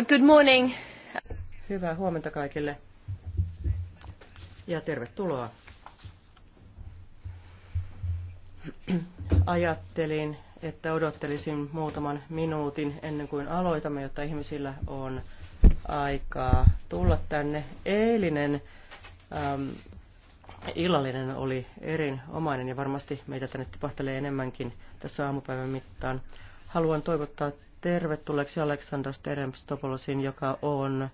Uh, good morning. Hyvää huomenta kaikille ja tervetuloa. Ajattelin, että odottelisin muutaman minuutin ennen kuin aloitamme, jotta ihmisillä on aikaa tulla tänne. Eilinen ähm, illallinen oli erinomainen ja varmasti meitä tänne tipahtelee enemmänkin tässä aamupäivän mittaan. Haluan toivottaa tervetulleeksi Aleksandra Teremstopolosin, joka on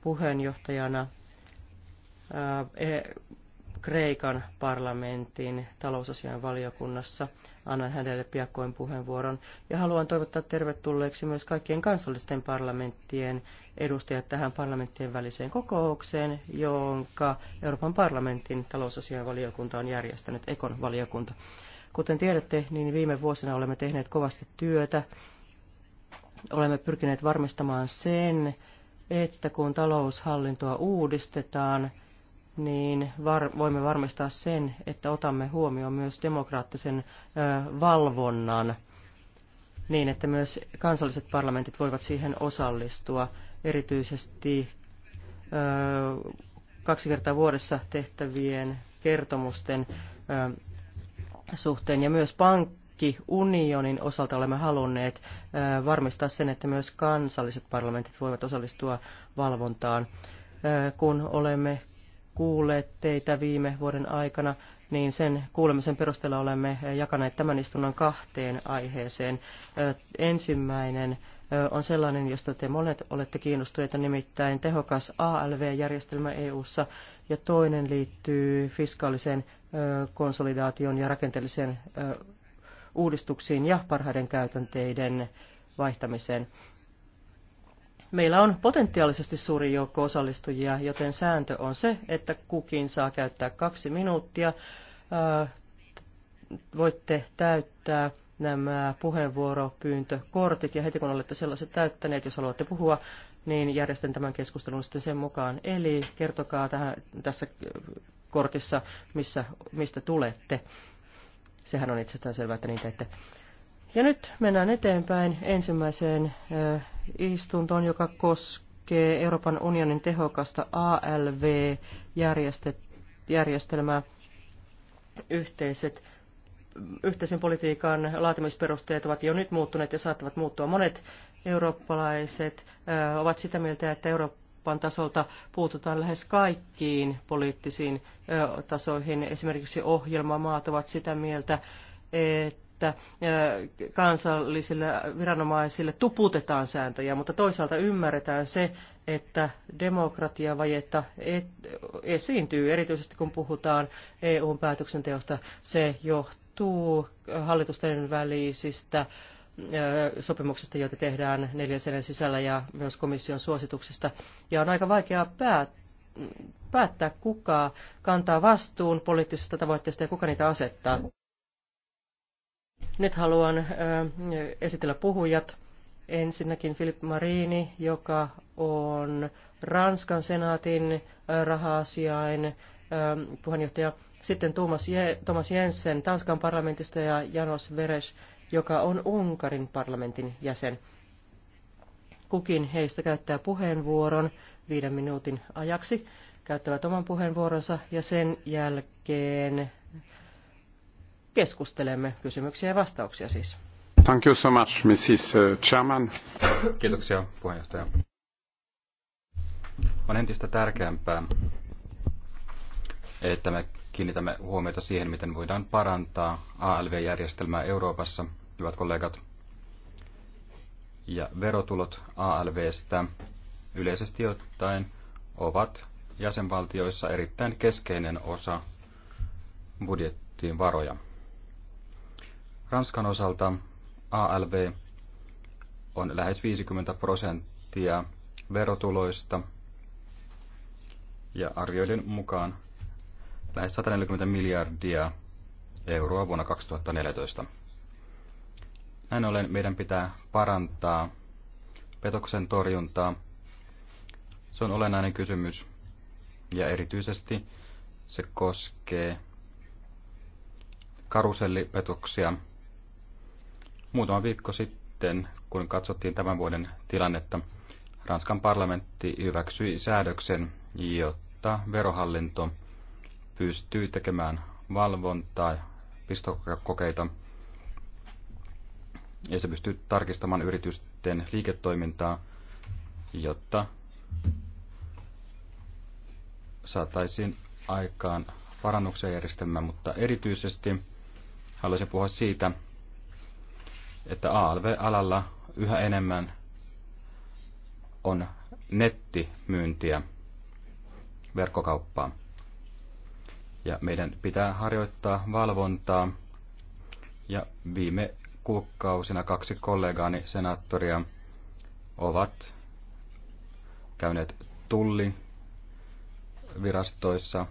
puheenjohtajana e, Kreikan parlamentin talousasian valiokunnassa. Annan hänelle piakkoin puheenvuoron. Ja haluan toivottaa tervetulleeksi myös kaikkien kansallisten parlamenttien edustajat tähän parlamenttien väliseen kokoukseen, jonka Euroopan parlamentin talousasian valiokunta on järjestänyt, Ekon valiokunta. Kuten tiedätte, niin viime vuosina olemme tehneet kovasti työtä olemme pyrkineet varmistamaan sen, että kun taloushallintoa uudistetaan, niin var, voimme varmistaa sen, että otamme huomioon myös demokraattisen ö, valvonnan niin, että myös kansalliset parlamentit voivat siihen osallistua. Erityisesti ö, kaksi kertaa vuodessa tehtävien kertomusten ö, suhteen ja myös pank- unionin osalta olemme halunneet varmistaa sen, että myös kansalliset parlamentit voivat osallistua valvontaan. Kun olemme kuulleet teitä viime vuoden aikana, niin sen kuulemisen perusteella olemme jakaneet tämän istunnon kahteen aiheeseen. Ensimmäinen on sellainen, josta te monet olette kiinnostuneita, nimittäin tehokas ALV-järjestelmä EU:ssa, ja toinen liittyy fiskaaliseen konsolidaation ja rakenteelliseen uudistuksiin ja parhaiden käytänteiden vaihtamiseen. Meillä on potentiaalisesti suuri joukko osallistujia, joten sääntö on se, että kukin saa käyttää kaksi minuuttia. Voitte täyttää nämä puheenvuoropyyntökortit ja heti kun olette sellaiset täyttäneet, jos haluatte puhua, niin järjestän tämän keskustelun sitten sen mukaan. Eli kertokaa tähän, tässä kortissa, missä, mistä tulette. Sehän on itsestään selvää, että niitä ette. Ja nyt mennään eteenpäin ensimmäiseen istuntoon, joka koskee Euroopan unionin tehokasta ALV-järjestelmää, yhteiset yhteisen politiikan laatimisperusteet ovat jo nyt muuttuneet ja saattavat muuttua. Monet eurooppalaiset ovat sitä mieltä, että Eurooppa Euroopan tasolta puututaan lähes kaikkiin poliittisiin tasoihin. Esimerkiksi ohjelmamaat ovat sitä mieltä, että kansallisille viranomaisille tuputetaan sääntöjä, mutta toisaalta ymmärretään se, että demokratiavajetta esiintyy, erityisesti kun puhutaan EUn päätöksenteosta. Se johtuu hallitusten välisistä sopimuksista, joita tehdään neljäsenen sisällä ja myös komission suosituksista. Ja on aika vaikeaa päättää päättää, kuka kantaa vastuun poliittisista tavoitteista ja kuka niitä asettaa. Nyt haluan esitellä puhujat. Ensinnäkin Philip Marini, joka on Ranskan senaatin raha-asiain puheenjohtaja. Sitten Thomas Jensen Tanskan parlamentista ja Janos Veres joka on Unkarin parlamentin jäsen. Kukin heistä käyttää puheenvuoron viiden minuutin ajaksi, käyttävät oman puheenvuoronsa ja sen jälkeen keskustelemme kysymyksiä ja vastauksia siis. Thank you so much, Mrs. Uh, Chairman. Kiitoksia, puheenjohtaja. On entistä tärkeämpää, että me kiinnitämme huomiota siihen, miten voidaan parantaa ALV-järjestelmää Euroopassa, hyvät kollegat. Ja verotulot ALVstä yleisesti ottaen ovat jäsenvaltioissa erittäin keskeinen osa budjettiin varoja. Ranskan osalta ALV on lähes 50 prosenttia verotuloista ja arvioiden mukaan lähes 140 miljardia euroa vuonna 2014. Näin ollen meidän pitää parantaa petoksen torjuntaa. Se on olennainen kysymys ja erityisesti se koskee karusellipetoksia. Muutama viikko sitten, kun katsottiin tämän vuoden tilannetta, Ranskan parlamentti hyväksyi säädöksen, jotta verohallinto pystyy tekemään valvontaa, pistokokeita, ja se pystyy tarkistamaan yritysten liiketoimintaa, jotta saataisiin aikaan parannuksia järjestelmään, mutta erityisesti haluaisin puhua siitä, että ALV-alalla yhä enemmän on nettimyyntiä, verkkokauppaan. Ja meidän pitää harjoittaa valvontaa. Ja viime kuukausina kaksi kollegaani senaattoria ovat käyneet tulli virastoissa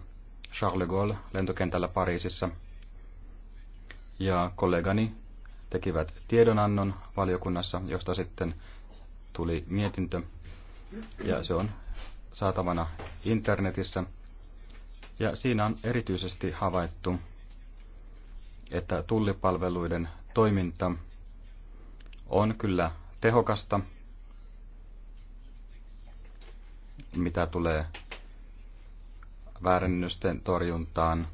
Charles de Gaulle lentokentällä Pariisissa. Ja kollegani tekivät tiedonannon valiokunnassa, josta sitten tuli mietintö. Ja se on saatavana internetissä ja siinä on erityisesti havaittu, että tullipalveluiden toiminta on kyllä tehokasta, mitä tulee väärännysten torjuntaan,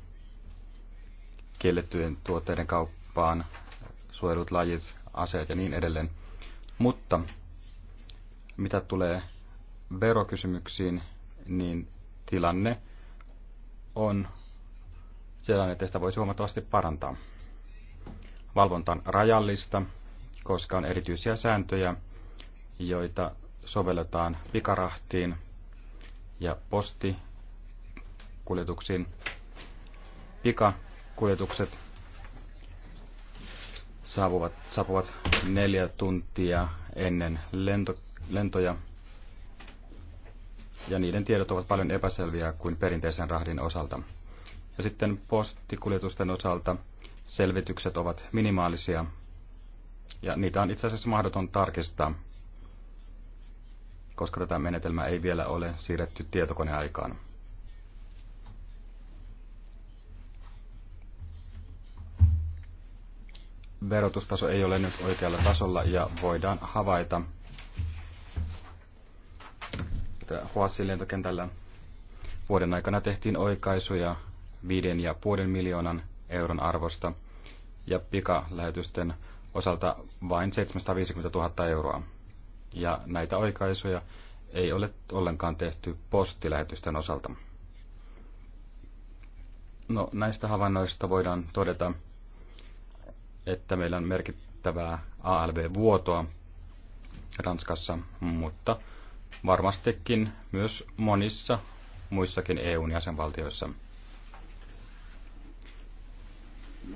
kiellettyjen tuotteiden kauppaan, suojelut lajit, aseet ja niin edelleen. Mutta mitä tulee verokysymyksiin, niin tilanne on sellainen, että sitä voisi huomattavasti parantaa. Valvonta on rajallista, koska on erityisiä sääntöjä, joita sovelletaan pikarahtiin ja postikuljetuksiin. Pikakuljetukset saapuvat, saapuvat neljä tuntia ennen lento, lentoja ja niiden tiedot ovat paljon epäselviä kuin perinteisen rahdin osalta. Ja sitten postikuljetusten osalta selvitykset ovat minimaalisia, ja niitä on itse asiassa mahdoton tarkistaa, koska tätä menetelmää ei vielä ole siirretty tietokoneaikaan. Verotustaso ei ole nyt oikealla tasolla ja voidaan havaita, Huassin lentokentällä vuoden aikana tehtiin oikaisuja puolen miljoonan euron arvosta ja pikalähetysten osalta vain 750 000 euroa. Ja näitä oikaisuja ei ole ollenkaan tehty postilähetysten osalta. No, näistä havainnoista voidaan todeta, että meillä on merkittävää ALV-vuotoa Ranskassa, mutta varmastikin myös monissa muissakin EUn jäsenvaltioissa.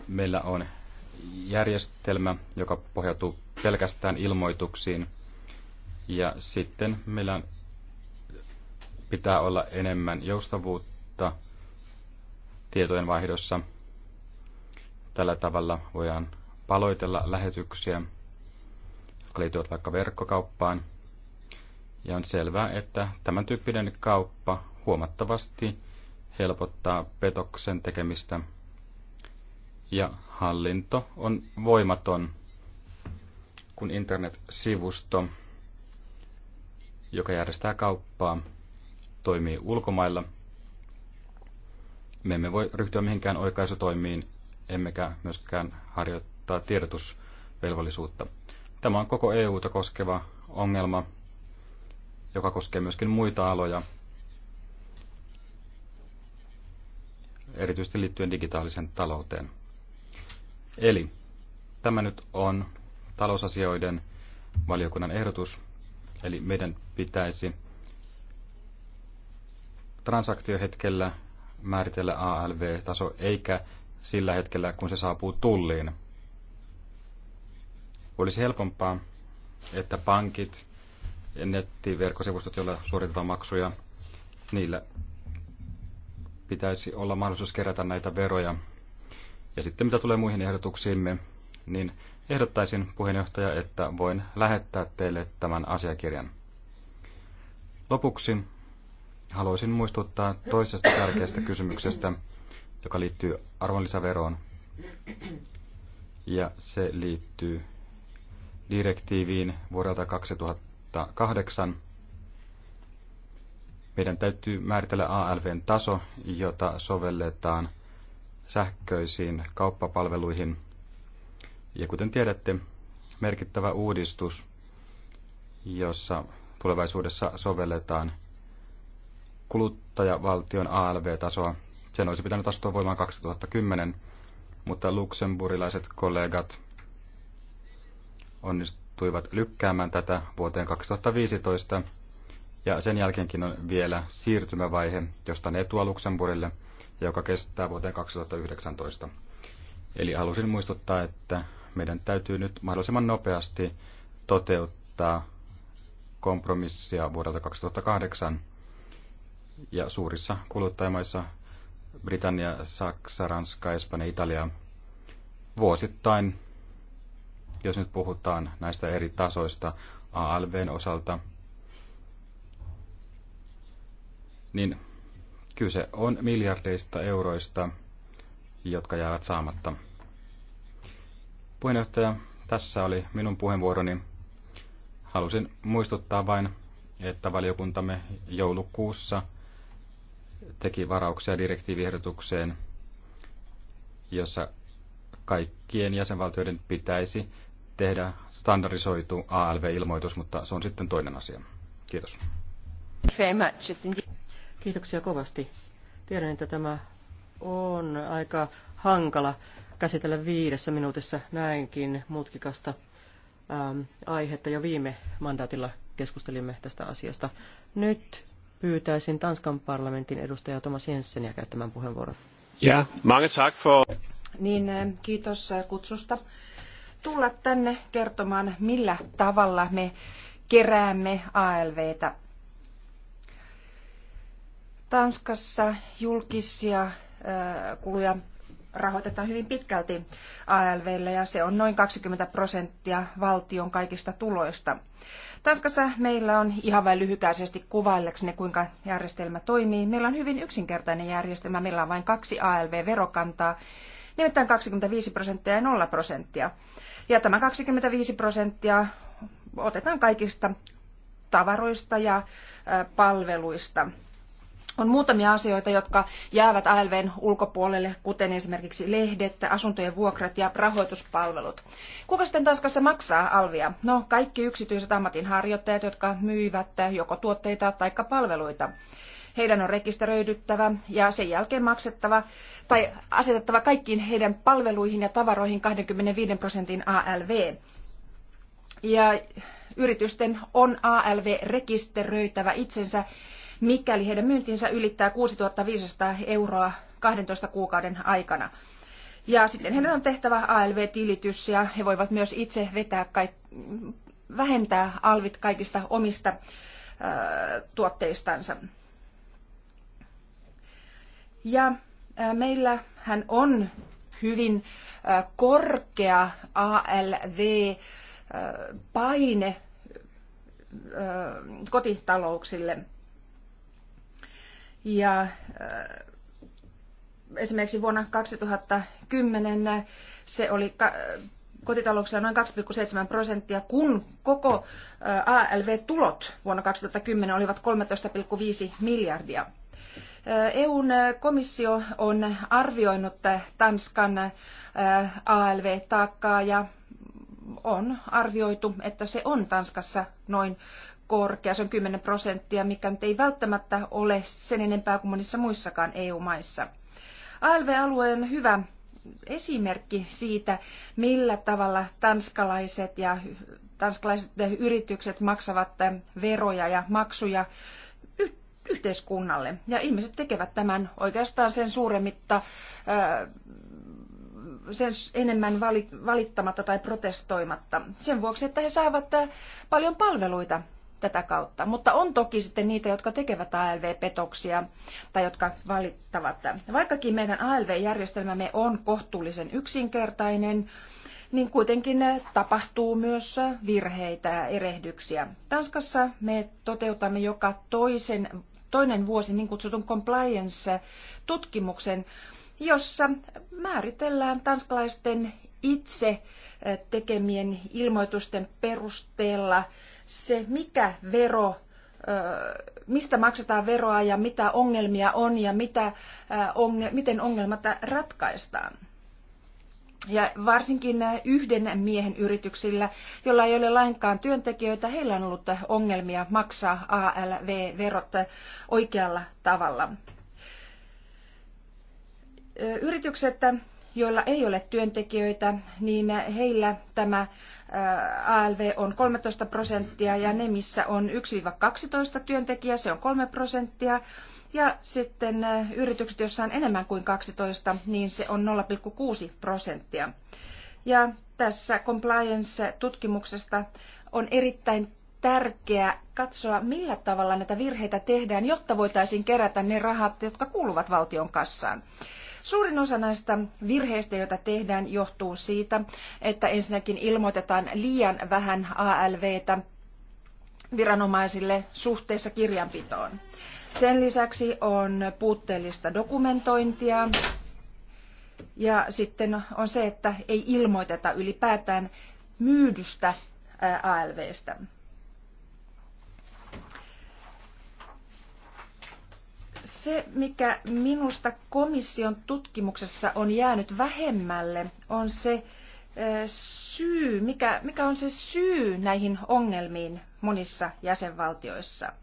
Meillä on järjestelmä, joka pohjautuu pelkästään ilmoituksiin. Ja sitten meillä pitää olla enemmän joustavuutta tietojen vaihdossa. Tällä tavalla voidaan paloitella lähetyksiä, jotka liittyvät vaikka verkkokauppaan – ja on selvää, että tämän tyyppinen kauppa huomattavasti helpottaa petoksen tekemistä. Ja hallinto on voimaton, kun internet-sivusto, joka järjestää kauppaa, toimii ulkomailla. Me emme voi ryhtyä mihinkään oikaisutoimiin, emmekä myöskään harjoittaa tiedotusvelvollisuutta. Tämä on koko EUta koskeva ongelma, joka koskee myöskin muita aloja, erityisesti liittyen digitaaliseen talouteen. Eli tämä nyt on talousasioiden valiokunnan ehdotus, eli meidän pitäisi transaktiohetkellä määritellä ALV-taso, eikä sillä hetkellä, kun se saapuu tulliin. Olisi helpompaa, että pankit nettiverkkosivustot, joilla suoritetaan maksuja, niillä pitäisi olla mahdollisuus kerätä näitä veroja. Ja sitten mitä tulee muihin ehdotuksiimme, niin ehdottaisin puheenjohtaja, että voin lähettää teille tämän asiakirjan. Lopuksi haluaisin muistuttaa toisesta tärkeästä kysymyksestä, joka liittyy arvonlisäveroon. Ja se liittyy direktiiviin vuodelta 2000 8, meidän täytyy määritellä ALVn taso, jota sovelletaan sähköisiin kauppapalveluihin. Ja kuten tiedätte, merkittävä uudistus, jossa tulevaisuudessa sovelletaan kuluttajavaltion ALV-tasoa. Sen olisi pitänyt astua voimaan 2010, mutta luksemburilaiset kollegat onnistuivat joutuivat lykkäämään tätä vuoteen 2015, ja sen jälkeenkin on vielä siirtymävaihe, josta ne etua ja joka kestää vuoteen 2019. Eli halusin muistuttaa, että meidän täytyy nyt mahdollisimman nopeasti toteuttaa kompromissia vuodelta 2008, ja suurissa kuluttajamaissa Britannia, Saksa, Ranska, Espanja, Italia vuosittain jos nyt puhutaan näistä eri tasoista ALVn osalta, niin kyse on miljardeista euroista, jotka jäävät saamatta. Puheenjohtaja, tässä oli minun puheenvuoroni. Halusin muistuttaa vain, että valiokuntamme joulukuussa teki varauksia direktiiviehdotukseen, jossa kaikkien jäsenvaltioiden pitäisi tehdä standardisoitu ALV-ilmoitus, mutta se on sitten toinen asia. Kiitos. Kiitoksia kovasti. Tiedän, että tämä on aika hankala käsitellä viidessä minuutissa näinkin mutkikasta ähm, aihetta. Jo viime mandaatilla keskustelimme tästä asiasta. Nyt pyytäisin Tanskan parlamentin edustaja Thomas Jenseniä käyttämään puheenvuoron. Ja, yeah, mange tak for... Niin, äh, kiitos äh, kutsusta tulla tänne kertomaan, millä tavalla me keräämme ALVtä. Tanskassa julkisia kuluja rahoitetaan hyvin pitkälti ALVlle ja se on noin 20 prosenttia valtion kaikista tuloista. Tanskassa meillä on ihan vain lyhykäisesti kuvaillakseni, kuinka järjestelmä toimii. Meillä on hyvin yksinkertainen järjestelmä. Meillä on vain kaksi ALV-verokantaa nimittäin 25 prosenttia ja 0 prosenttia. Ja tämä 25 prosenttia otetaan kaikista tavaroista ja palveluista. On muutamia asioita, jotka jäävät ALVn ulkopuolelle, kuten esimerkiksi lehdet, asuntojen vuokrat ja rahoituspalvelut. Kuka sitten Tanskassa maksaa alvia? No, kaikki yksityiset ammatinharjoittajat, jotka myyvät joko tuotteita tai palveluita. Heidän on rekisteröidyttävä ja sen jälkeen maksettava tai asetettava kaikkiin heidän palveluihin ja tavaroihin 25 prosentin ALV. Ja yritysten on ALV rekisteröitävä itsensä, mikäli heidän myyntinsä ylittää 6500 euroa 12 kuukauden aikana. Ja sitten heidän on tehtävä ALV-tilitys ja he voivat myös itse vetää kaik- vähentää alvit kaikista omista ö, tuotteistansa. Ja äh, meillä hän on hyvin äh, korkea ALV-paine äh, kotitalouksille. Ja esimerkiksi vuonna 2010 se oli kotitalouksilla noin 2,7 prosenttia, kun koko ALV-tulot vuonna 2010 olivat 13,5 miljardia. EUn komissio on arvioinut Tanskan ALV-taakkaa ja on arvioitu, että se on Tanskassa noin korkea, se on 10 prosenttia, mikä nyt ei välttämättä ole sen enempää kuin monissa muissakaan EU-maissa. ALV-alue on hyvä esimerkki siitä, millä tavalla tanskalaiset ja tanskalaiset yritykset maksavat veroja ja maksuja yhteiskunnalle. Ja ihmiset tekevät tämän oikeastaan sen suuremmitta, äh, sen enemmän valittamatta tai protestoimatta. Sen vuoksi, että he saavat äh, paljon palveluita tätä kautta. Mutta on toki sitten niitä, jotka tekevät ALV-petoksia tai jotka valittavat. Vaikkakin meidän ALV-järjestelmämme on kohtuullisen yksinkertainen, niin kuitenkin äh, tapahtuu myös virheitä ja erehdyksiä. Tanskassa me toteutamme joka toisen toinen vuosi niin kutsutun compliance-tutkimuksen, jossa määritellään tanskalaisten itse eh, tekemien ilmoitusten perusteella se, mikä vero, eh, mistä maksetaan veroa ja mitä ongelmia on ja mitä, eh, miten ongelmat ratkaistaan. Ja varsinkin yhden miehen yrityksillä, jolla ei ole lainkaan työntekijöitä, heillä on ollut ongelmia maksaa ALV-verot oikealla tavalla. Yritykset joilla ei ole työntekijöitä, niin heillä tämä ALV on 13 prosenttia ja ne, missä on 1-12 työntekijää, se on 3 prosenttia. Ja sitten yritykset, joissa on enemmän kuin 12, niin se on 0,6 prosenttia. Ja tässä compliance-tutkimuksesta on erittäin tärkeää katsoa, millä tavalla näitä virheitä tehdään, jotta voitaisiin kerätä ne rahat, jotka kuuluvat valtion kassaan. Suurin osa näistä virheistä, joita tehdään, johtuu siitä, että ensinnäkin ilmoitetaan liian vähän ALVtä viranomaisille suhteessa kirjanpitoon. Sen lisäksi on puutteellista dokumentointia ja sitten on se, että ei ilmoiteta ylipäätään myydystä ALVstä. Se, mikä minusta komission tutkimuksessa on jäänyt vähemmälle, on se syy, mikä, mikä on se syy näihin ongelmiin monissa jäsenvaltioissa –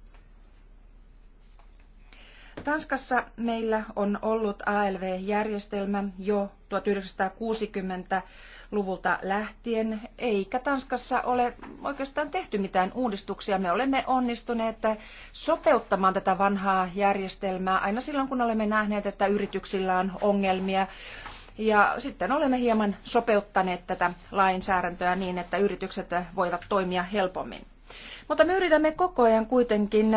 Tanskassa meillä on ollut ALV-järjestelmä jo 1960-luvulta lähtien, eikä Tanskassa ole oikeastaan tehty mitään uudistuksia. Me olemme onnistuneet sopeuttamaan tätä vanhaa järjestelmää aina silloin, kun olemme nähneet, että yrityksillä on ongelmia. Ja sitten olemme hieman sopeuttaneet tätä lainsäädäntöä niin, että yritykset voivat toimia helpommin. Mutta me yritämme koko ajan kuitenkin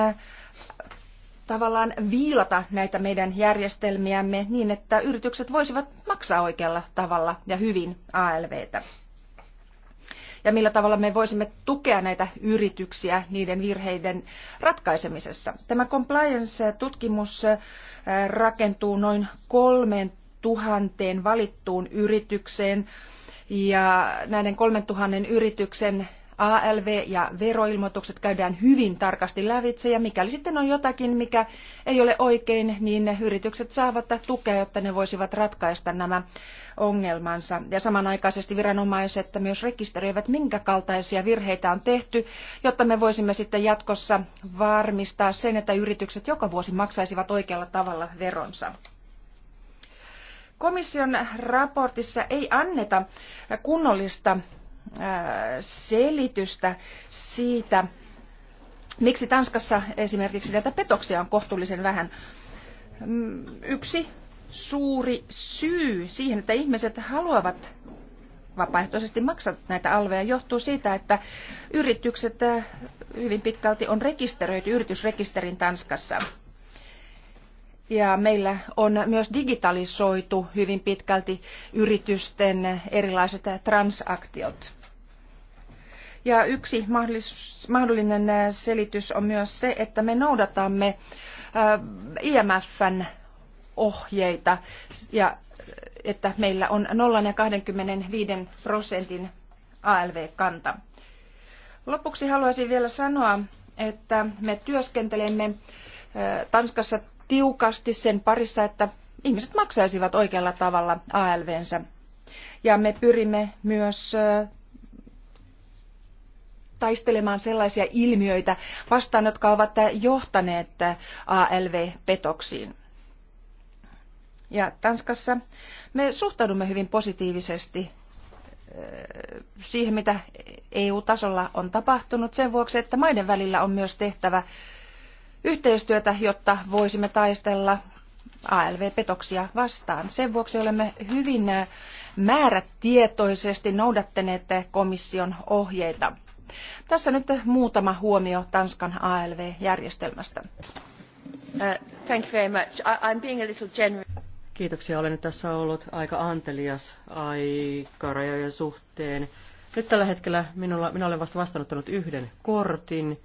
tavallaan viilata näitä meidän järjestelmiämme niin, että yritykset voisivat maksaa oikealla tavalla ja hyvin ALVtä. Ja millä tavalla me voisimme tukea näitä yrityksiä niiden virheiden ratkaisemisessa. Tämä compliance-tutkimus rakentuu noin kolmeen tuhanteen valittuun yritykseen ja näiden kolmen tuhannen yrityksen ALV- ja veroilmoitukset käydään hyvin tarkasti lävitse ja mikäli sitten on jotakin, mikä ei ole oikein, niin yritykset saavat tukea, jotta ne voisivat ratkaista nämä ongelmansa. Ja samanaikaisesti viranomaiset myös rekisteröivät, minkä kaltaisia virheitä on tehty, jotta me voisimme sitten jatkossa varmistaa sen, että yritykset joka vuosi maksaisivat oikealla tavalla veronsa. Komission raportissa ei anneta kunnollista selitystä siitä, miksi Tanskassa esimerkiksi näitä petoksia on kohtuullisen vähän. Mm, yksi suuri syy siihen, että ihmiset haluavat vapaaehtoisesti maksaa näitä alveja, johtuu siitä, että yritykset äh, hyvin pitkälti on rekisteröity yritysrekisterin Tanskassa. Ja meillä on myös digitalisoitu hyvin pitkälti yritysten erilaiset transaktiot. Ja yksi mahdollinen äh, selitys on myös se, että me noudatamme äh, IMFn ohjeita ja äh, että meillä on 0 ja 25 prosentin ALV-kanta. Lopuksi haluaisin vielä sanoa, että me työskentelemme Tanskassa tiukasti sen parissa, että ihmiset maksaisivat oikealla tavalla ALVnsä. Ja me pyrimme myös taistelemaan sellaisia ilmiöitä vastaan, jotka ovat johtaneet äh, ALV-petoksiin. Ja Tanskassa me suhtaudumme hyvin positiivisesti äh, siihen, mitä EU-tasolla on tapahtunut sen vuoksi, että maiden välillä on myös tehtävä yhteistyötä, jotta voisimme taistella ALV-petoksia vastaan. Sen vuoksi olemme hyvin äh, määrätietoisesti noudattaneet komission ohjeita. Tässä nyt muutama huomio Tanskan ALV-järjestelmästä. Uh, thank you very much. I, I'm being a little Kiitoksia. Olen tässä ollut aika antelias aikarajojen suhteen. Nyt tällä hetkellä minulla, minä olen vasta vastaanottanut yhden kortin,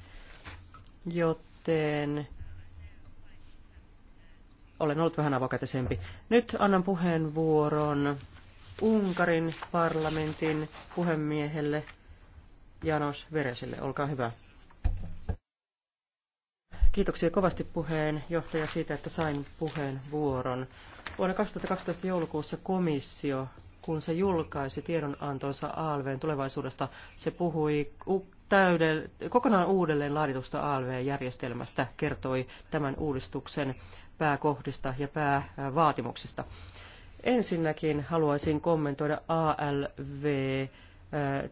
joten olen ollut vähän avokätisempi. Nyt annan puheenvuoron Unkarin parlamentin puhemiehelle Janos Veresille. Olkaa hyvä. Kiitoksia kovasti puheenjohtaja siitä, että sain puheenvuoron. Vuonna 2012 joulukuussa komissio, kun se julkaisi tiedonantonsa ALVn tulevaisuudesta, se puhui täydell- kokonaan uudelleen laaditusta ALV-järjestelmästä, kertoi tämän uudistuksen pääkohdista ja päävaatimuksista. Ensinnäkin haluaisin kommentoida ALV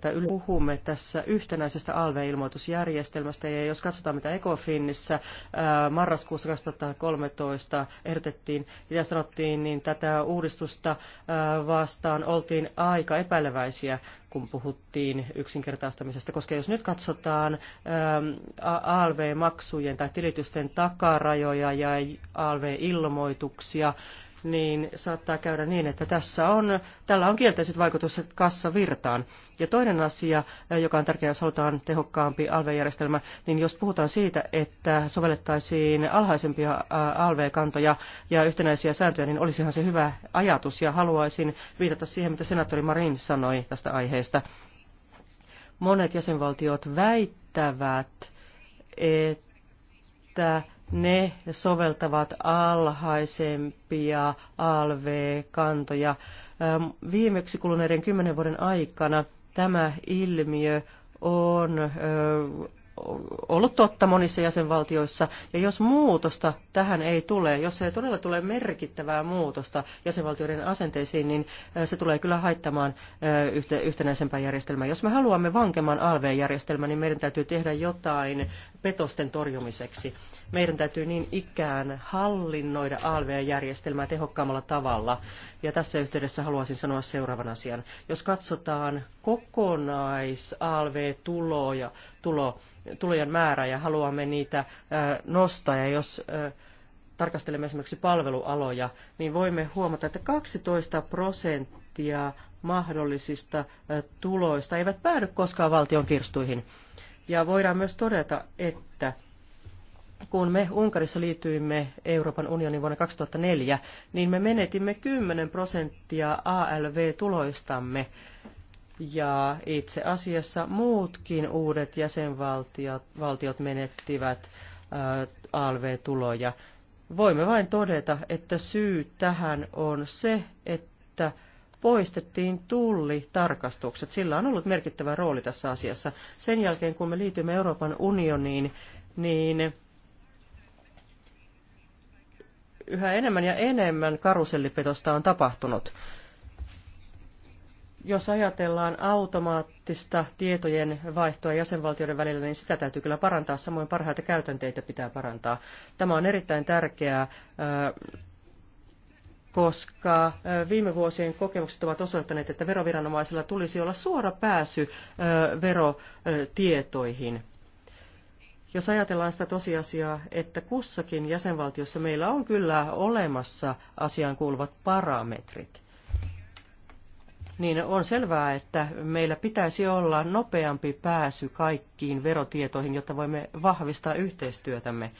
tai puhumme tässä yhtenäisestä alveilmoitusjärjestelmästä. Ja jos katsotaan, mitä Ecofinissä marraskuussa 2013 ehdotettiin ja sanottiin, niin tätä uudistusta vastaan oltiin aika epäileväisiä, kun puhuttiin yksinkertaistamisesta. Koska jos nyt katsotaan ALV-maksujen tai tilitysten takarajoja ja ALV-ilmoituksia, niin saattaa käydä niin, että tässä on, tällä on kielteiset vaikutukset kassavirtaan. Ja toinen asia, eh, joka on tärkeä, jos halutaan tehokkaampi alvejärjestelmä, niin jos puhutaan siitä, että sovellettaisiin alhaisempia eh, alvekantoja ja yhtenäisiä sääntöjä, niin olisihan se hyvä ajatus. Ja haluaisin viitata siihen, mitä senaattori Marin sanoi tästä aiheesta. Monet jäsenvaltiot väittävät, että ne soveltavat alhaisempia ALV-kantoja. Viimeksi kuluneiden kymmenen vuoden aikana tämä ilmiö on ollut totta monissa jäsenvaltioissa, ja jos muutosta tähän ei tule, jos ei todella tule merkittävää muutosta jäsenvaltioiden asenteisiin, niin se tulee kyllä haittamaan yhtenäisempää järjestelmää. Jos me haluamme vankemman ALV-järjestelmän, niin meidän täytyy tehdä jotain petosten torjumiseksi. Meidän täytyy niin ikään hallinnoida ALV-järjestelmää tehokkaammalla tavalla. Ja tässä yhteydessä haluaisin sanoa seuraavan asian. Jos katsotaan kokonais-ALV-tuloja, tulo, tulojen määrää ja haluamme niitä äh, nostaa, ja jos äh, tarkastelemme esimerkiksi palvelualoja, niin voimme huomata, että 12 prosenttia mahdollisista äh, tuloista eivät päädy koskaan valtion kirstuihin. Ja voidaan myös todeta, että kun me Unkarissa liityimme Euroopan unioniin vuonna 2004, niin me menetimme 10 prosenttia ALV-tuloistamme. Ja itse asiassa muutkin uudet jäsenvaltiot valtiot menettivät ALV-tuloja. Voimme vain todeta, että syy tähän on se, että poistettiin tullitarkastukset. Sillä on ollut merkittävä rooli tässä asiassa. Sen jälkeen, kun me liitymme Euroopan unioniin, niin yhä enemmän ja enemmän karusellipetosta on tapahtunut. Jos ajatellaan automaattista tietojen vaihtoa jäsenvaltioiden välillä, niin sitä täytyy kyllä parantaa. Samoin parhaita käytänteitä pitää parantaa. Tämä on erittäin tärkeää koska viime vuosien kokemukset ovat osoittaneet, että veroviranomaisilla tulisi olla suora pääsy verotietoihin. Jos ajatellaan sitä tosiasiaa, että kussakin jäsenvaltiossa meillä on kyllä olemassa asiaan kuuluvat parametrit, niin on selvää, että meillä pitäisi olla nopeampi pääsy kaikkiin verotietoihin, jotta voimme vahvistaa yhteistyötämme.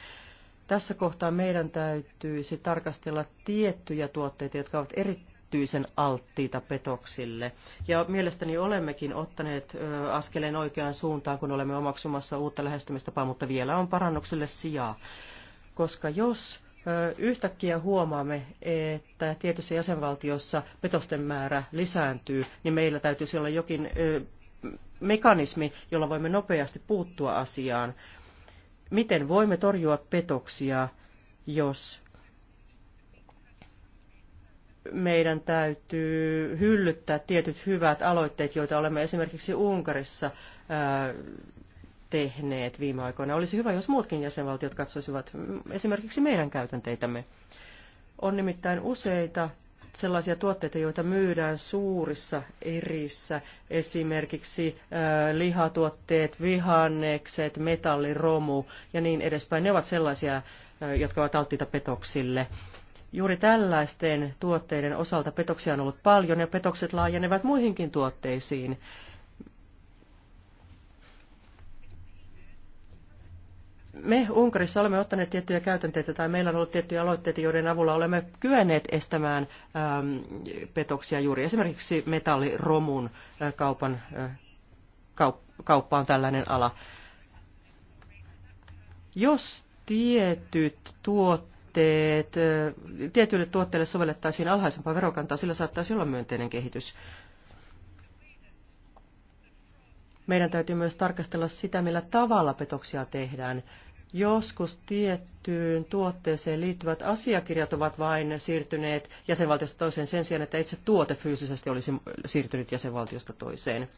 Tässä kohtaa meidän täytyisi tarkastella tiettyjä tuotteita, jotka ovat erityisen alttiita petoksille. Ja mielestäni olemmekin ottaneet askeleen oikeaan suuntaan, kun olemme omaksumassa uutta lähestymistapaa, mutta vielä on parannukselle sijaa. Koska jos yhtäkkiä huomaamme, että tietyssä jäsenvaltiossa petosten määrä lisääntyy, niin meillä täytyisi olla jokin mekanismi, jolla voimme nopeasti puuttua asiaan miten voimme torjua petoksia, jos meidän täytyy hyllyttää tietyt hyvät aloitteet, joita olemme esimerkiksi Unkarissa tehneet viime aikoina. Olisi hyvä, jos muutkin jäsenvaltiot katsoisivat esimerkiksi meidän käytänteitämme. On nimittäin useita sellaisia tuotteita, joita myydään suurissa erissä, esimerkiksi lihatuotteet, vihannekset, metalliromu ja niin edespäin. Ne ovat sellaisia, jotka ovat alttiita petoksille. Juuri tällaisten tuotteiden osalta petoksia on ollut paljon ja petokset laajenevat muihinkin tuotteisiin. me Unkarissa olemme ottaneet tiettyjä käytänteitä tai meillä on ollut tiettyjä aloitteita, joiden avulla olemme kyenneet estämään äm, petoksia juuri. Esimerkiksi metalliromun äh, kaupan, äh, kaup- kauppa on tällainen ala. Jos tietyt tuotteet, äh, tietyille tuotteille sovellettaisiin alhaisempaa verokantaa, sillä saattaisi olla myönteinen kehitys. Meidän täytyy myös tarkastella sitä, millä tavalla petoksia tehdään. Joskus tiettyyn tuotteeseen liittyvät asiakirjat ovat vain siirtyneet jäsenvaltiosta toiseen sen sijaan, että itse tuote fyysisesti olisi siirtynyt jäsenvaltiosta toiseen.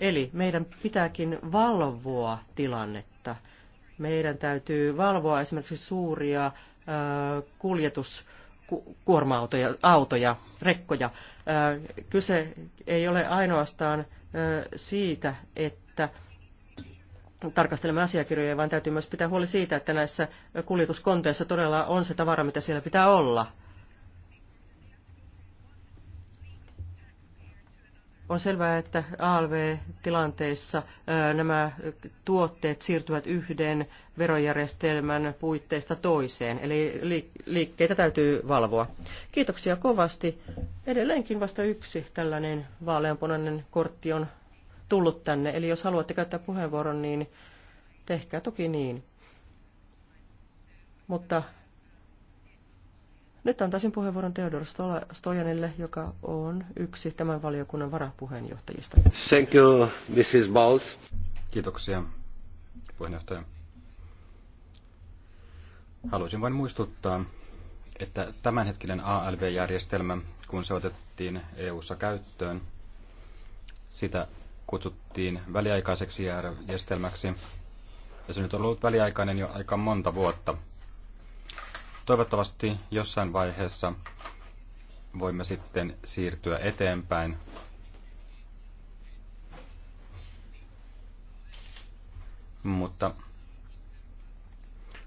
Eli meidän pitääkin valvoa tilannetta. Meidän täytyy valvoa esimerkiksi suuria kuljetus kuorma-autoja, autoja, rekkoja. Kyse ei ole ainoastaan siitä, että tarkastelemme asiakirjoja, vaan täytyy myös pitää huoli siitä, että näissä kuljetuskonteissa todella on se tavara, mitä siellä pitää olla. On selvää, että ALV-tilanteissa nämä tuotteet siirtyvät yhden verojärjestelmän puitteista toiseen, eli liikkeitä täytyy valvoa. Kiitoksia kovasti. Edelleenkin vasta yksi tällainen vaaleanpunainen kortti on tullut tänne. Eli jos haluatte käyttää puheenvuoron, niin tehkää toki niin. Mutta nyt antaisin puheenvuoron Theodor Stojanille, joka on yksi tämän valiokunnan varapuheenjohtajista. Thank you, Mrs. Bowles. Kiitoksia, puheenjohtaja. Haluaisin vain muistuttaa, että tämänhetkinen ALV-järjestelmä, kun se otettiin EU-ssa käyttöön, sitä kutsuttiin väliaikaiseksi järjestelmäksi. Ja se nyt on ollut väliaikainen jo aika monta vuotta. Toivottavasti jossain vaiheessa voimme sitten siirtyä eteenpäin. Mutta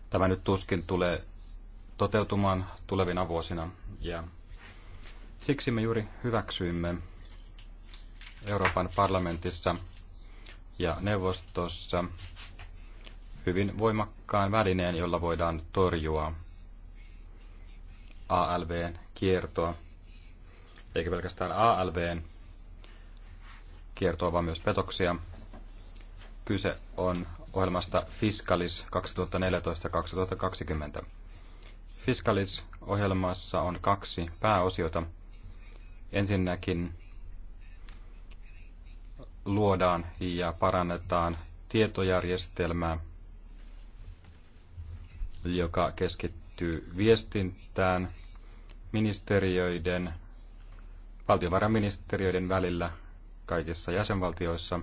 tämä nyt tuskin tulee toteutumaan tulevina vuosina. Ja siksi me juuri hyväksyimme Euroopan parlamentissa ja neuvostossa hyvin voimakkaan välineen, jolla voidaan torjua ALVn kiertoa, eikä pelkästään ALVn kiertoa, vaan myös petoksia. Kyse on ohjelmasta Fiskalis 2014-2020. Fiskalis-ohjelmassa on kaksi pääosiota. Ensinnäkin luodaan ja parannetaan tietojärjestelmää, joka keskittyy viestintään ministeriöiden, valtiovarainministeriöiden välillä kaikissa jäsenvaltioissa.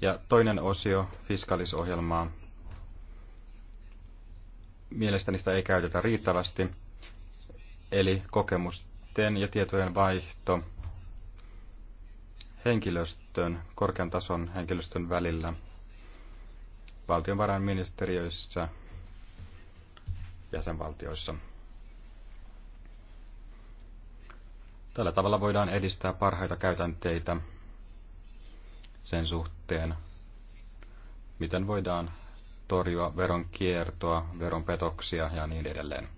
Ja toinen osio fiskalisohjelmaa. Mielestäni sitä ei käytetä riittävästi, eli kokemusten ja tietojen vaihto – henkilöstön, korkean tason henkilöstön välillä valtionvarainministeriöissä jäsenvaltioissa. Tällä tavalla voidaan edistää parhaita käytänteitä sen suhteen, miten voidaan torjua veronkiertoa, veronpetoksia ja niin edelleen.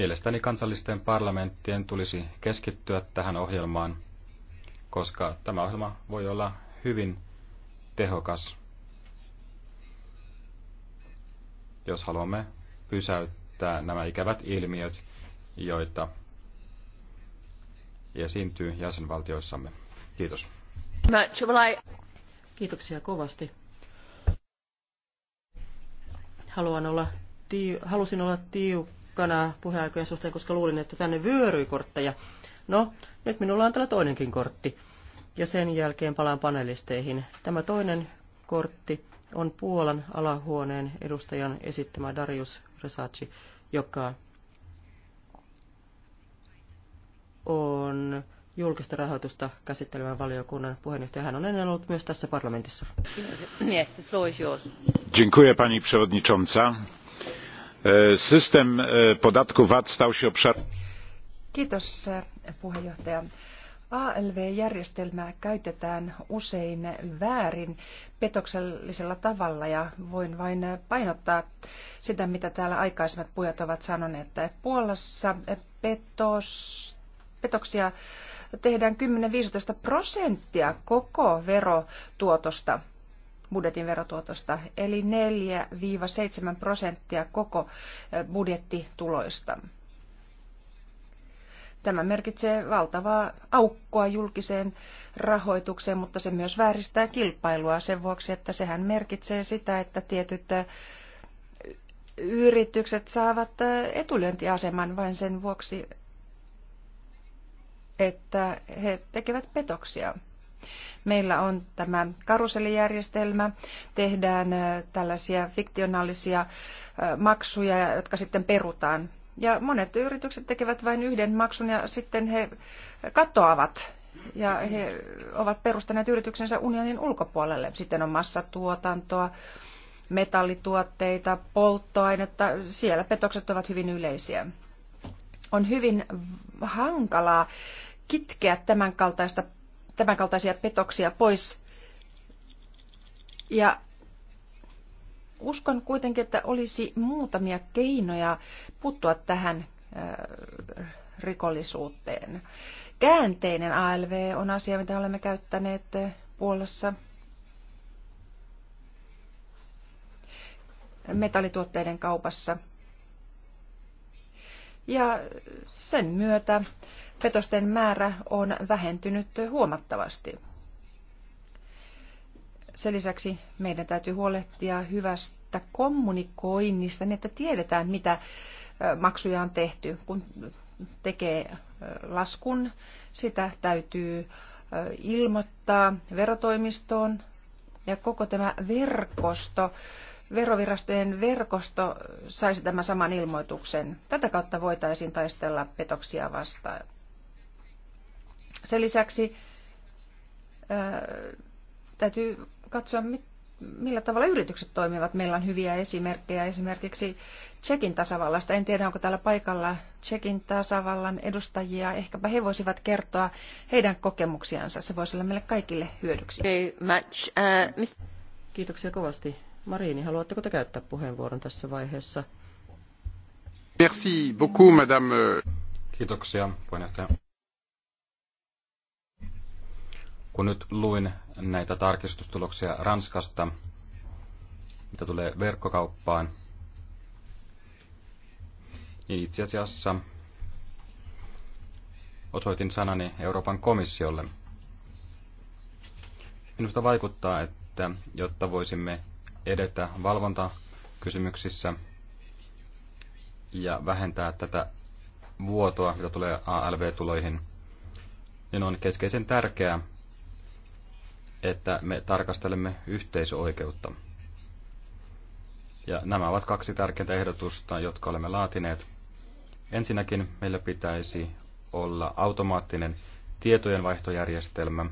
Mielestäni kansallisten parlamenttien tulisi keskittyä tähän ohjelmaan, koska tämä ohjelma voi olla hyvin tehokas, jos haluamme pysäyttää nämä ikävät ilmiöt, joita esiintyy jäsenvaltioissamme. Kiitos. Kiitoksia kovasti. Haluan olla tiu- halusin olla tiukka tiukkana puheaikojen suhteen, koska luulin, että tänne vyöryi kortteja. No, nyt minulla on täällä toinenkin kortti. Ja sen jälkeen palaan panelisteihin. Tämä toinen kortti on Puolan alahuoneen edustajan esittämä Darius Resaci, joka on julkista rahoitusta käsittelevän valiokunnan puheenjohtaja. Hän on ennen ollut myös tässä parlamentissa. Yes, the floor is yours. Dziękuję pani przewodnicząca. E, system e, podatku VAT stał się obszarem... Kiitos e, puheenjohtaja. ALV-järjestelmää käytetään usein väärin petoksellisella tavalla ja voin vain painottaa sitä, mitä täällä aikaisemmat puhujat ovat sanoneet, että Puolassa petos, petoksia tehdään 10-15 prosenttia koko verotuotosta budjetin verotuotosta, eli 4-7 prosenttia koko budjettituloista. Tämä merkitsee valtavaa aukkoa julkiseen rahoitukseen, mutta se myös vääristää kilpailua sen vuoksi, että sehän merkitsee sitä, että tietyt yritykset saavat etulyöntiaseman vain sen vuoksi, että he tekevät petoksia. Meillä on tämä karuselijärjestelmä, tehdään äh, tällaisia fiktionaalisia äh, maksuja, jotka sitten perutaan. Ja monet yritykset tekevät vain yhden maksun ja sitten he katoavat ja he ovat perustaneet yrityksensä unionin ulkopuolelle. Sitten on massatuotantoa, metallituotteita, polttoainetta. Siellä petokset ovat hyvin yleisiä. On hyvin hankalaa kitkeä tämän kaltaista tämänkaltaisia petoksia pois. Ja uskon kuitenkin, että olisi muutamia keinoja puuttua tähän äh, rikollisuuteen. Käänteinen ALV on asia, mitä olemme käyttäneet äh, Puolassa metallituotteiden kaupassa. Ja sen myötä petosten määrä on vähentynyt huomattavasti. Sen lisäksi meidän täytyy huolehtia hyvästä kommunikoinnista, niin että tiedetään, mitä maksuja on tehty. Kun tekee laskun, sitä täytyy ilmoittaa verotoimistoon. Ja koko tämä verkosto, verovirastojen verkosto saisi tämän saman ilmoituksen. Tätä kautta voitaisiin taistella petoksia vastaan. Sen lisäksi täytyy katsoa, millä tavalla yritykset toimivat. Meillä on hyviä esimerkkejä esimerkiksi Tsekin tasavallasta. En tiedä, onko täällä paikalla Tsekin tasavallan edustajia. Ehkäpä he voisivat kertoa heidän kokemuksiansa. Se voisi olla meille kaikille hyödyksi. Uh, Kiitoksia kovasti. Marini, haluatteko te käyttää puheenvuoron tässä vaiheessa? Merci beaucoup, madame. Kiitoksia, puheenjohtaja. Kun nyt luin näitä tarkistustuloksia Ranskasta, mitä tulee verkkokauppaan, niin itse asiassa osoitin sanani Euroopan komissiolle. Minusta vaikuttaa, että jotta voisimme edetä valvontakysymyksissä ja vähentää tätä vuotoa, mitä tulee ALV-tuloihin, niin on keskeisen tärkeää, että me tarkastelemme yhteisöoikeutta. Ja nämä ovat kaksi tärkeintä ehdotusta, jotka olemme laatineet. Ensinnäkin meillä pitäisi olla automaattinen tietojenvaihtojärjestelmä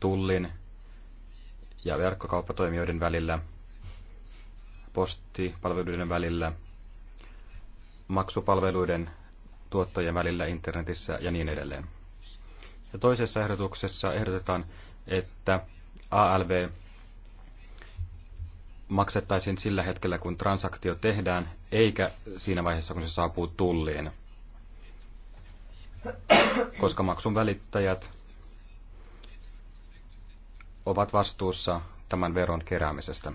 tullin ja verkkokauppatoimijoiden välillä, postipalveluiden välillä, maksupalveluiden tuottajien välillä internetissä ja niin edelleen. Ja toisessa ehdotuksessa ehdotetaan, että ALV maksettaisiin sillä hetkellä, kun transaktio tehdään, eikä siinä vaiheessa, kun se saapuu tulliin. Koska maksun välittäjät ovat vastuussa tämän veron keräämisestä.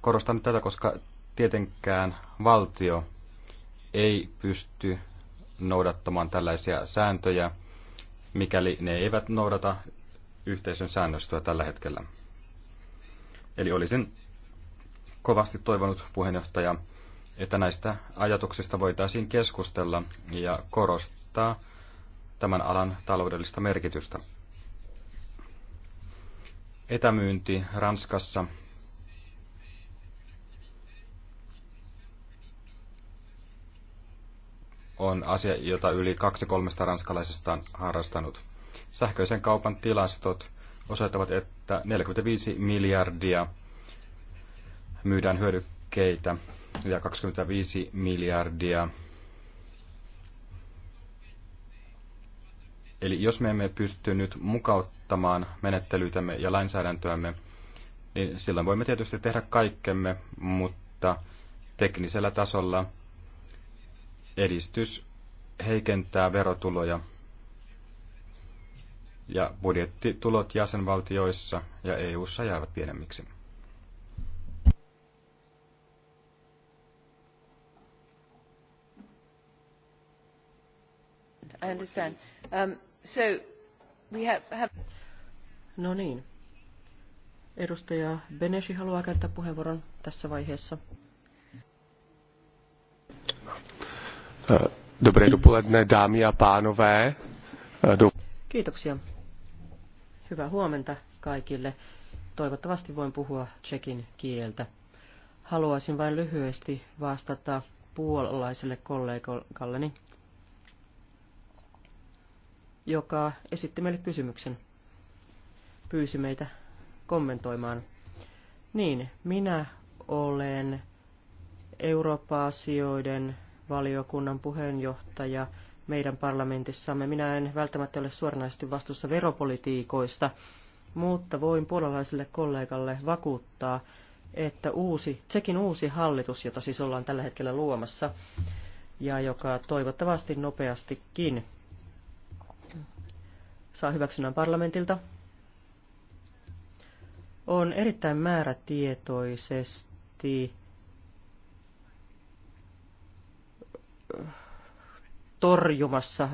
Korostan tätä, koska tietenkään valtio ei pysty noudattamaan tällaisia sääntöjä, mikäli ne eivät noudata yhteisön säännöstöä tällä hetkellä. Eli olisin kovasti toivonut puheenjohtaja, että näistä ajatuksista voitaisiin keskustella ja korostaa tämän alan taloudellista merkitystä. Etämyynti Ranskassa on asia, jota yli kaksi kolmesta ranskalaisesta on harrastanut. Sähköisen kaupan tilastot osoittavat, että 45 miljardia myydään hyödykkeitä ja 25 miljardia. Eli jos me emme pysty nyt mukauttamaan menettelyitämme ja lainsäädäntöämme, niin silloin voimme tietysti tehdä kaikkemme, mutta teknisellä tasolla edistys heikentää verotuloja ja budjettitulot jäsenvaltioissa ja EU:ssa jäävät pienemmiksi. I understand. Um, so we have, have... No niin. Edustaja Beneshi haluaa käyttää puheenvuoron tässä vaiheessa. Dobré dopoledne, dámy a pánové. Kiitoksia. Hyvää huomenta kaikille. Toivottavasti voin puhua tsekin kieltä. Haluaisin vain lyhyesti vastata puolalaiselle kollegalleni, joka esitti meille kysymyksen. Pyysi meitä kommentoimaan. Niin, minä olen Eurooppa-asioiden valiokunnan puheenjohtaja – meidän parlamentissamme. Minä en välttämättä ole suoranaisesti vastuussa veropolitiikoista, mutta voin puolalaiselle kollegalle vakuuttaa, että uusi, Tsekin uusi hallitus, jota siis ollaan tällä hetkellä luomassa, ja joka toivottavasti nopeastikin saa hyväksynnän parlamentilta, on erittäin määrätietoisesti torjumassa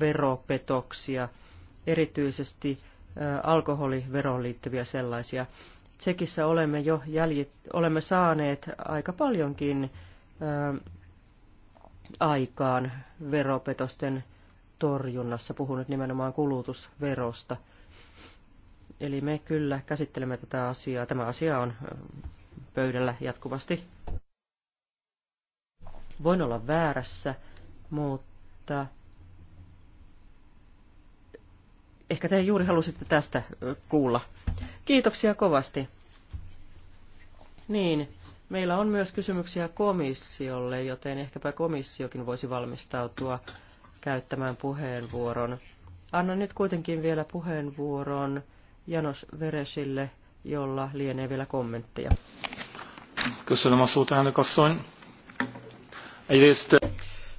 veropetoksia, erityisesti alkoholiveroon liittyviä sellaisia. Tsekissä olemme jo jäljit, olemme saaneet aika paljonkin ö, aikaan veropetosten torjunnassa. Puhun nyt nimenomaan kulutusverosta. Eli me kyllä käsittelemme tätä asiaa. Tämä asia on pöydällä jatkuvasti. Voin olla väärässä, mutta tota, ehkä te juuri halusitte tästä kuulla. Kiitoksia kovasti. Niin, meillä on myös kysymyksiä komissiolle, joten ehkäpä komissiokin voisi valmistautua käyttämään puheenvuoron. Annan nyt kuitenkin vielä puheenvuoron Janos Veresille, jolla lienee vielä kommentteja. Köszönöm a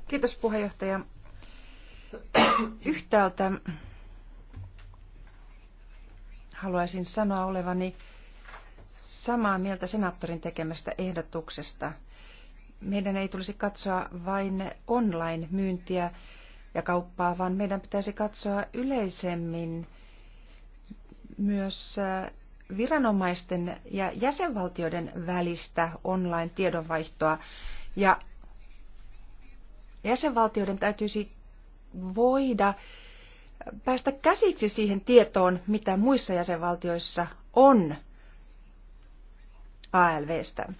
Kiitos puheenjohtaja. Yhtäältä haluaisin sanoa olevani samaa mieltä senaattorin tekemästä ehdotuksesta. Meidän ei tulisi katsoa vain online-myyntiä ja kauppaa, vaan meidän pitäisi katsoa yleisemmin myös äh, viranomaisten ja jäsenvaltioiden välistä online-tiedonvaihtoa. Ja jäsenvaltioiden täytyisi voida päästä käsiksi siihen tietoon, mitä muissa jäsenvaltioissa on ALVstä.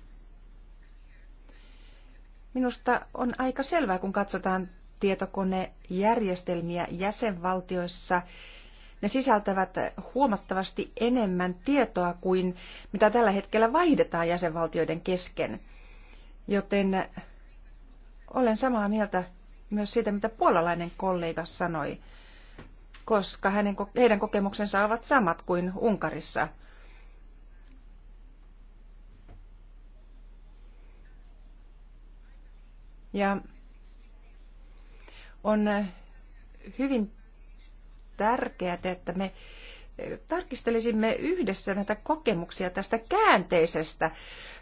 Minusta on aika selvää, kun katsotaan tietokonejärjestelmiä jäsenvaltioissa, ne sisältävät huomattavasti enemmän tietoa kuin mitä tällä hetkellä vaihdetaan jäsenvaltioiden kesken. Joten olen samaa mieltä myös siitä, mitä puolalainen kollega sanoi, koska hänen, heidän kokemuksensa ovat samat kuin Unkarissa. Ja on hyvin tärkeää, että me tarkistelisimme yhdessä näitä kokemuksia tästä käänteisestä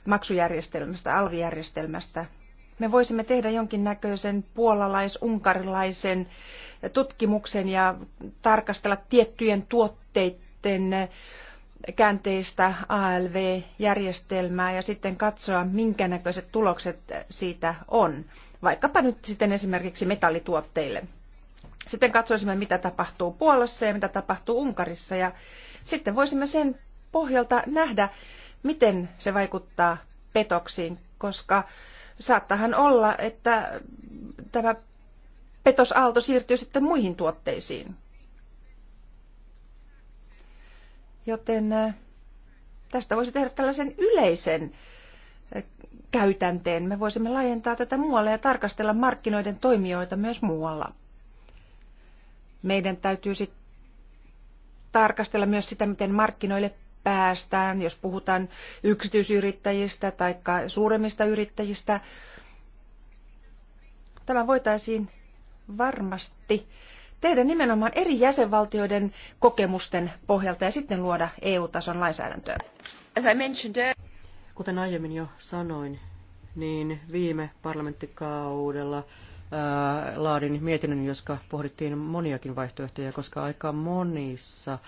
maksujärjestelmästä, alvijärjestelmästä, me voisimme tehdä jonkinnäköisen puolalais-unkarilaisen tutkimuksen ja tarkastella tiettyjen tuotteiden käänteistä ALV-järjestelmää ja sitten katsoa, minkä näköiset tulokset siitä on, vaikkapa nyt sitten esimerkiksi metallituotteille. Sitten katsoisimme, mitä tapahtuu Puolassa ja mitä tapahtuu Unkarissa ja sitten voisimme sen pohjalta nähdä, miten se vaikuttaa petoksiin, koska saattahan olla, että tämä petosaalto siirtyy sitten muihin tuotteisiin. Joten äh, tästä voisi tehdä tällaisen yleisen äh, käytänteen. Me voisimme laajentaa tätä muualle ja tarkastella markkinoiden toimijoita myös muualla. Meidän täytyy sitten tarkastella myös sitä, miten markkinoille päästään, jos puhutaan yksityisyrittäjistä tai suuremmista yrittäjistä. Tämä voitaisiin varmasti tehdä nimenomaan eri jäsenvaltioiden kokemusten pohjalta ja sitten luoda EU-tason lainsäädäntöä. Kuten aiemmin jo sanoin, niin viime parlamenttikaudella laadin mietinnön, jossa pohdittiin moniakin vaihtoehtoja, koska aika monissa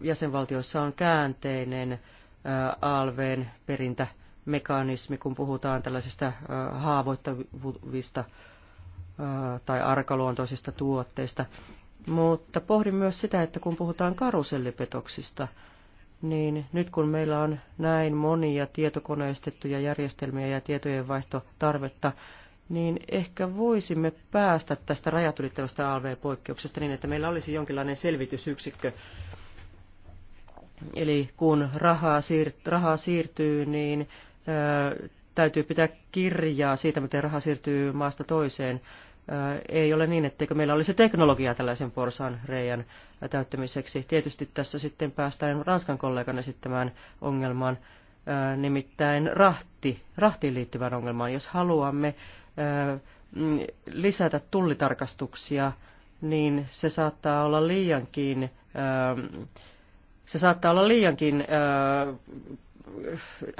jäsenvaltioissa on käänteinen ALVn perintämekanismi, kun puhutaan tällaisista haavoittavista tai arkaluontoisista tuotteista. Mutta pohdin myös sitä, että kun puhutaan karusellipetoksista, niin nyt kun meillä on näin monia tietokoneistettuja järjestelmiä ja tietojenvaihtotarvetta, niin ehkä voisimme päästä tästä rajat ylittävästä ALV-poikkeuksesta niin, että meillä olisi jonkinlainen selvitysyksikkö. Eli kun rahaa, siirt, rahaa siirtyy, niin ö, täytyy pitää kirjaa siitä, miten raha siirtyy maasta toiseen. Ö, ei ole niin, etteikö meillä olisi teknologia tällaisen porsaan reijan täyttämiseksi. Tietysti tässä sitten päästään Ranskan kollegan esittämään ongelmaan, ö, nimittäin rahti, rahtiin liittyvän ongelmaan. Jos haluamme Mm, lisätä tullitarkastuksia, niin se saattaa olla liiankin, se saattaa olla liiankin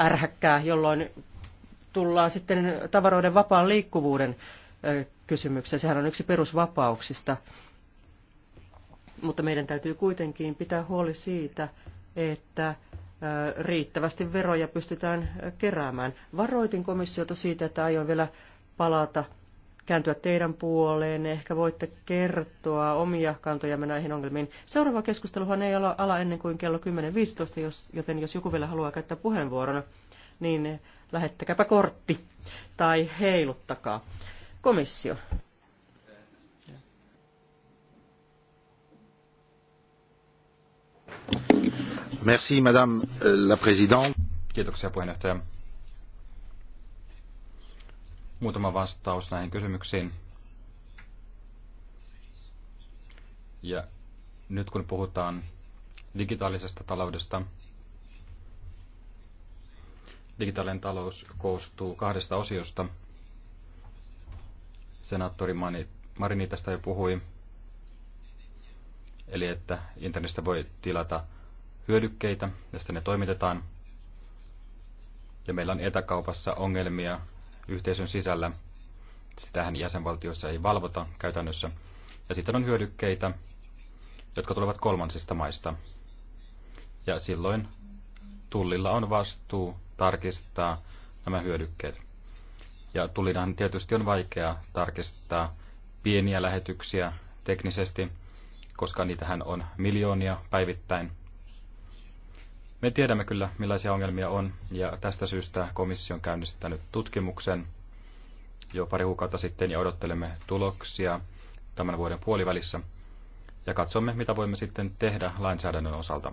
ärhäkkää, jolloin tullaan sitten tavaroiden vapaan liikkuvuuden kysymykseen. Sehän on yksi perusvapauksista. Mutta meidän täytyy kuitenkin pitää huoli siitä, että riittävästi veroja pystytään keräämään. Varoitin komissiota siitä, että aion vielä palata, kääntyä teidän puoleen. Ehkä voitte kertoa omia kantojamme näihin ongelmiin. Seuraava keskusteluhan ei ala, ala ennen kuin kello 10.15, joten jos joku vielä haluaa käyttää puheenvuoron, niin lähettäkääpä kortti tai heiluttakaa. Komissio. Merci, madame euh, la présidente. Kiitoksia puheenjohtaja muutama vastaus näihin kysymyksiin. Ja nyt kun puhutaan digitaalisesta taloudesta, digitaalinen talous koostuu kahdesta osiosta. Senaattori Marini tästä jo puhui, eli että internetistä voi tilata hyödykkeitä ja sitten ne toimitetaan. Ja meillä on etäkaupassa ongelmia yhteisön sisällä. Sitähän jäsenvaltiossa ei valvota käytännössä. Ja sitten on hyödykkeitä, jotka tulevat kolmansista maista. Ja silloin tullilla on vastuu tarkistaa nämä hyödykkeet. Ja tullinhan tietysti on vaikea tarkistaa pieniä lähetyksiä teknisesti, koska niitähän on miljoonia päivittäin – me tiedämme kyllä, millaisia ongelmia on, ja tästä syystä komissio on käynnistänyt tutkimuksen jo pari kuukautta sitten, ja odottelemme tuloksia tämän vuoden puolivälissä, ja katsomme, mitä voimme sitten tehdä lainsäädännön osalta.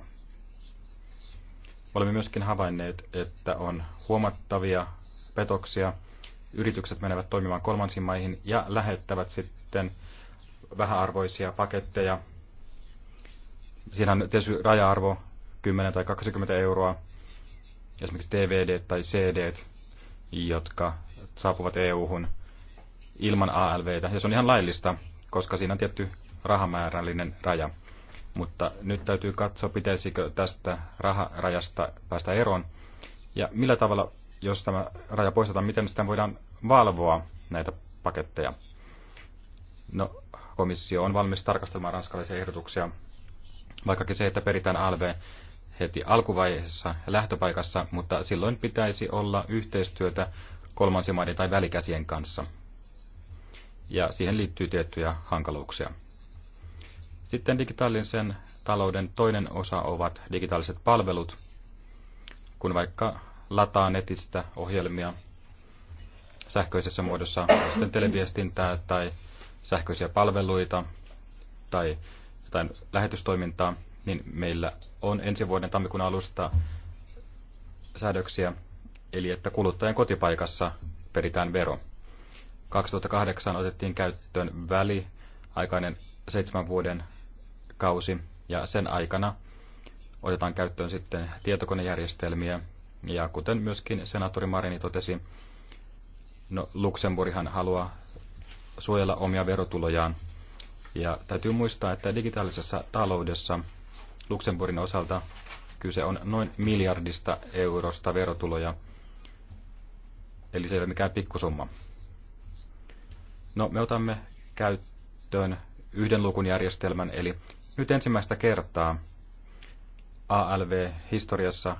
Olemme myöskin havainneet, että on huomattavia petoksia. Yritykset menevät toimimaan kolmansiin maihin ja lähettävät sitten vähäarvoisia paketteja. Siinä on tietysti raja-arvo 10 tai 20 euroa, esimerkiksi DVD tai CD, jotka saapuvat EU-hun ilman ALVtä. Ja se on ihan laillista, koska siinä on tietty rahamäärällinen raja. Mutta nyt täytyy katsoa, pitäisikö tästä raharajasta päästä eroon. Ja millä tavalla, jos tämä raja poistetaan, miten sitä voidaan valvoa näitä paketteja? No, komissio on valmis tarkastelemaan ranskalaisia ehdotuksia, vaikkakin se, että peritään ALV, heti alkuvaiheessa lähtöpaikassa, mutta silloin pitäisi olla yhteistyötä kolmansien maiden tai välikäsien kanssa. Ja siihen liittyy tiettyjä hankaluuksia. Sitten digitaalisen talouden toinen osa ovat digitaaliset palvelut. Kun vaikka lataa netistä ohjelmia sähköisessä muodossa, sitten televiestintää tai sähköisiä palveluita tai tai lähetystoimintaa, niin meillä on ensi vuoden tammikuun alusta säädöksiä, eli että kuluttajan kotipaikassa peritään vero. 2008 otettiin käyttöön väliaikainen seitsemän vuoden kausi, ja sen aikana otetaan käyttöön sitten tietokonejärjestelmiä, ja kuten myöskin senaattori Marini totesi, no Luxemburghan haluaa suojella omia verotulojaan, ja täytyy muistaa, että digitaalisessa taloudessa – Luxemburgin osalta kyse on noin miljardista eurosta verotuloja, eli se ei ole mikään pikkusumma. No, me otamme käyttöön yhden lukun järjestelmän, eli nyt ensimmäistä kertaa ALV-historiassa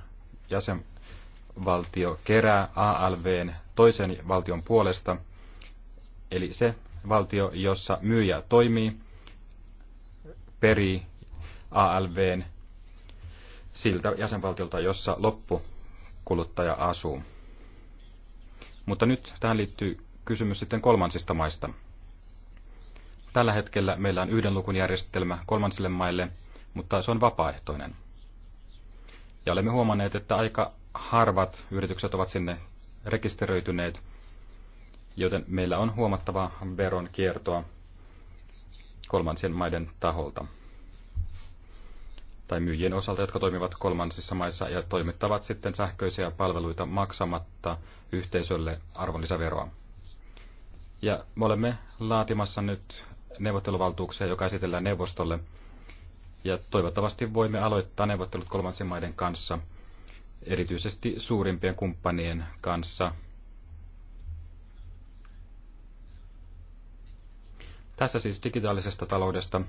jäsenvaltio kerää ALVn toisen valtion puolesta, eli se valtio, jossa myyjä toimii, perii ALVn siltä jäsenvaltiolta, jossa loppukuluttaja asuu. Mutta nyt tähän liittyy kysymys sitten kolmansista maista. Tällä hetkellä meillä on yhden lukun järjestelmä kolmansille maille, mutta se on vapaaehtoinen. Ja olemme huomanneet, että aika harvat yritykset ovat sinne rekisteröityneet, joten meillä on huomattavaa veron kiertoa kolmansien maiden taholta tai myyjien osalta, jotka toimivat kolmansissa maissa ja toimittavat sitten sähköisiä palveluita maksamatta yhteisölle arvonlisäveroa. Ja me olemme laatimassa nyt neuvotteluvaltuuksia, joka esitellään neuvostolle. Ja toivottavasti voimme aloittaa neuvottelut kolmansien maiden kanssa, erityisesti suurimpien kumppanien kanssa. Tässä siis digitaalisesta taloudesta.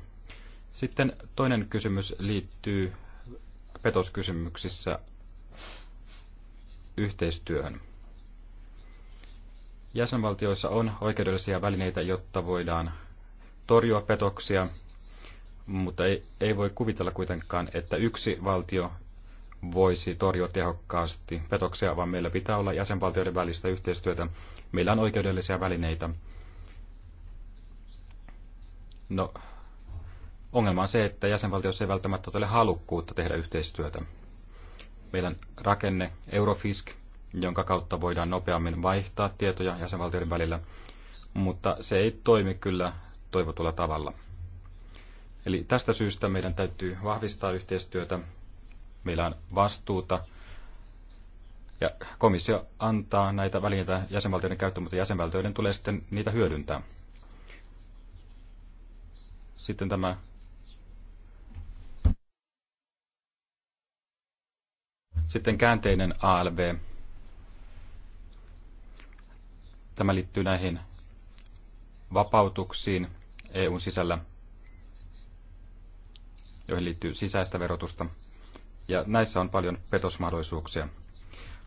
Sitten toinen kysymys liittyy petoskysymyksissä yhteistyöhön. Jäsenvaltioissa on oikeudellisia välineitä, jotta voidaan torjua petoksia, mutta ei, ei voi kuvitella kuitenkaan, että yksi valtio voisi torjua tehokkaasti petoksia, vaan meillä pitää olla jäsenvaltioiden välistä yhteistyötä. Meillä on oikeudellisia välineitä. No, Ongelma on se, että jäsenvaltioissa ei välttämättä ole halukkuutta tehdä yhteistyötä. Meillä on rakenne Eurofisk, jonka kautta voidaan nopeammin vaihtaa tietoja jäsenvaltioiden välillä, mutta se ei toimi kyllä toivotulla tavalla. Eli tästä syystä meidän täytyy vahvistaa yhteistyötä. Meillä on vastuuta ja komissio antaa näitä välineitä jäsenvaltioiden käyttöön, mutta jäsenvaltioiden tulee sitten niitä hyödyntää. Sitten tämä Sitten käänteinen ALV. Tämä liittyy näihin vapautuksiin EUn sisällä, joihin liittyy sisäistä verotusta. Ja näissä on paljon petosmahdollisuuksia.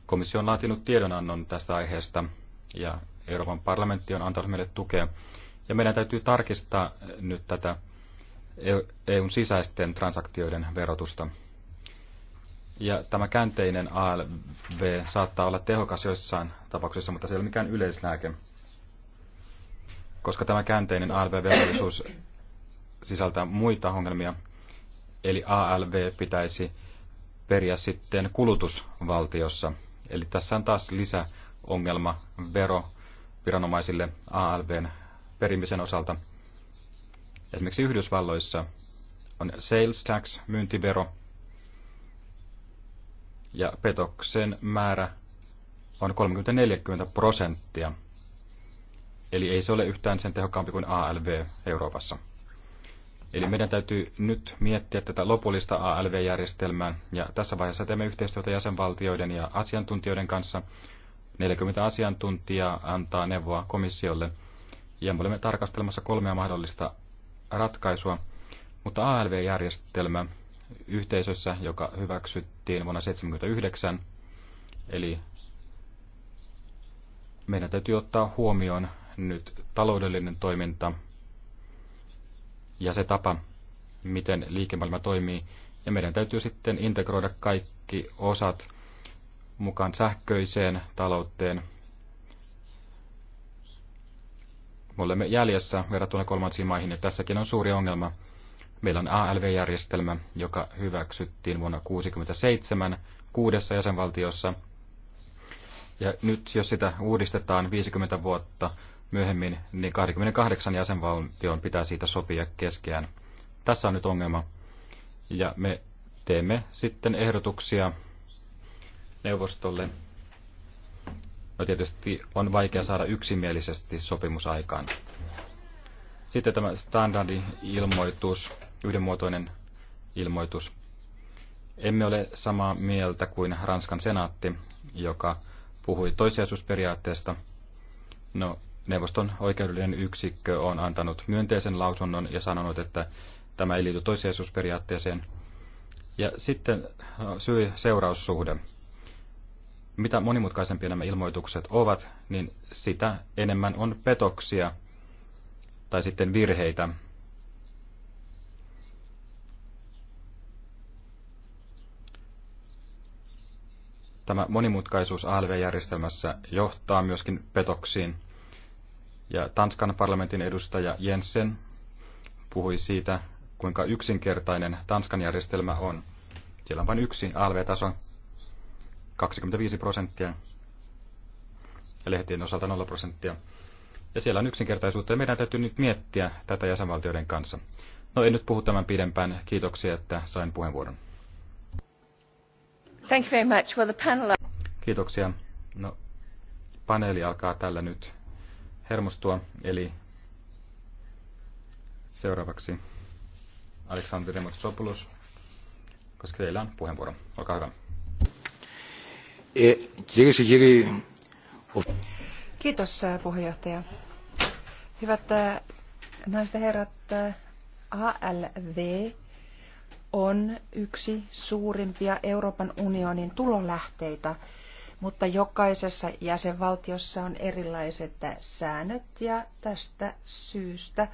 Komissio on laatinut tiedonannon tästä aiheesta ja Euroopan parlamentti on antanut meille tukea. Ja meidän täytyy tarkistaa nyt tätä EUn sisäisten transaktioiden verotusta. Ja tämä käänteinen ALV saattaa olla tehokas joissain tapauksissa, mutta se ei ole mikään yleislääke. Koska tämä käänteinen ALV-velvollisuus sisältää muita ongelmia, eli ALV pitäisi periä sitten kulutusvaltiossa. Eli tässä on taas lisäongelma vero viranomaisille ALVn perimisen osalta. Esimerkiksi Yhdysvalloissa on sales tax, myyntivero, ja petoksen määrä on 30-40 prosenttia. Eli ei se ole yhtään sen tehokkaampi kuin ALV Euroopassa. Eli meidän täytyy nyt miettiä tätä lopullista ALV-järjestelmää, ja tässä vaiheessa teemme yhteistyötä jäsenvaltioiden ja asiantuntijoiden kanssa. 40 asiantuntijaa antaa neuvoa komissiolle, ja me olemme tarkastelemassa kolmea mahdollista ratkaisua, mutta ALV-järjestelmä yhteisössä, joka hyväksyt hyväksyttiin vuonna 1979. Eli meidän täytyy ottaa huomioon nyt taloudellinen toiminta ja se tapa, miten liikemaailma toimii. Ja meidän täytyy sitten integroida kaikki osat mukaan sähköiseen talouteen. Me olemme jäljessä verrattuna kolmansiin maihin ja tässäkin on suuri ongelma – Meillä on ALV-järjestelmä, joka hyväksyttiin vuonna 1967 kuudessa jäsenvaltiossa. Ja nyt jos sitä uudistetaan 50 vuotta myöhemmin, niin 28 jäsenvaltion pitää siitä sopia keskeään. Tässä on nyt ongelma. Ja me teemme sitten ehdotuksia neuvostolle. No tietysti on vaikea saada yksimielisesti sopimus aikaan. Sitten tämä standardi ilmoitus yhdenmuotoinen ilmoitus. Emme ole samaa mieltä kuin Ranskan senaatti, joka puhui toisiaisuusperiaatteesta. No, neuvoston oikeudellinen yksikkö on antanut myönteisen lausunnon ja sanonut, että tämä ei liity toisiaisuusperiaatteeseen. Ja sitten no, syy-seuraussuhde. Mitä monimutkaisempia nämä ilmoitukset ovat, niin sitä enemmän on petoksia tai sitten virheitä, Tämä monimutkaisuus ALV-järjestelmässä johtaa myöskin petoksiin. Ja Tanskan parlamentin edustaja Jensen puhui siitä, kuinka yksinkertainen Tanskan järjestelmä on. Siellä on vain yksi ALV-taso, 25 prosenttia, ja lehtien osalta 0 prosenttia. Ja siellä on yksinkertaisuutta, ja meidän täytyy nyt miettiä tätä jäsenvaltioiden kanssa. No en nyt puhu tämän pidempään. Kiitoksia, että sain puheenvuoron. Thank you very much. Well, the panel... Kiitoksia. No, paneeli alkaa tällä nyt hermostua, eli seuraavaksi Aleksandri Remotsopoulos, koska teillä on puheenvuoro. Olkaa hyvä. Kiitos äh, puheenjohtaja. Hyvät äh, naiset herrat, äh, ALV on yksi suurimpia Euroopan unionin tulolähteitä, mutta jokaisessa jäsenvaltiossa on erilaiset säännöt ja tästä syystä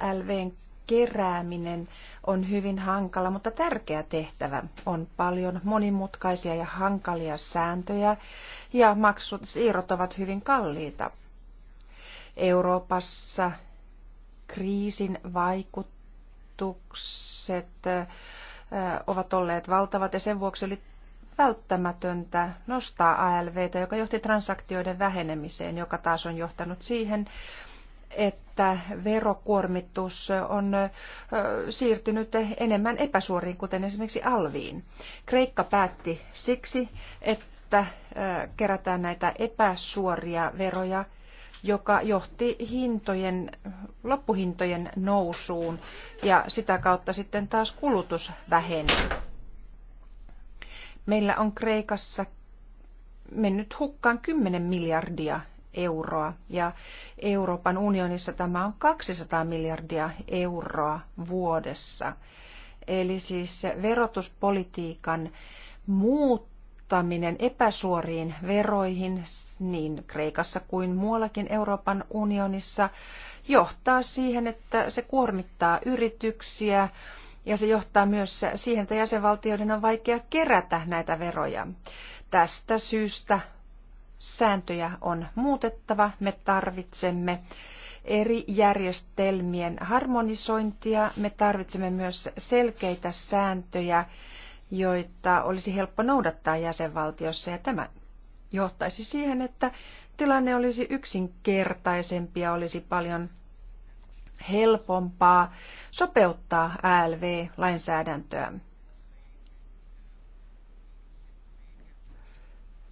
ALVn kerääminen on hyvin hankala, mutta tärkeä tehtävä. On paljon monimutkaisia ja hankalia sääntöjä ja maksut siirrot ovat hyvin kalliita. Euroopassa kriisin vaikutus vaikutukset ovat olleet valtavat ja sen vuoksi oli välttämätöntä nostaa ALVtä, joka johti transaktioiden vähenemiseen, joka taas on johtanut siihen, että verokuormitus on siirtynyt enemmän epäsuoriin, kuten esimerkiksi alviin. Kreikka päätti siksi, että kerätään näitä epäsuoria veroja joka johti hintojen, loppuhintojen nousuun ja sitä kautta sitten taas kulutus väheni. Meillä on Kreikassa mennyt hukkaan 10 miljardia euroa ja Euroopan unionissa tämä on 200 miljardia euroa vuodessa. Eli siis verotuspolitiikan muut vaikuttaminen epäsuoriin veroihin niin Kreikassa kuin muuallakin Euroopan unionissa johtaa siihen, että se kuormittaa yrityksiä ja se johtaa myös siihen, että jäsenvaltioiden on vaikea kerätä näitä veroja. Tästä syystä sääntöjä on muutettava. Me tarvitsemme eri järjestelmien harmonisointia. Me tarvitsemme myös selkeitä sääntöjä joita olisi helppo noudattaa jäsenvaltiossa. Ja tämä johtaisi siihen, että tilanne olisi yksinkertaisempi ja olisi paljon helpompaa sopeuttaa ALV-lainsäädäntöä.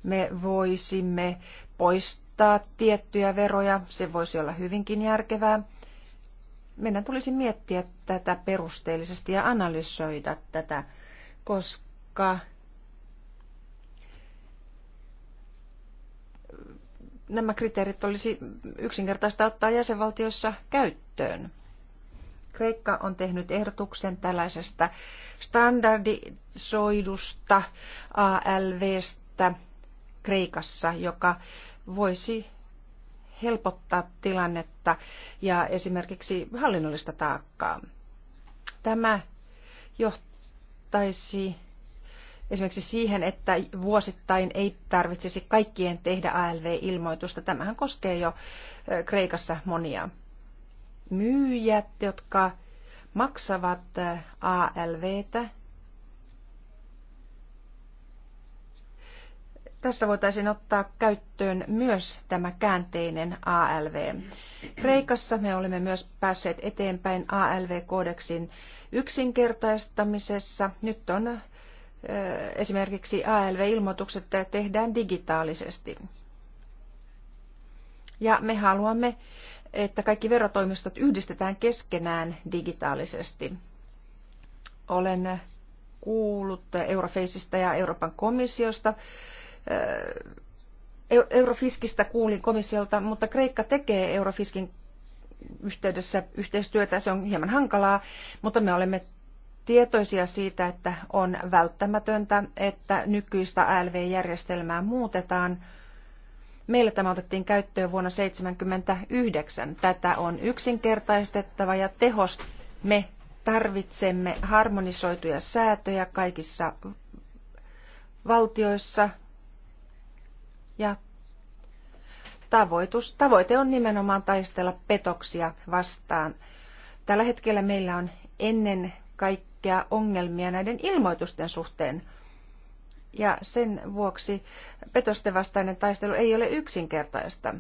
Me voisimme poistaa tiettyjä veroja, se voisi olla hyvinkin järkevää. Meidän tulisi miettiä tätä perusteellisesti ja analysoida tätä koska nämä kriteerit olisi yksinkertaista ottaa jäsenvaltioissa käyttöön. Kreikka on tehnyt ehdotuksen tällaisesta standardisoidusta ALVstä Kreikassa, joka voisi helpottaa tilannetta ja esimerkiksi hallinnollista taakkaa. Tämä johtaa vaikuttaisi esimerkiksi siihen, että vuosittain ei tarvitsisi kaikkien tehdä ALV-ilmoitusta. Tämähän koskee jo Kreikassa monia myyjät, jotka maksavat ALVtä Tässä voitaisiin ottaa käyttöön myös tämä käänteinen ALV. Kreikassa me olemme myös päässeet eteenpäin ALV-koodeksin yksinkertaistamisessa. Nyt on esimerkiksi ALV-ilmoitukset tehdään digitaalisesti. Ja me haluamme, että kaikki verotoimistot yhdistetään keskenään digitaalisesti. Olen kuullut Eurofaceista ja Euroopan komissiosta Eurofiskistä kuulin komissiolta, mutta Kreikka tekee Eurofiskin yhteydessä yhteistyötä. Se on hieman hankalaa, mutta me olemme tietoisia siitä, että on välttämätöntä, että nykyistä ALV-järjestelmää muutetaan. Meillä tämä otettiin käyttöön vuonna 1979. Tätä on yksinkertaistettava ja tehost. Me tarvitsemme harmonisoituja säätöjä kaikissa valtioissa, ja tavoitus, tavoite on nimenomaan taistella petoksia vastaan. Tällä hetkellä meillä on ennen kaikkea ongelmia näiden ilmoitusten suhteen. Ja sen vuoksi petosten vastainen taistelu ei ole yksinkertaista.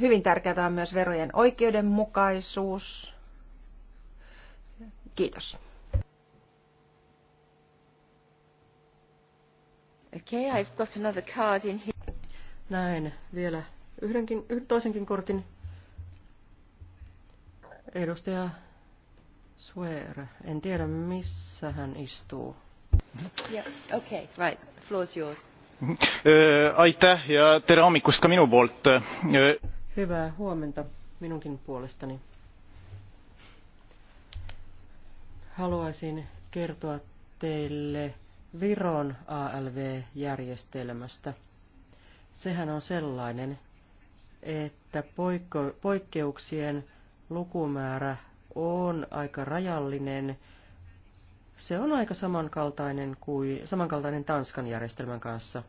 Hyvin tärkeää on myös verojen oikeudenmukaisuus. Kiitos. Okay, I've got another card in here. Näin vielä yhdenkin, yhden toisenkin kortin. Edustaja Swear. En tiedä, missä hän istuu. Yeah, okay, right. Floor is yours. Äh, aitäh ja tere hommikust ka minu poolt. Äh, Hyvää huomenta minunkin puolestani. Haluaisin kertoa teille Viron ALV-järjestelmästä. Sehän on sellainen, että poikko, poikkeuksien lukumäärä on aika rajallinen. Se on aika samankaltainen, kuin, samankaltainen Tanskan järjestelmän kanssa.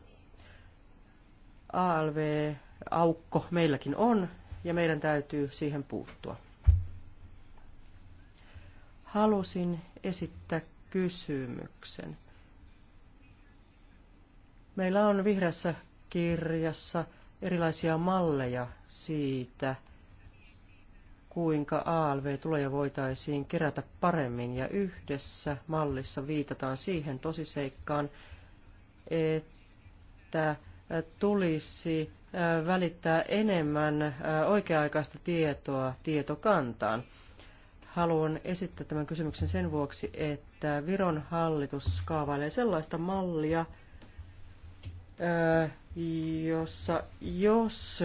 ALV-aukko meilläkin on, ja meidän täytyy siihen puuttua. Halusin esittää kysymyksen. Meillä on vihreässä kirjassa erilaisia malleja siitä, kuinka ALV-tuloja voitaisiin kerätä paremmin, ja yhdessä mallissa viitataan siihen tosiseikkaan, että tulisi välittää enemmän oikea-aikaista tietoa tietokantaan. Haluan esittää tämän kysymyksen sen vuoksi, että Viron hallitus kaavailee sellaista mallia, jossa jos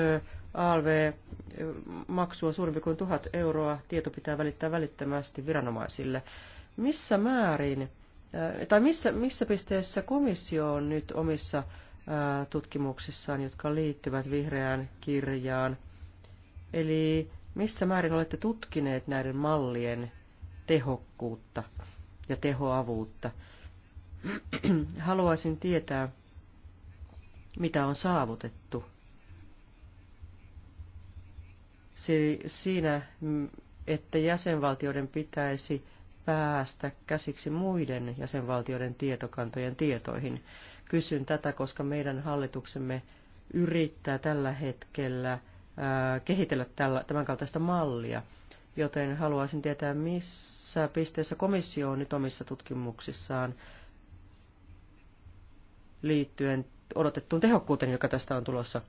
ALV-maksu on suurempi kuin 1000 euroa, tieto pitää välittää välittömästi viranomaisille. Missä määrin, tai missä, missä pisteessä komissio on nyt omissa tutkimuksissaan, jotka liittyvät vihreään kirjaan? Eli missä määrin olette tutkineet näiden mallien tehokkuutta ja tehoavuutta? Haluaisin tietää, mitä on saavutettu. Se, siinä, mm, että jäsenvaltioiden pitäisi päästä käsiksi muiden jäsenvaltioiden tietokantojen tietoihin. Kysyn tätä, koska meidän hallituksemme yrittää tällä hetkellä ää, kehitellä tällä, tämän kaltaista mallia, joten haluaisin tietää, missä pisteessä komissio on nyt omissa tutkimuksissaan liittyen odotettuun tehokkuuteen, joka tästä on tulossa.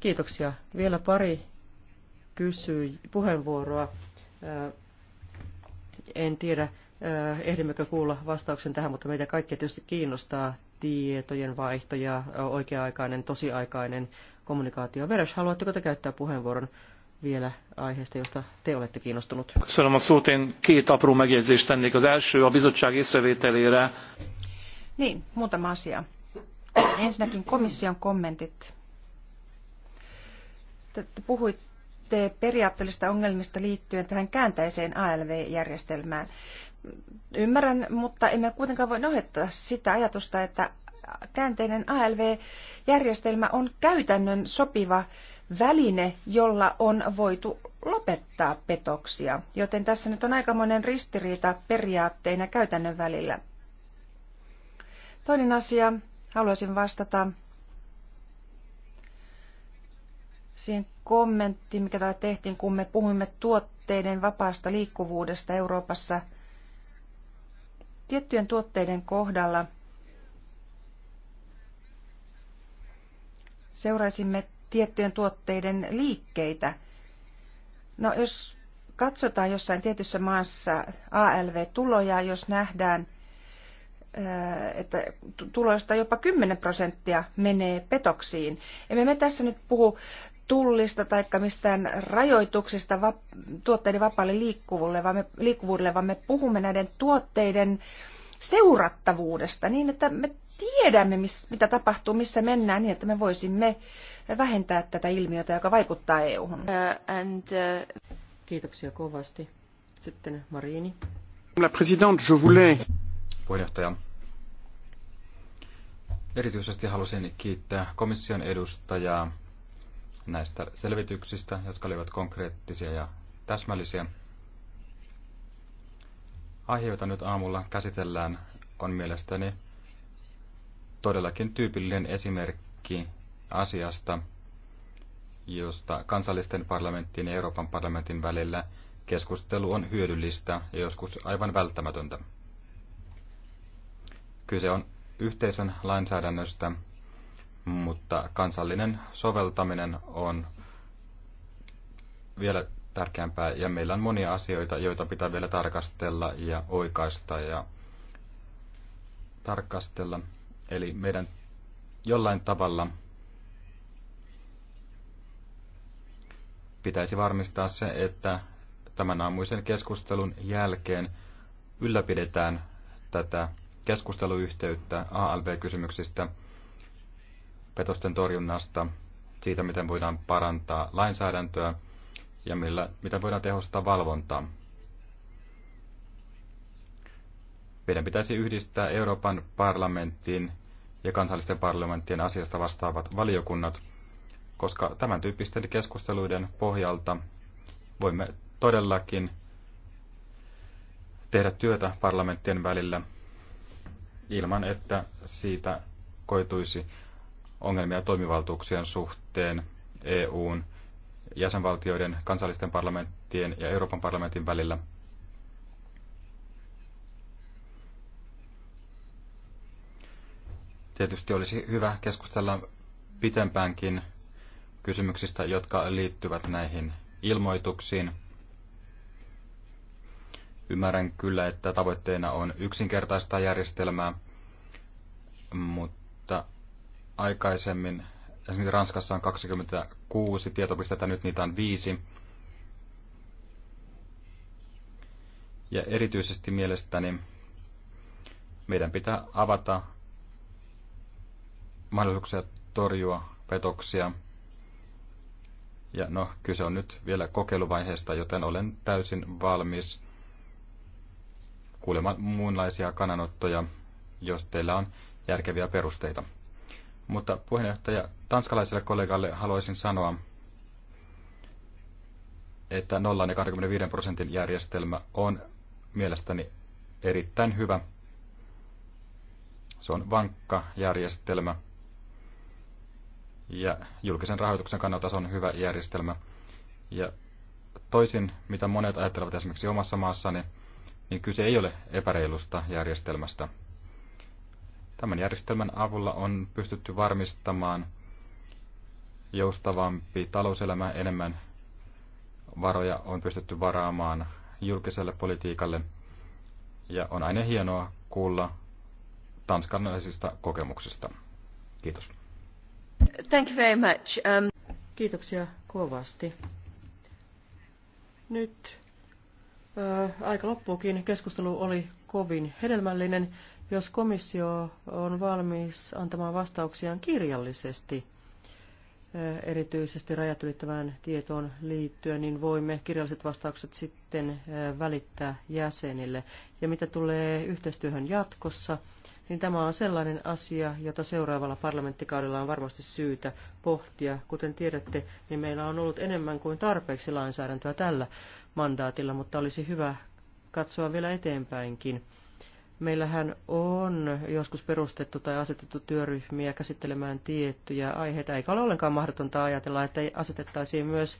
Kiitoksia. Vielä pari kysyi puheenvuoroa. En tiedä, ehdimmekö kuulla vastauksen tähän, mutta meitä kaikki tietysti kiinnostaa tietojen vaihto ja oikea-aikainen, tosiaikainen kommunikaatio. Veres, haluatteko te käyttää puheenvuoron vielä aiheesta, josta te olette kiinnostunut? Köszönöm a szót. Én két apró megjegyzést tennék. Az első a bizottság észrevételére. Niin, muutama asia. Ensinnäkin komission kommentit. Te puhuitte periaatteellisista ongelmista liittyen tähän kääntäiseen ALV-järjestelmään. Ymmärrän, mutta emme kuitenkaan voi nohettaa sitä ajatusta, että käänteinen ALV-järjestelmä on käytännön sopiva väline, jolla on voitu lopettaa petoksia, joten tässä nyt on aikamoinen ristiriita periaatteen ja käytännön välillä. Toinen asia, Haluaisin vastata siihen kommenttiin, mikä täällä tehtiin, kun me puhuimme tuotteiden vapaasta liikkuvuudesta Euroopassa. Tiettyjen tuotteiden kohdalla seuraisimme tiettyjen tuotteiden liikkeitä. No jos katsotaan jossain tietyssä maassa ALV-tuloja, jos nähdään – että tuloista jopa 10 prosenttia menee petoksiin. Emme me tässä nyt puhu tullista tai mistään rajoituksista va- tuotteiden vapaalle liikkuvuudelle vaan, me, liikkuvuudelle, vaan me puhumme näiden tuotteiden seurattavuudesta niin, että me tiedämme, miss, mitä tapahtuu, missä mennään, niin että me voisimme vähentää tätä ilmiötä, joka vaikuttaa EU-hun. Uh, and, uh... Kiitoksia kovasti. Sitten Marini. La présidente, je voulais puheenjohtaja. Erityisesti halusin kiittää komission edustajaa näistä selvityksistä, jotka olivat konkreettisia ja täsmällisiä. Aihe, jota nyt aamulla käsitellään, on mielestäni todellakin tyypillinen esimerkki asiasta, josta kansallisten parlamenttien ja Euroopan parlamentin välillä keskustelu on hyödyllistä ja joskus aivan välttämätöntä. Kyse on yhteisön lainsäädännöstä, mutta kansallinen soveltaminen on vielä tärkeämpää ja meillä on monia asioita, joita pitää vielä tarkastella ja oikaista ja tarkastella. Eli meidän jollain tavalla pitäisi varmistaa se, että tämän aamuisen keskustelun jälkeen ylläpidetään tätä keskusteluyhteyttä ALV-kysymyksistä, petosten torjunnasta, siitä, miten voidaan parantaa lainsäädäntöä ja millä, miten voidaan tehostaa valvontaa. Meidän pitäisi yhdistää Euroopan parlamenttiin ja kansallisten parlamenttien asiasta vastaavat valiokunnat, koska tämän tyyppisten keskusteluiden pohjalta voimme todellakin tehdä työtä parlamenttien välillä ilman, että siitä koituisi ongelmia toimivaltuuksien suhteen EUn, jäsenvaltioiden, kansallisten parlamenttien ja Euroopan parlamentin välillä. Tietysti olisi hyvä keskustella pitempäänkin kysymyksistä, jotka liittyvät näihin ilmoituksiin. Ymmärrän kyllä, että tavoitteena on yksinkertaistaa järjestelmää, mutta aikaisemmin esimerkiksi Ranskassa on 26 tietopistettä, nyt niitä on viisi. Ja erityisesti mielestäni meidän pitää avata mahdollisuuksia torjua petoksia. Ja no, kyse on nyt vielä kokeiluvaiheesta, joten olen täysin valmis kuulemma muunlaisia kannanottoja, jos teillä on järkeviä perusteita. Mutta puheenjohtaja tanskalaiselle kollegalle haluaisin sanoa, että 0 ja 25 prosentin järjestelmä on mielestäni erittäin hyvä. Se on vankka järjestelmä ja julkisen rahoituksen kannalta se on hyvä järjestelmä. Ja toisin, mitä monet ajattelevat esimerkiksi omassa maassani, niin kyse ei ole epäreilusta järjestelmästä. Tämän järjestelmän avulla on pystytty varmistamaan joustavampi talouselämä, enemmän varoja on pystytty varaamaan julkiselle politiikalle. Ja on aina hienoa kuulla tanskalaisista kokemuksista. Kiitos. Thank you very much. Um... Kiitoksia kovasti. Nyt aika loppuukin. Keskustelu oli kovin hedelmällinen. Jos komissio on valmis antamaan vastauksiaan kirjallisesti, erityisesti rajat ylittävään tietoon liittyen, niin voimme kirjalliset vastaukset sitten välittää jäsenille. Ja mitä tulee yhteistyöhön jatkossa, niin tämä on sellainen asia, jota seuraavalla parlamenttikaudella on varmasti syytä pohtia. Kuten tiedätte, niin meillä on ollut enemmän kuin tarpeeksi lainsäädäntöä tällä mandaatilla, mutta olisi hyvä katsoa vielä eteenpäinkin. Meillähän on joskus perustettu tai asetettu työryhmiä käsittelemään tiettyjä aiheita, eikä ole ollenkaan mahdotonta ajatella, että asetettaisiin myös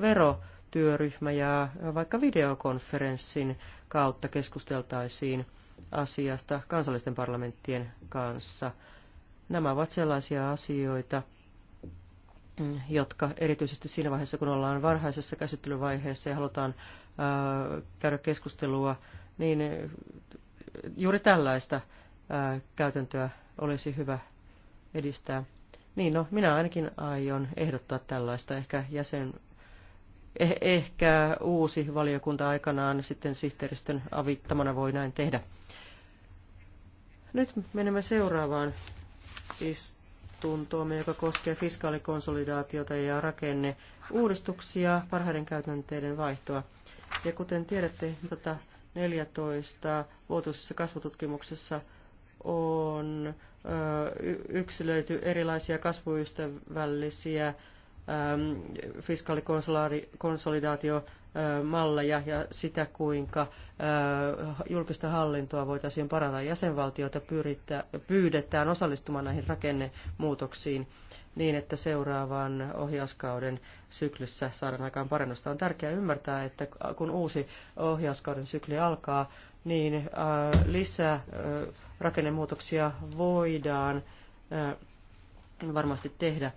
verotyöryhmä ja vaikka videokonferenssin kautta keskusteltaisiin asiasta kansallisten parlamenttien kanssa. Nämä ovat sellaisia asioita, jotka erityisesti siinä vaiheessa, kun ollaan varhaisessa käsittelyvaiheessa ja halutaan äh, käydä keskustelua, niin äh, juuri tällaista äh, käytäntöä olisi hyvä edistää. Niin, no, minä ainakin aion ehdottaa tällaista. Ehkä jäsen, eh, ehkä uusi valiokunta aikanaan sitten sihteeristön avittamana voi näin tehdä. Nyt menemme seuraavaan ist- myötätuntoamme, joka koskee fiskaalikonsolidaatiota ja rakenneuudistuksia, parhaiden käytänteiden vaihtoa. Ja kuten tiedätte, 14 tuota vuotuisessa kasvututkimuksessa on yksilöity erilaisia kasvuystävällisiä fiskaalikonsolidaatio malleja ja sitä, kuinka julkista hallintoa voitaisiin parantaa. Jäsenvaltioita pyydetään osallistumaan näihin rakennemuutoksiin niin, että seuraavan ohjauskauden syklissä saadaan aikaan parannusta. On tärkeää ymmärtää, että kun uusi ohjauskauden sykli alkaa, niin lisää rakennemuutoksia voidaan varmasti tehdä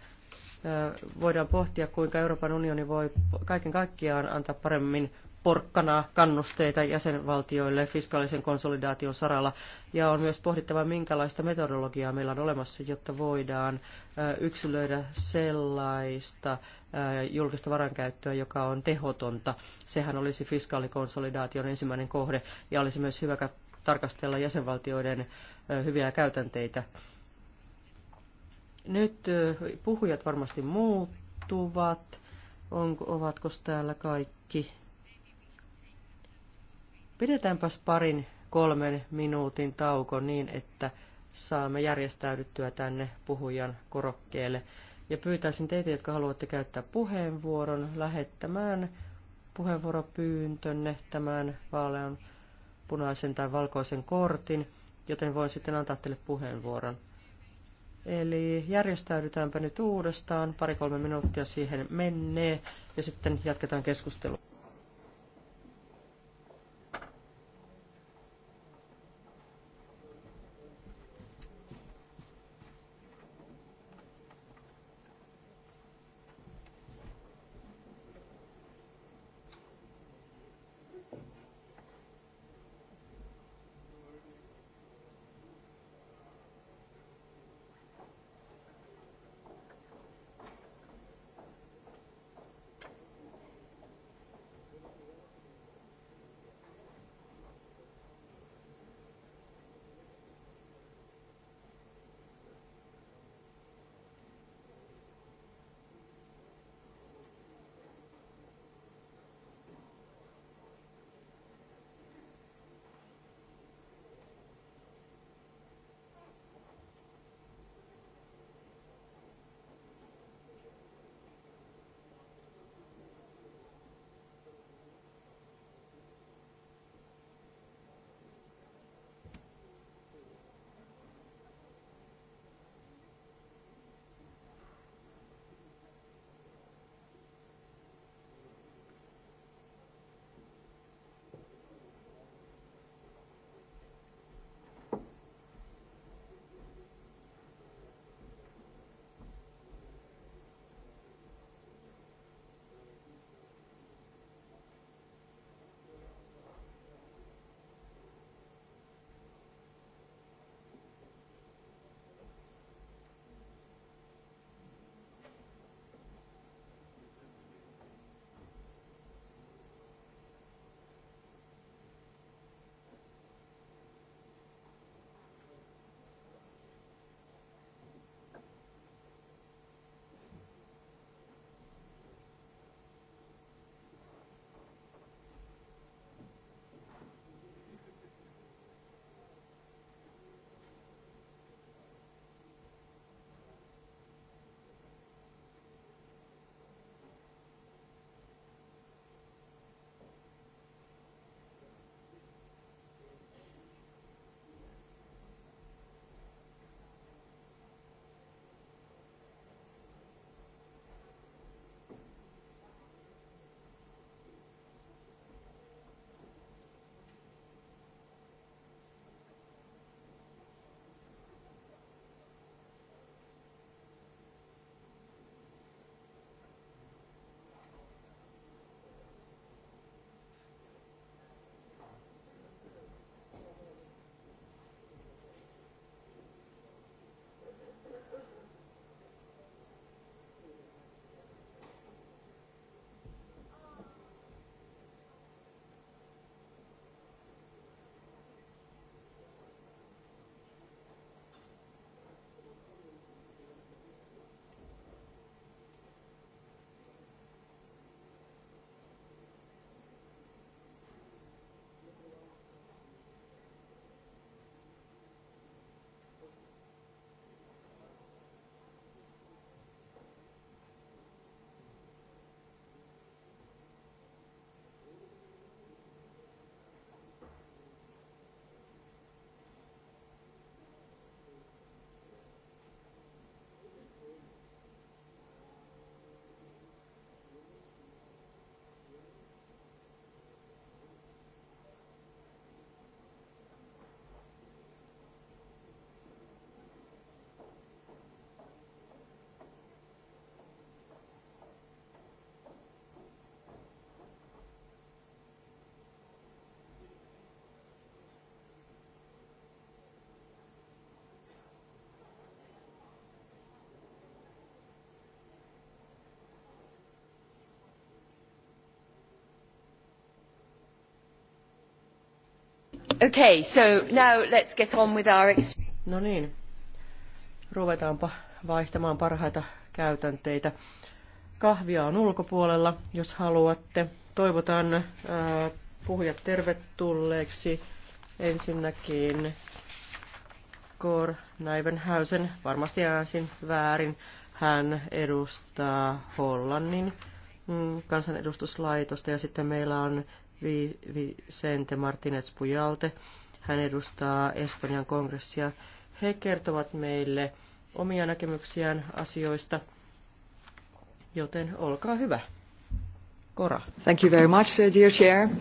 voidaan pohtia, kuinka Euroopan unioni voi kaiken kaikkiaan antaa paremmin porkkanaa kannusteita jäsenvaltioille fiskaalisen konsolidaation saralla. Ja on myös pohdittava, minkälaista metodologiaa meillä on olemassa, jotta voidaan yksilöidä sellaista julkista varankäyttöä, joka on tehotonta. Sehän olisi fiskaalikonsolidaation ensimmäinen kohde ja olisi myös hyvä tarkastella jäsenvaltioiden hyviä käytänteitä nyt puhujat varmasti muuttuvat. Onko, ovatko täällä kaikki? Pidetäänpäs parin kolmen minuutin tauko niin, että saamme järjestäydyttyä tänne puhujan korokkeelle. Ja pyytäisin teitä, jotka haluatte käyttää puheenvuoron, lähettämään puheenvuoropyyntönne tämän vaalean punaisen tai valkoisen kortin, joten voin sitten antaa teille puheenvuoron. Eli järjestäydytäänpä nyt uudestaan, pari-kolme minuuttia siihen menee ja sitten jatketaan keskustelua. Okay, so now let's get on with our... No niin, ruvetaanpa vaihtamaan parhaita käytänteitä. Kahvia on ulkopuolella, jos haluatte. Toivotan äh, puhujat tervetulleeksi ensinnäkin Kor Naivenhausen, varmasti äänsin väärin. Hän edustaa Hollannin mm, kansanedustuslaitosta ja sitten meillä on Vicente Martinez Pujalte. Hän edustaa Espanjan kongressia. He kertovat meille omia näkemyksiään asioista, joten olkaa hyvä. Kora. Thank you very much, uh, dear chair. Uh,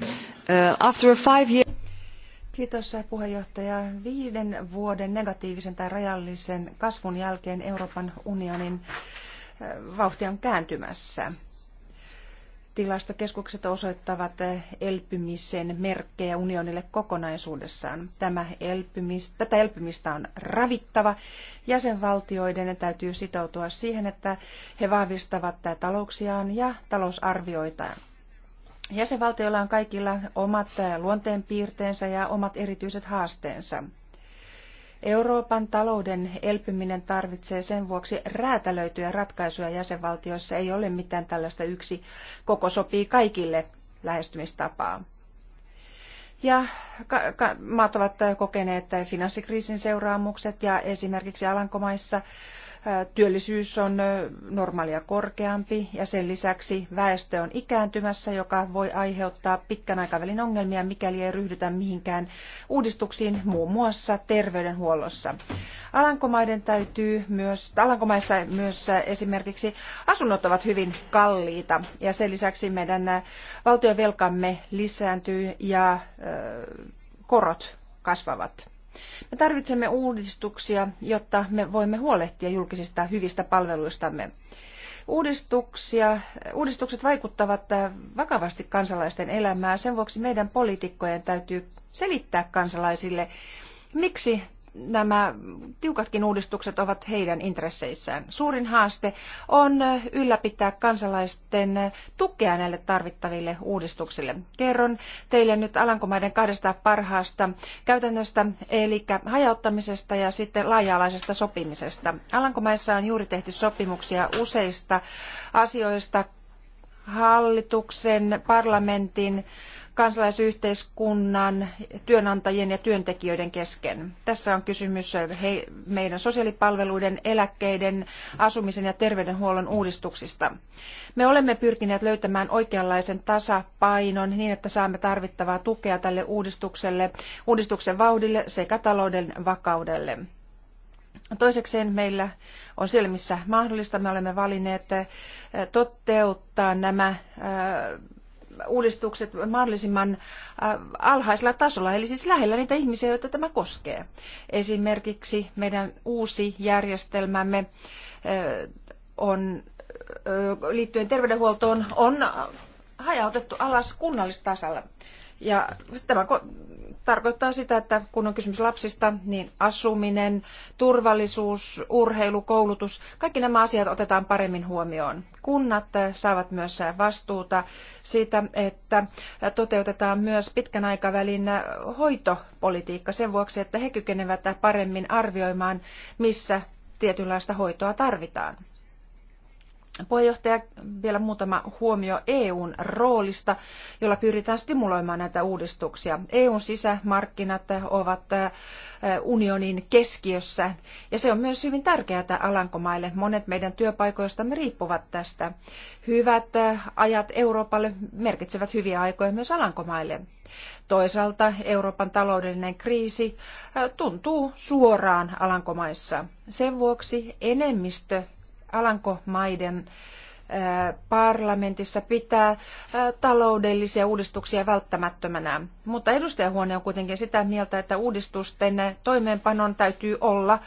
after five years... Kiitos uh, puheenjohtaja. Viiden vuoden negatiivisen tai rajallisen kasvun jälkeen Euroopan unionin uh, vauhti on kääntymässä. Tilastokeskukset osoittavat eh, elpymisen merkkejä unionille kokonaisuudessaan. Tämä elpymis, tätä elpymistä on ravittava. Jäsenvaltioiden täytyy sitoutua siihen, että he vahvistavat talouksiaan ja talousarvioitaan. Jäsenvaltioilla on kaikilla omat eh, luonteenpiirteensä ja omat erityiset haasteensa. Euroopan talouden elpyminen tarvitsee sen vuoksi räätälöityjä ratkaisuja jäsenvaltioissa. Ei ole mitään tällaista yksi koko sopii kaikille lähestymistapaa. Ja maat ovat kokeneet finanssikriisin seuraamukset ja esimerkiksi Alankomaissa työllisyys on normaalia korkeampi ja sen lisäksi väestö on ikääntymässä, joka voi aiheuttaa pitkän aikavälin ongelmia, mikäli ei ryhdytä mihinkään uudistuksiin muun muassa terveydenhuollossa. Alankomaiden täytyy myös, Alankomaissa myös esimerkiksi asunnot ovat hyvin kalliita ja sen lisäksi meidän valtionvelkamme lisääntyy ja korot kasvavat. Me tarvitsemme uudistuksia, jotta me voimme huolehtia julkisista hyvistä palveluistamme. Uudistuksia, uudistukset vaikuttavat äh, vakavasti kansalaisten elämään. Sen vuoksi meidän poliitikkojen täytyy selittää kansalaisille, miksi nämä tiukatkin uudistukset ovat heidän intresseissään. Suurin haaste on ylläpitää kansalaisten tukea näille tarvittaville uudistuksille. Kerron teille nyt Alankomaiden kahdesta parhaasta käytännöstä, eli hajauttamisesta ja sitten laaja-alaisesta sopimisesta. Alankomaissa on juuri tehty sopimuksia useista asioista hallituksen, parlamentin, kansalaisyhteiskunnan, työnantajien ja työntekijöiden kesken. Tässä on kysymys eh, meidän sosiaalipalveluiden, eläkkeiden, asumisen ja terveydenhuollon uudistuksista. Me olemme pyrkineet löytämään oikeanlaisen tasapainon niin, että saamme tarvittavaa tukea tälle uudistukselle, uudistuksen vauhdille sekä talouden vakaudelle. Toisekseen meillä on siellä, missä mahdollista, me olemme valinneet eh, toteuttaa nämä eh, uudistukset mahdollisimman äh, alhaisella tasolla, eli siis lähellä niitä ihmisiä, joita tämä koskee. Esimerkiksi meidän uusi järjestelmämme äh, on, äh, liittyen terveydenhuoltoon on hajautettu alas kunnallistasalla. Ja tämä tarkoittaa sitä, että kun on kysymys lapsista, niin asuminen, turvallisuus, urheilu, koulutus, kaikki nämä asiat otetaan paremmin huomioon. Kunnat saavat myös vastuuta siitä, että toteutetaan myös pitkän aikavälin hoitopolitiikka sen vuoksi, että he kykenevät paremmin arvioimaan, missä tietynlaista hoitoa tarvitaan. Puheenjohtaja, vielä muutama huomio EUn roolista, jolla pyritään stimuloimaan näitä uudistuksia. EUn sisämarkkinat ovat unionin keskiössä ja se on myös hyvin tärkeää Alankomaille. Monet meidän työpaikoistamme riippuvat tästä. Hyvät ajat Euroopalle merkitsevät hyviä aikoja myös Alankomaille. Toisaalta Euroopan taloudellinen kriisi tuntuu suoraan Alankomaissa. Sen vuoksi enemmistö Alankomaiden parlamentissa pitää taloudellisia uudistuksia välttämättömänä. Mutta edustajahuone on kuitenkin sitä mieltä, että uudistusten toimeenpanon täytyy olla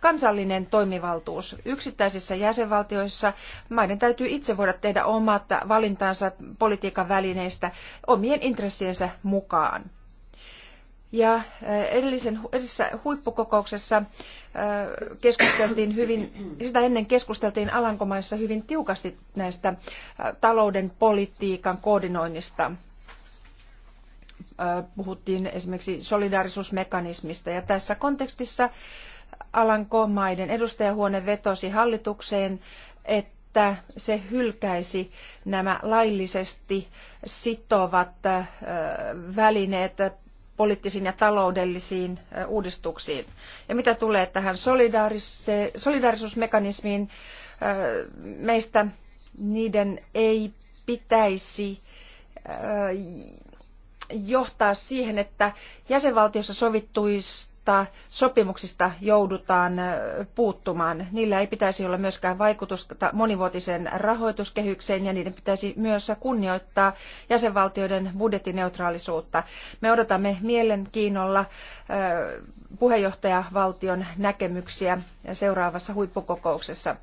kansallinen toimivaltuus. Yksittäisissä jäsenvaltioissa maiden täytyy itse voida tehdä omat valintansa politiikan välineistä omien intressiensä mukaan. Ja äh, edellisen, edellisessä huippukokouksessa äh, keskusteltiin hyvin, sitä ennen keskusteltiin Alankomaissa hyvin tiukasti näistä äh, talouden politiikan koordinoinnista. Puhuttiin esimerkiksi solidaarisuusmekanismista ja tässä kontekstissa Alankomaiden edustajahuone vetosi hallitukseen, että se hylkäisi nämä laillisesti sitovat välineet poliittisiin ja taloudellisiin uudistuksiin. Ja mitä tulee tähän solidaarisuusmekanismiin, meistä niiden ei pitäisi johtaa siihen, että jäsenvaltiossa sovittuisi mutta sopimuksista joudutaan puuttumaan. Niillä ei pitäisi olla myöskään vaikutusta monivuotiseen rahoituskehykseen ja niiden pitäisi myös kunnioittaa jäsenvaltioiden budjettineutraalisuutta. Me odotamme mielenkiinnolla puheenjohtajavaltion näkemyksiä seuraavassa huippukokouksessa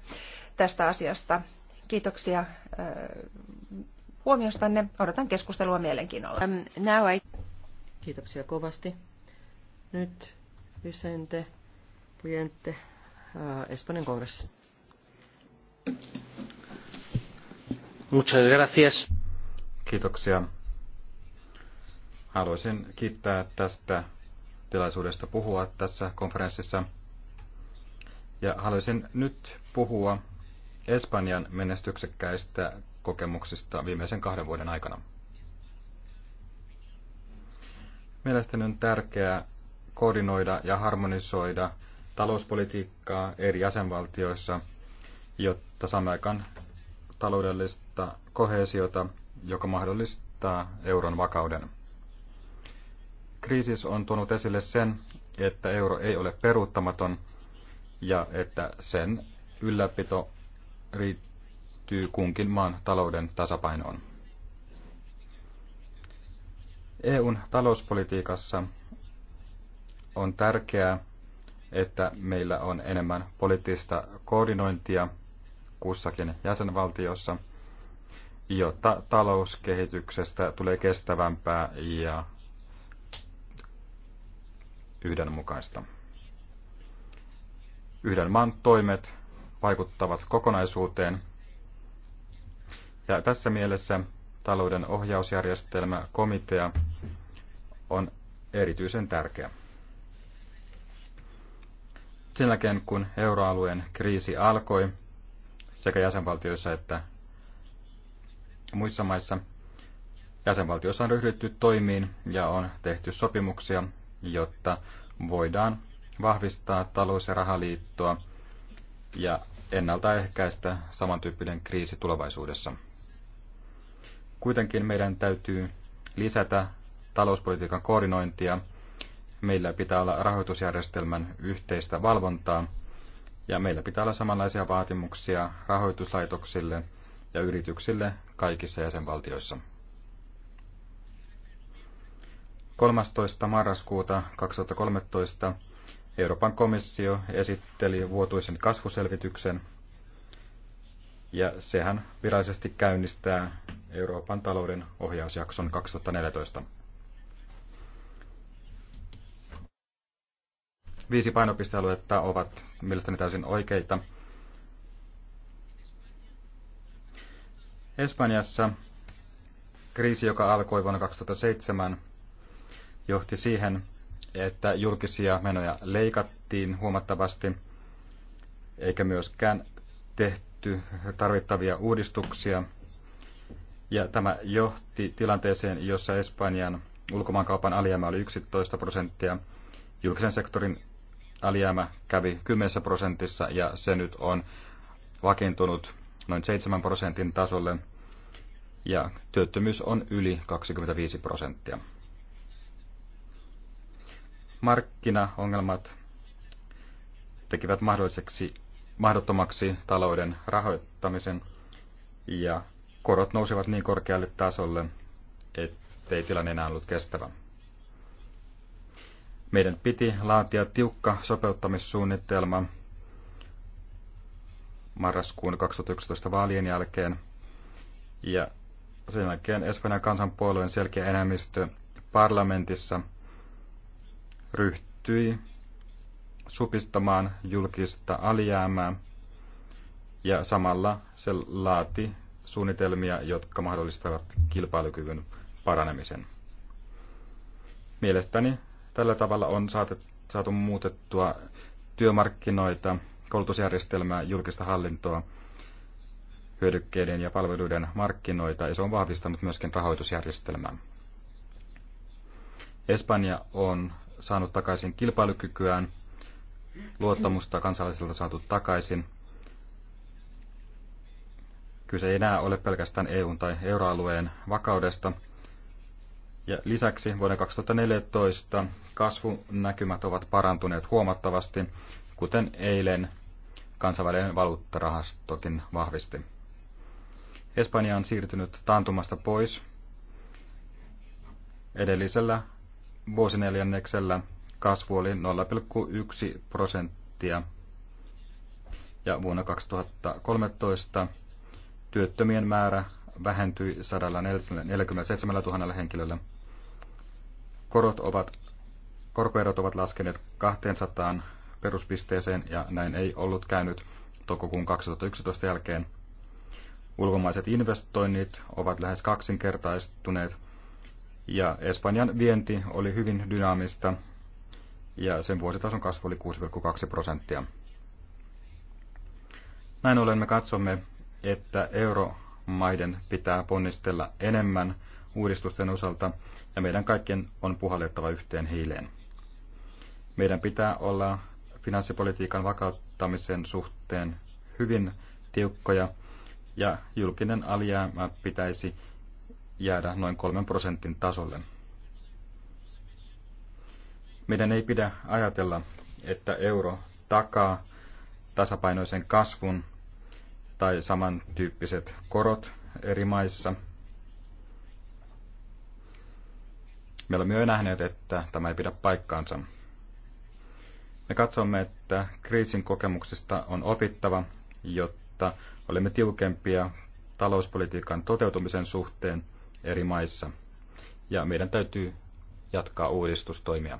tästä asiasta. Kiitoksia huomiostanne. Odotan keskustelua mielenkiinnolla. Um, Kiitoksia kovasti. Nyt Vicente Puyente äh, Espanjan kongressista. Muchas gracias. Kiitoksia. Haluaisin kiittää tästä tilaisuudesta puhua tässä konferenssissa. Ja haluaisin nyt puhua Espanjan menestyksekkäistä kokemuksista viimeisen kahden vuoden aikana. Mielestäni on tärkeää koordinoida ja harmonisoida talouspolitiikkaa eri jäsenvaltioissa, jotta saamme aikaan taloudellista kohesiota, joka mahdollistaa euron vakauden. Kriisis on tuonut esille sen, että euro ei ole peruuttamaton ja että sen ylläpito riittyy kunkin maan talouden tasapainoon. EUn talouspolitiikassa on tärkeää, että meillä on enemmän poliittista koordinointia kussakin jäsenvaltiossa, jotta talouskehityksestä tulee kestävämpää ja yhdenmukaista. Yhden maan toimet vaikuttavat kokonaisuuteen. Ja tässä mielessä talouden ohjausjärjestelmä komitea on erityisen tärkeä. Sen jälkeen, kun euroalueen kriisi alkoi, sekä jäsenvaltioissa että muissa maissa, jäsenvaltioissa on ryhdytty toimiin ja on tehty sopimuksia, jotta voidaan vahvistaa talous- ja rahaliittoa ja ennaltaehkäistä samantyyppinen kriisi tulevaisuudessa. Kuitenkin meidän täytyy lisätä talouspolitiikan koordinointia meillä pitää olla rahoitusjärjestelmän yhteistä valvontaa ja meillä pitää olla samanlaisia vaatimuksia rahoituslaitoksille ja yrityksille kaikissa jäsenvaltioissa. 13. marraskuuta 2013 Euroopan komissio esitteli vuotuisen kasvuselvityksen, ja sehän virallisesti käynnistää Euroopan talouden ohjausjakson 2014. viisi painopistealuetta ovat mielestäni täysin oikeita. Espanjassa kriisi, joka alkoi vuonna 2007, johti siihen, että julkisia menoja leikattiin huomattavasti, eikä myöskään tehty tarvittavia uudistuksia. Ja tämä johti tilanteeseen, jossa Espanjan ulkomaankaupan alijäämä oli 11 prosenttia, julkisen sektorin alijäämä kävi 10 prosentissa ja se nyt on vakiintunut noin 7 prosentin tasolle ja työttömyys on yli 25 prosenttia. Markkinaongelmat tekivät mahdolliseksi, mahdottomaksi talouden rahoittamisen ja korot nousivat niin korkealle tasolle, ettei tilanne enää ollut kestävä. Meidän piti laatia tiukka sopeuttamissuunnitelma marraskuun 2011 vaalien jälkeen. Ja sen jälkeen Espanjan kansanpuolueen selkeä enemmistö parlamentissa ryhtyi supistamaan julkista alijäämää ja samalla se laati suunnitelmia, jotka mahdollistavat kilpailukyvyn paranemisen. Mielestäni Tällä tavalla on saatet, saatu muutettua työmarkkinoita, koulutusjärjestelmää, julkista hallintoa, hyödykkeiden ja palveluiden markkinoita, ja se on vahvistanut myöskin rahoitusjärjestelmää. Espanja on saanut takaisin kilpailukykyään, luottamusta kansalaisilta saatu takaisin. Kyse ei enää ole pelkästään EUn tai euroalueen vakaudesta – ja lisäksi vuoden 2014 kasvunäkymät ovat parantuneet huomattavasti, kuten eilen kansainvälinen valuuttarahastokin vahvisti. Espanja on siirtynyt taantumasta pois. Edellisellä vuosineljänneksellä kasvu oli 0,1 prosenttia ja vuonna 2013 työttömien määrä vähentyi 147 000 henkilöllä korot ovat, korkoerot ovat laskeneet 200 peruspisteeseen ja näin ei ollut käynyt toukokuun 2011 jälkeen. Ulkomaiset investoinnit ovat lähes kaksinkertaistuneet ja Espanjan vienti oli hyvin dynaamista ja sen vuositason kasvu oli 6,2 prosenttia. Näin ollen me katsomme, että euromaiden pitää ponnistella enemmän uudistusten osalta ja meidän kaikkien on puhallettava yhteen hiileen. Meidän pitää olla finanssipolitiikan vakauttamisen suhteen hyvin tiukkoja ja julkinen alijäämä pitäisi jäädä noin kolmen prosentin tasolle. Meidän ei pidä ajatella, että euro takaa tasapainoisen kasvun tai samantyyppiset korot eri maissa – Me olemme jo nähneet, että tämä ei pidä paikkaansa. Me katsomme, että kriisin kokemuksista on opittava, jotta olemme tiukempia talouspolitiikan toteutumisen suhteen eri maissa. Ja meidän täytyy jatkaa uudistustoimia.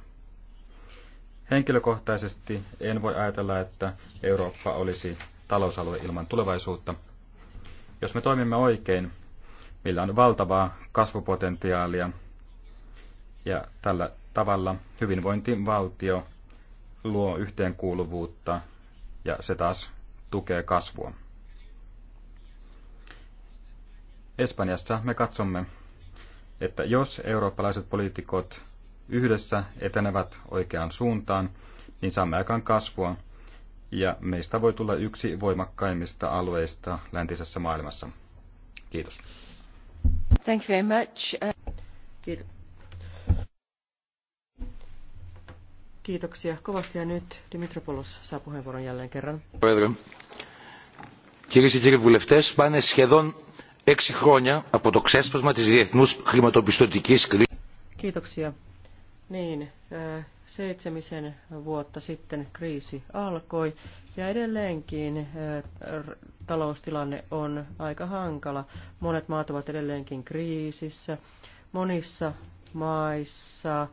Henkilökohtaisesti en voi ajatella, että Eurooppa olisi talousalue ilman tulevaisuutta. Jos me toimimme oikein, millä on valtavaa kasvupotentiaalia ja tällä tavalla hyvinvointivaltio luo yhteenkuuluvuutta ja se taas tukee kasvua. Espanjassa me katsomme, että jos eurooppalaiset poliitikot yhdessä etenevät oikeaan suuntaan, niin saamme aikaan kasvua ja meistä voi tulla yksi voimakkaimmista alueista läntisessä maailmassa. Kiitos. Thank you very much. Uh, Kiitos. Kiitoksia kovasti ja nyt Dimitropoulos saa puheenvuoron jälleen kerran. Κυρίες και κύριοι βουλευτές, πάνε σχεδόν έξι χρόνια από το ξέσπασμα της διεθνούς χρηματοπιστωτικής κρίσης. Kiitoksia. Niin, äh, seitsemisen vuotta sitten kriisi alkoi ja edelleenkin äh, taloustilanne on aika hankala. Monet maat ovat edelleenkin kriisissä. Monissa maissa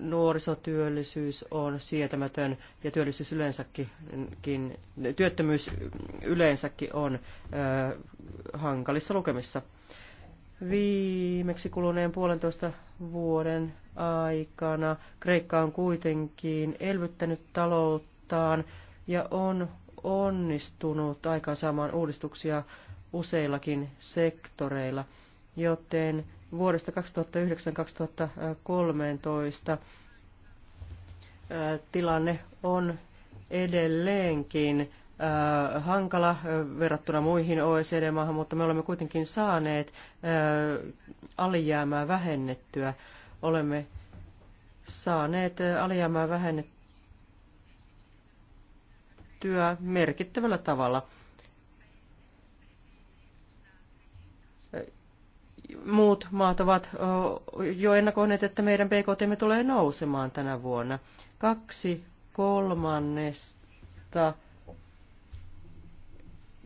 nuorisotyöllisyys on sietämätön ja työllisyys yleensäkin, työttömyys yleensäkin on hankalissa lukemissa. Viimeksi kuluneen puolentoista vuoden aikana Kreikka on kuitenkin elvyttänyt talouttaan ja on onnistunut aikaansaamaan uudistuksia useillakin sektoreilla, joten vuodesta 2009-2013 tilanne on edelleenkin hankala verrattuna muihin OECD-maahan, mutta me olemme kuitenkin saaneet alijäämää vähennettyä. Olemme saaneet alijäämää vähennettyä merkittävällä tavalla. muut maat ovat jo ennakoineet, että meidän BKT tulee nousemaan tänä vuonna. Kaksi kolmannesta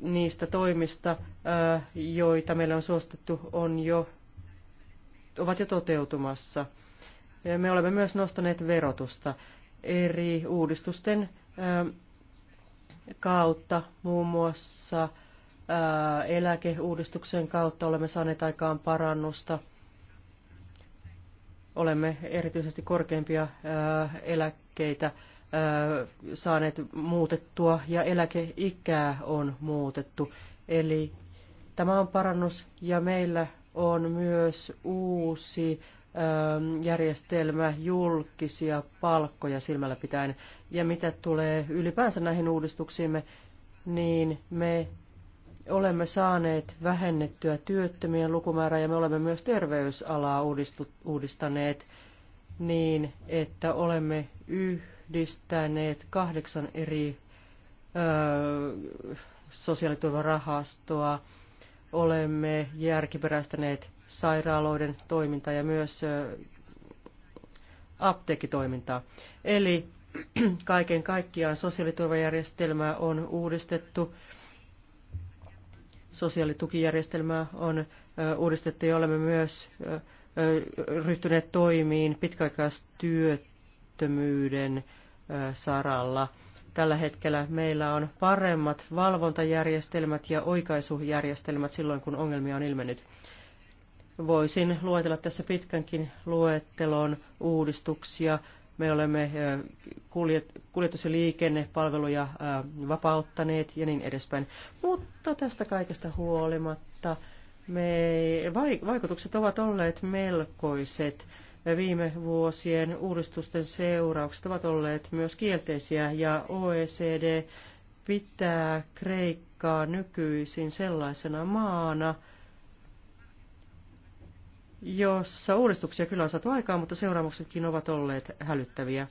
niistä toimista, joita meillä on suostettu, on jo, ovat jo toteutumassa. Me olemme myös nostaneet verotusta eri uudistusten kautta, muun muassa – eläkeuudistuksen kautta olemme saaneet aikaan parannusta. Olemme erityisesti korkeimpia eläkkeitä saaneet muutettua ja eläkeikää on muutettu. Eli tämä on parannus ja meillä on myös uusi järjestelmä julkisia palkkoja silmällä pitäen. Ja mitä tulee ylipäänsä näihin uudistuksiimme, niin me olemme saaneet vähennettyä työttömien lukumäärää ja me olemme myös terveysalaa uudistaneet niin, että olemme yhdistäneet kahdeksan eri ö, sosiaaliturvarahastoa, olemme järkiperäistäneet sairaaloiden toimintaa ja myös ö, apteekitoimintaa. Eli kaiken kaikkiaan sosiaaliturvajärjestelmää on uudistettu sosiaalitukijärjestelmää on uudistettu ja olemme myös ryhtyneet toimiin pitkäaikaistyöttömyyden saralla. Tällä hetkellä meillä on paremmat valvontajärjestelmät ja oikaisujärjestelmät silloin, kun ongelmia on ilmennyt. Voisin luetella tässä pitkänkin luettelon uudistuksia, me olemme kuljetus- ja liikennepalveluja vapauttaneet ja niin edespäin. Mutta tästä kaikesta huolimatta me, vaikutukset ovat olleet melkoiset viime vuosien uudistusten seuraukset ovat olleet myös kielteisiä ja OECD pitää Kreikkaa nykyisin sellaisena maana, jossa uudistuksia kyllä on saatu aikaan, mutta seuraamuksetkin ovat olleet hälyttäviä.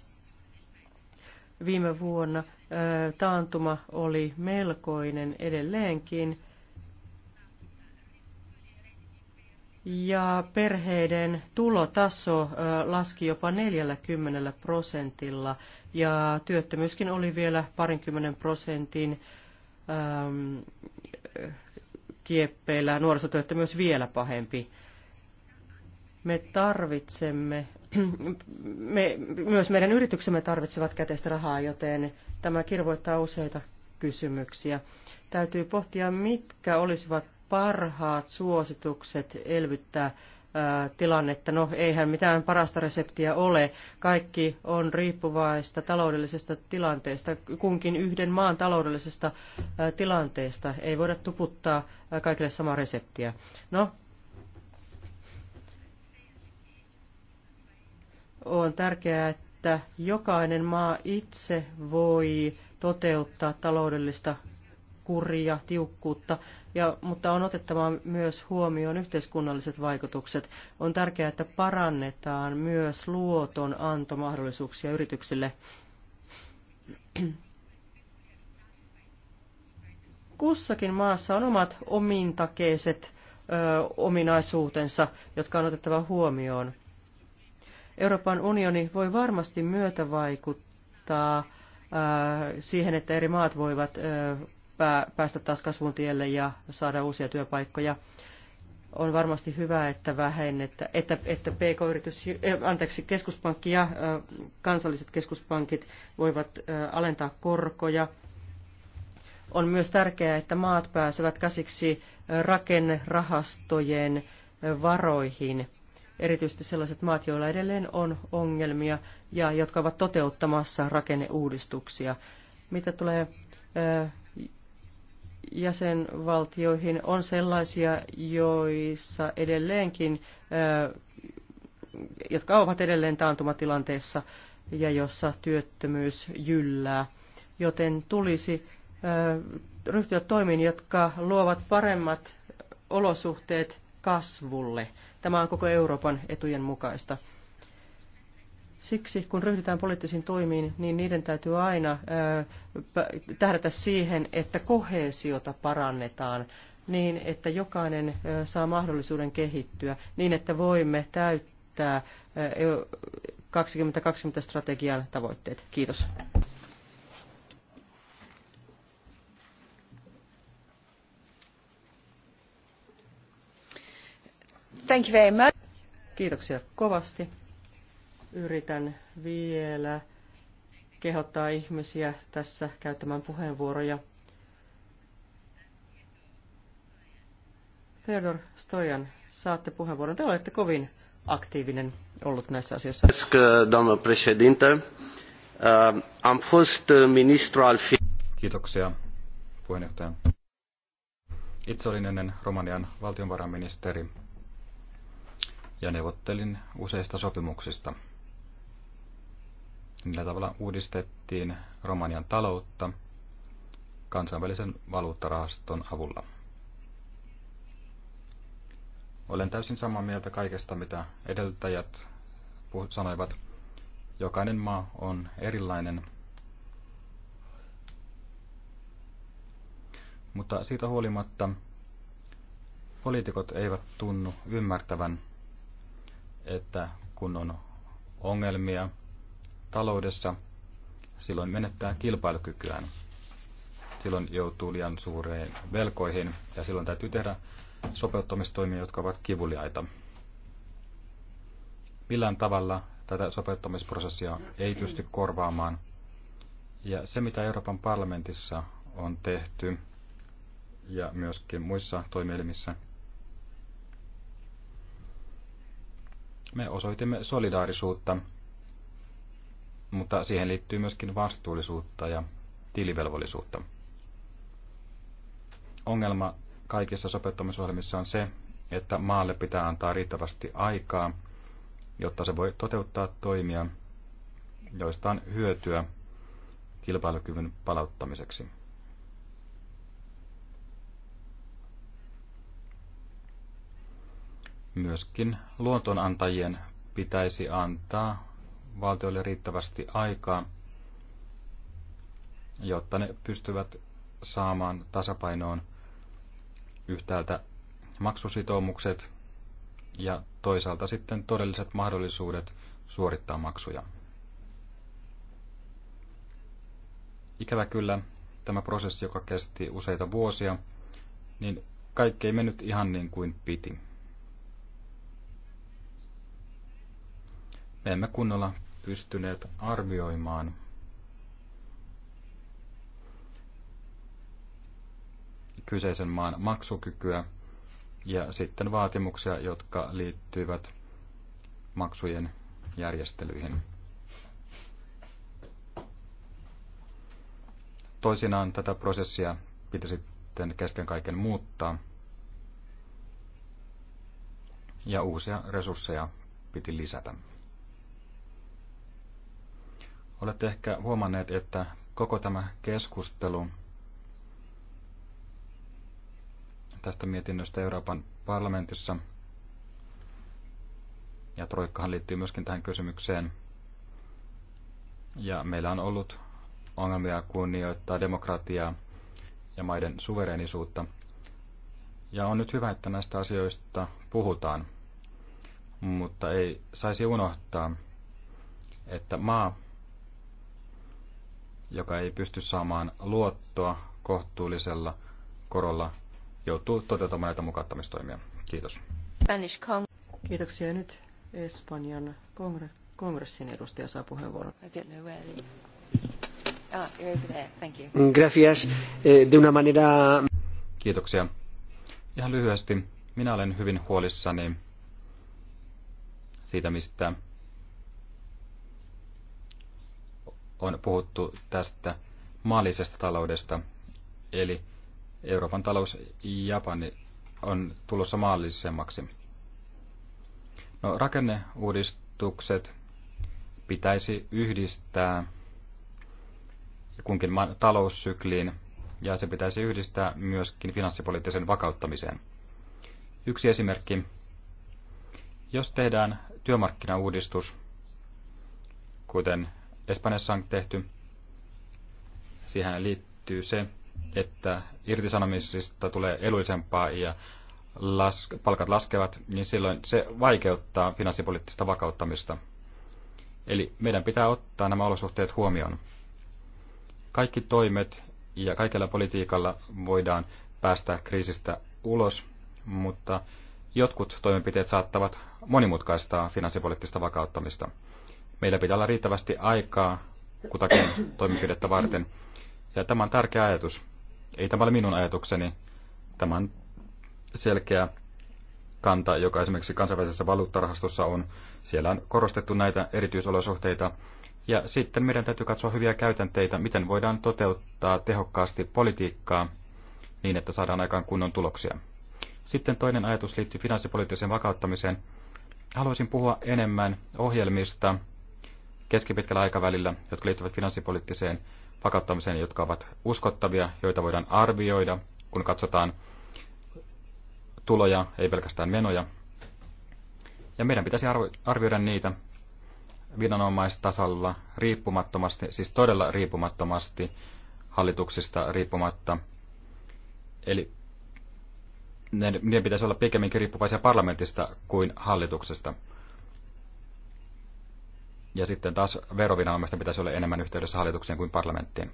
Viime vuonna taantuma oli melkoinen edelleenkin. Ja perheiden tulotaso laski jopa 40 prosentilla ja työttömyyskin oli vielä parinkymmenen prosentin kieppeillä. Nuorisotyöttömyys vielä pahempi. Me tarvitsemme, me, myös meidän yrityksemme tarvitsevat käteistä rahaa, joten tämä kirvoittaa useita kysymyksiä. Täytyy pohtia, mitkä olisivat parhaat suositukset elvyttää tilannetta. No eihän mitään parasta reseptiä ole. Kaikki on riippuvaista taloudellisesta tilanteesta, kunkin yhden maan taloudellisesta tilanteesta. Ei voida tuputtaa kaikille samaa reseptiä. No, on tärkeää, että jokainen maa itse voi toteuttaa taloudellista kuria, tiukkuutta, ja, mutta on otettava myös huomioon yhteiskunnalliset vaikutukset. On tärkeää, että parannetaan myös luoton antomahdollisuuksia yrityksille. Kussakin maassa on omat omintakeiset ö, ominaisuutensa, jotka on otettava huomioon. Euroopan unioni voi varmasti myötävaikuttaa äh, siihen, että eri maat voivat äh, päästä taas kasvun tielle ja saada uusia työpaikkoja. On varmasti hyvä, että että, että, että PK-yritys, äh, anteeksi, keskuspankki ja kansalliset keskuspankit voivat alentaa korkoja. On myös tärkeää, että maat pääsevät käsiksi rakennerahastojen varoihin – erityisesti sellaiset maat, joilla edelleen on ongelmia ja jotka ovat toteuttamassa rakenneuudistuksia. Mitä tulee jäsenvaltioihin, on sellaisia, joissa edelleenkin, jotka ovat edelleen taantumatilanteessa ja jossa työttömyys jyllää, joten tulisi ryhtyä toimiin, jotka luovat paremmat olosuhteet kasvulle. Tämä on koko Euroopan etujen mukaista. Siksi kun ryhdytään poliittisiin toimiin, niin niiden täytyy aina tähdätä siihen, että kohesiota parannetaan niin, että jokainen saa mahdollisuuden kehittyä, niin että voimme täyttää 2020 strategian tavoitteet. Kiitos. Thank you very much. Kiitoksia kovasti. Yritän vielä kehottaa ihmisiä tässä käyttämään puheenvuoroja. Theodor Stojan, saatte puheenvuoron. Te olette kovin aktiivinen ollut näissä asioissa. Uh, uh, Kiitoksia, puheenjohtaja. Itse olin ennen Romanian valtionvarainministeri ja neuvottelin useista sopimuksista. Niillä tavalla uudistettiin Romanian taloutta kansainvälisen valuuttarahaston avulla. Olen täysin samaa mieltä kaikesta, mitä edeltäjät sanoivat. Jokainen maa on erilainen, mutta siitä huolimatta poliitikot eivät tunnu ymmärtävän, että kun on ongelmia taloudessa, silloin menettää kilpailukykyään. Silloin joutuu liian suureen velkoihin ja silloin täytyy tehdä sopeuttamistoimia, jotka ovat kivuliaita. Millään tavalla tätä sopeuttamisprosessia ei pysty korvaamaan. Ja se, mitä Euroopan parlamentissa on tehty ja myöskin muissa toimielimissä, Me osoitimme solidaarisuutta, mutta siihen liittyy myöskin vastuullisuutta ja tilivelvollisuutta. Ongelma kaikissa sopeuttamisohjelmissa on se, että maalle pitää antaa riittävästi aikaa, jotta se voi toteuttaa toimia, joista on hyötyä kilpailukyvyn palauttamiseksi. myöskin luotonantajien pitäisi antaa valtiolle riittävästi aikaa, jotta ne pystyvät saamaan tasapainoon yhtäältä maksusitoumukset ja toisaalta sitten todelliset mahdollisuudet suorittaa maksuja. Ikävä kyllä tämä prosessi, joka kesti useita vuosia, niin kaikki ei mennyt ihan niin kuin piti. Me emme kunnolla pystyneet arvioimaan kyseisen maan maksukykyä ja sitten vaatimuksia, jotka liittyivät maksujen järjestelyihin. Toisinaan tätä prosessia pitäisi sitten kesken kaiken muuttaa ja uusia resursseja piti lisätä. Olette ehkä huomanneet, että koko tämä keskustelu tästä mietinnöstä Euroopan parlamentissa, ja Troikkahan liittyy myöskin tähän kysymykseen, ja meillä on ollut ongelmia kunnioittaa demokratiaa ja maiden suvereenisuutta. Ja on nyt hyvä, että näistä asioista puhutaan, mutta ei saisi unohtaa, että maa, joka ei pysty saamaan luottoa kohtuullisella korolla, joutuu toteuttamaan näitä mukauttamistoimia. Kiitos. Kiitoksia. Nyt Espanjan kongre- kongressin edustaja saa puheenvuoron. Ah, Gracias. Eh, de una manera... Kiitoksia. Ihan lyhyesti, minä olen hyvin huolissani siitä, mistä on puhuttu tästä maallisesta taloudesta, eli Euroopan talous Japani on tulossa maallisemmaksi. No, rakenneuudistukset pitäisi yhdistää kunkin maan taloussykliin, ja se pitäisi yhdistää myöskin finanssipoliittisen vakauttamiseen. Yksi esimerkki. Jos tehdään työmarkkinauudistus, kuten Espanjassa on tehty. Siihen liittyy se, että irtisanomisista tulee edullisempaa ja las, palkat laskevat, niin silloin se vaikeuttaa finanssipoliittista vakauttamista. Eli meidän pitää ottaa nämä olosuhteet huomioon. Kaikki toimet ja kaikella politiikalla voidaan päästä kriisistä ulos, mutta jotkut toimenpiteet saattavat monimutkaistaa finanssipoliittista vakauttamista. Meillä pitää olla riittävästi aikaa kutakin toimenpidettä varten. Ja tämä on tärkeä ajatus. Ei tämä ole minun ajatukseni. Tämä on selkeä kanta, joka esimerkiksi kansainvälisessä valuuttarahastossa on. Siellä on korostettu näitä erityisolosuhteita. Ja sitten meidän täytyy katsoa hyviä käytänteitä, miten voidaan toteuttaa tehokkaasti politiikkaa niin, että saadaan aikaan kunnon tuloksia. Sitten toinen ajatus liittyy finanssipoliittiseen vakauttamiseen. Haluaisin puhua enemmän ohjelmista, keskipitkällä aikavälillä, jotka liittyvät finanssipoliittiseen vakauttamiseen, jotka ovat uskottavia, joita voidaan arvioida, kun katsotaan tuloja, ei pelkästään menoja. Ja meidän pitäisi arvioida niitä viranomaistasolla riippumattomasti, siis todella riippumattomasti, hallituksista riippumatta. Eli niiden pitäisi olla pikemminkin riippuvaisia parlamentista kuin hallituksesta. Ja sitten taas veroviranomaisten pitäisi olla enemmän yhteydessä hallitukseen kuin parlamenttiin.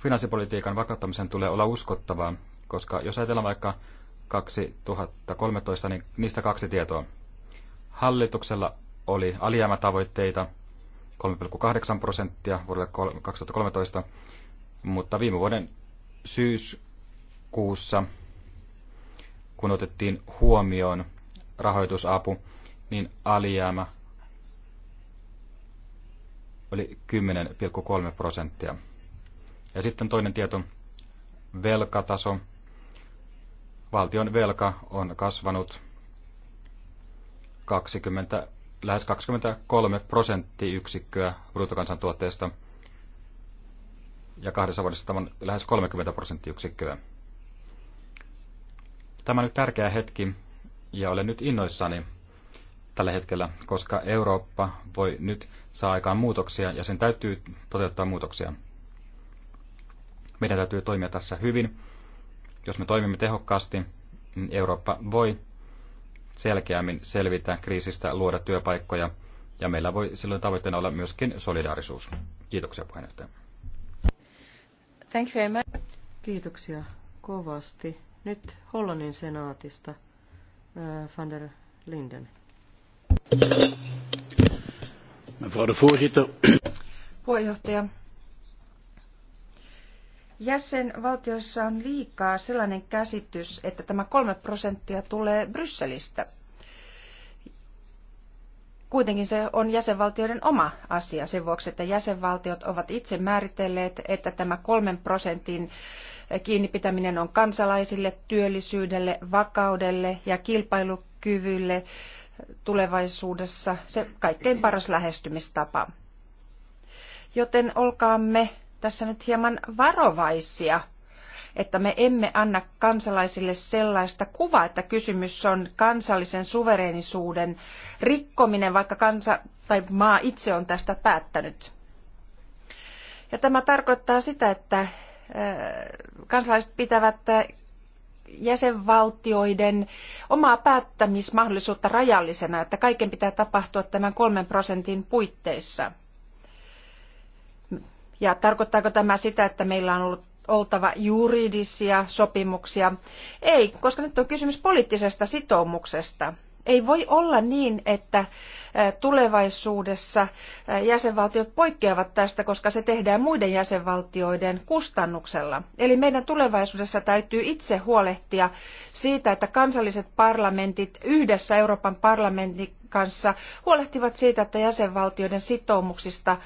Finanssipolitiikan vakauttamisen tulee olla uskottavaa, koska jos ajatellaan vaikka 2013, niin niistä kaksi tietoa. Hallituksella oli alijäämätavoitteita 3,8 prosenttia vuodelle 2013, mutta viime vuoden syyskuussa, kun otettiin huomioon rahoitusapu, niin alijäämä oli 10,3 prosenttia. Ja sitten toinen tieto, velkataso. Valtion velka on kasvanut 20, lähes 23 prosenttiyksikköä bruttokansantuotteesta ja kahdessa vuodessa tämän lähes 30 prosenttiyksikköä. Tämä on nyt tärkeä hetki ja olen nyt innoissani tällä hetkellä, koska Eurooppa voi nyt saa aikaan muutoksia ja sen täytyy toteuttaa muutoksia. Meidän täytyy toimia tässä hyvin. Jos me toimimme tehokkaasti, niin Eurooppa voi selkeämmin selvitä kriisistä, luoda työpaikkoja ja meillä voi silloin tavoitteena olla myöskin solidaarisuus. Kiitoksia puheenjohtaja. Thank you very much. Kiitoksia kovasti. Nyt Hollannin senaatista äh, van der Linden. Mevrouw voorzitter. Puheenjohtaja. Jäsenvaltioissa on liikaa sellainen käsitys, että tämä kolme prosenttia tulee Brysselistä. Kuitenkin se on jäsenvaltioiden oma asia sen vuoksi, että jäsenvaltiot ovat itse määritelleet, että tämä kolmen prosentin kiinni pitäminen on kansalaisille, työllisyydelle, vakaudelle ja kilpailukyvylle tulevaisuudessa se kaikkein paras lähestymistapa. Joten olkaamme tässä nyt hieman varovaisia, että me emme anna kansalaisille sellaista kuvaa, että kysymys on kansallisen suvereenisuuden rikkominen, vaikka kansa tai maa itse on tästä päättänyt. Ja tämä tarkoittaa sitä, että kansalaiset pitävät jäsenvaltioiden omaa päättämismahdollisuutta rajallisena, että kaiken pitää tapahtua tämän kolmen prosentin puitteissa. Ja tarkoittaako tämä sitä, että meillä on ollut oltava juridisia sopimuksia? Ei, koska nyt on kysymys poliittisesta sitoumuksesta. Ei voi olla niin, että tulevaisuudessa jäsenvaltiot poikkeavat tästä, koska se tehdään muiden jäsenvaltioiden kustannuksella. Eli meidän tulevaisuudessa täytyy itse huolehtia siitä, että kansalliset parlamentit yhdessä Euroopan parlamentin kanssa huolehtivat siitä, että jäsenvaltioiden sitoumuksista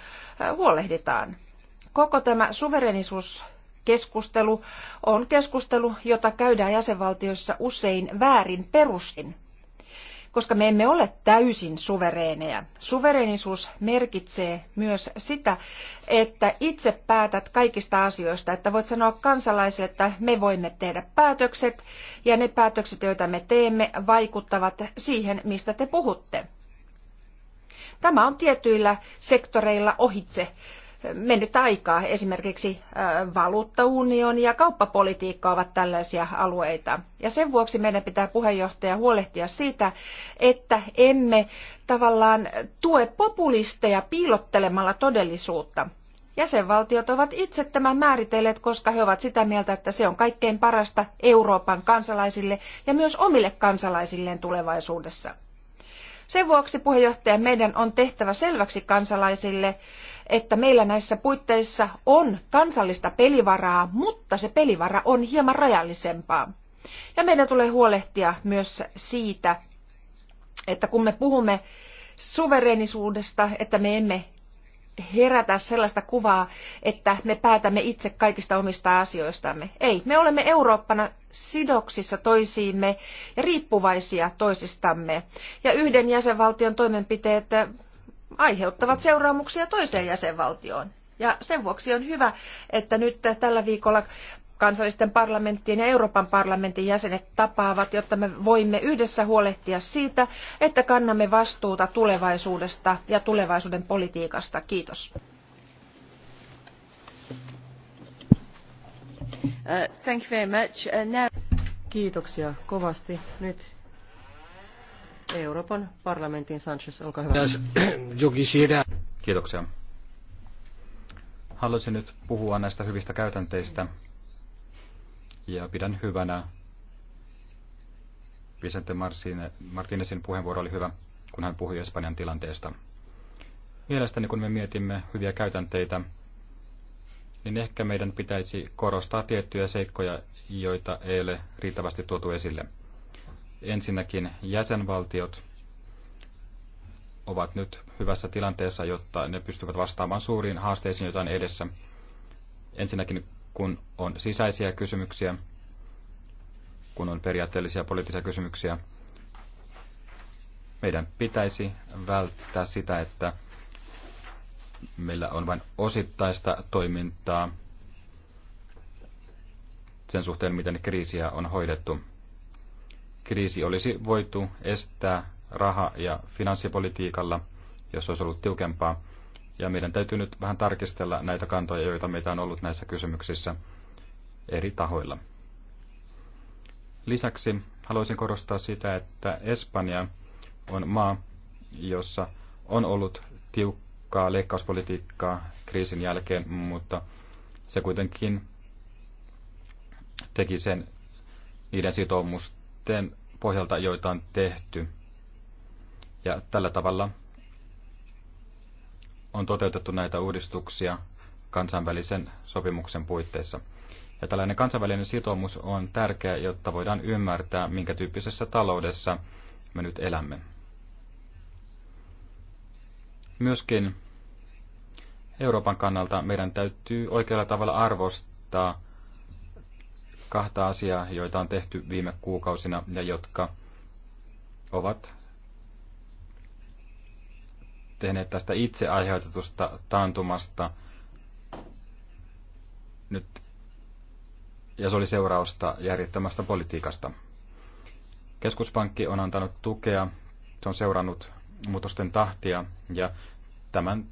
huolehditaan. Koko tämä suverenisuus keskustelu on keskustelu, jota käydään jäsenvaltioissa usein väärin perustin koska me emme ole täysin suvereeneja. Suvereenisuus merkitsee myös sitä, että itse päätät kaikista asioista, että voit sanoa kansalaisille, että me voimme tehdä päätökset ja ne päätökset, joita me teemme, vaikuttavat siihen, mistä te puhutte. Tämä on tietyillä sektoreilla ohitse mennyt aikaa. Esimerkiksi äh, valuuttaunioni ja kauppapolitiikka ovat tällaisia alueita. Ja sen vuoksi meidän pitää puheenjohtaja huolehtia siitä, että emme tavallaan tue populisteja piilottelemalla todellisuutta. Jäsenvaltiot ovat itse tämän määritelleet, koska he ovat sitä mieltä, että se on kaikkein parasta Euroopan kansalaisille ja myös omille kansalaisilleen tulevaisuudessa. Sen vuoksi puheenjohtaja meidän on tehtävä selväksi kansalaisille, että meillä näissä puitteissa on kansallista pelivaraa, mutta se pelivara on hieman rajallisempaa. Ja meidän tulee huolehtia myös siitä, että kun me puhumme suvereenisuudesta, että me emme herätä sellaista kuvaa, että me päätämme itse kaikista omista asioistamme. Ei, me olemme Eurooppana sidoksissa toisiimme ja riippuvaisia toisistamme. Ja yhden jäsenvaltion toimenpiteet aiheuttavat seuraamuksia toiseen jäsenvaltioon. Ja sen vuoksi on hyvä, että nyt tällä viikolla kansallisten parlamenttien ja Euroopan parlamentin jäsenet tapaavat, jotta me voimme yhdessä huolehtia siitä, että kannamme vastuuta tulevaisuudesta ja tulevaisuuden politiikasta. Kiitos. Uh, uh, Kiitoksia kovasti. Nyt Euroopan parlamentin Sanchez, olkaa hyvä. Kiitoksia. Haluaisin nyt puhua näistä hyvistä käytänteistä ja pidän hyvänä Vicente Martinezin puheenvuoro oli hyvä, kun hän puhui Espanjan tilanteesta. Mielestäni kun me mietimme hyviä käytänteitä, niin ehkä meidän pitäisi korostaa tiettyjä seikkoja, joita ei ole riittävästi tuotu esille – Ensinnäkin jäsenvaltiot ovat nyt hyvässä tilanteessa, jotta ne pystyvät vastaamaan suuriin haasteisiin, joita on edessä. Ensinnäkin kun on sisäisiä kysymyksiä, kun on periaatteellisia poliittisia kysymyksiä, meidän pitäisi välttää sitä, että meillä on vain osittaista toimintaa sen suhteen, miten kriisiä on hoidettu kriisi olisi voitu estää raha- ja finanssipolitiikalla, jos olisi ollut tiukempaa. Ja meidän täytyy nyt vähän tarkistella näitä kantoja, joita meitä on ollut näissä kysymyksissä eri tahoilla. Lisäksi haluaisin korostaa sitä, että Espanja on maa, jossa on ollut tiukkaa leikkauspolitiikkaa kriisin jälkeen, mutta se kuitenkin teki sen niiden sitoumusten pohjalta, joita on tehty. Ja tällä tavalla on toteutettu näitä uudistuksia kansainvälisen sopimuksen puitteissa. Ja tällainen kansainvälinen sitoumus on tärkeä, jotta voidaan ymmärtää, minkä tyyppisessä taloudessa me nyt elämme. Myöskin Euroopan kannalta meidän täytyy oikealla tavalla arvostaa kahta asiaa, joita on tehty viime kuukausina ja jotka ovat tehneet tästä itse aiheutetusta taantumasta nyt, ja se oli seurausta järjettömästä politiikasta. Keskuspankki on antanut tukea, se on seurannut muutosten tahtia ja tämän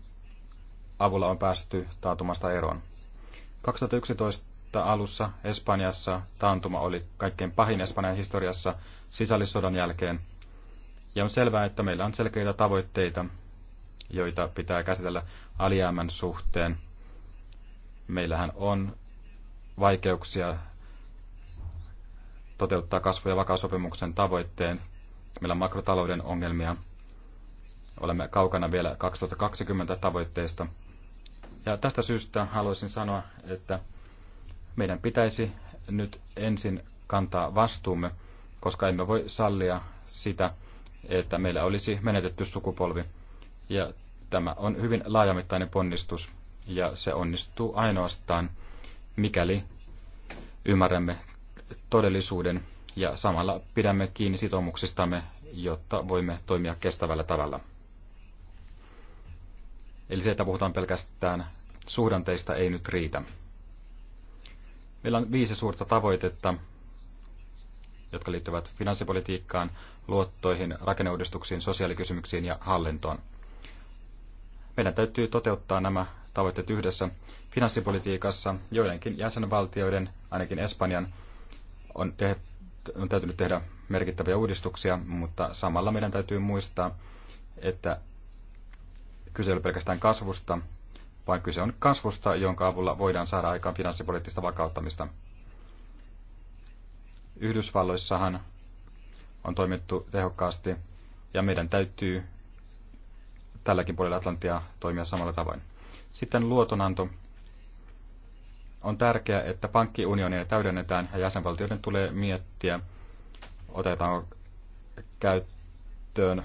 avulla on päästy taantumasta eroon. 2011 2000 alussa Espanjassa taantuma oli kaikkein pahin Espanjan historiassa sisällissodan jälkeen. Ja on selvää, että meillä on selkeitä tavoitteita, joita pitää käsitellä alijäämän suhteen. Meillähän on vaikeuksia toteuttaa kasvu- ja vakaussopimuksen tavoitteen. Meillä on makrotalouden ongelmia. Olemme kaukana vielä 2020 tavoitteesta. Ja tästä syystä haluaisin sanoa, että meidän pitäisi nyt ensin kantaa vastuumme, koska emme voi sallia sitä, että meillä olisi menetetty sukupolvi. Ja tämä on hyvin laajamittainen ponnistus, ja se onnistuu ainoastaan, mikäli ymmärrämme todellisuuden ja samalla pidämme kiinni sitoumuksistamme, jotta voimme toimia kestävällä tavalla. Eli se, että puhutaan pelkästään suhdanteista, ei nyt riitä. Meillä on viisi suurta tavoitetta, jotka liittyvät finanssipolitiikkaan, luottoihin, rakenneuudistuksiin, sosiaalikysymyksiin ja hallintoon. Meidän täytyy toteuttaa nämä tavoitteet yhdessä. Finanssipolitiikassa joidenkin jäsenvaltioiden, ainakin Espanjan, on, te- on täytynyt tehdä merkittäviä uudistuksia, mutta samalla meidän täytyy muistaa, että kyse ei ole pelkästään kasvusta, vaan kyse on kasvusta, jonka avulla voidaan saada aikaan finanssipoliittista vakauttamista. Yhdysvalloissahan on toimittu tehokkaasti ja meidän täytyy tälläkin puolella Atlantia toimia samalla tavoin. Sitten luotonanto. On tärkeää, että pankkiunionia täydennetään ja jäsenvaltioiden tulee miettiä, otetaanko käyttöön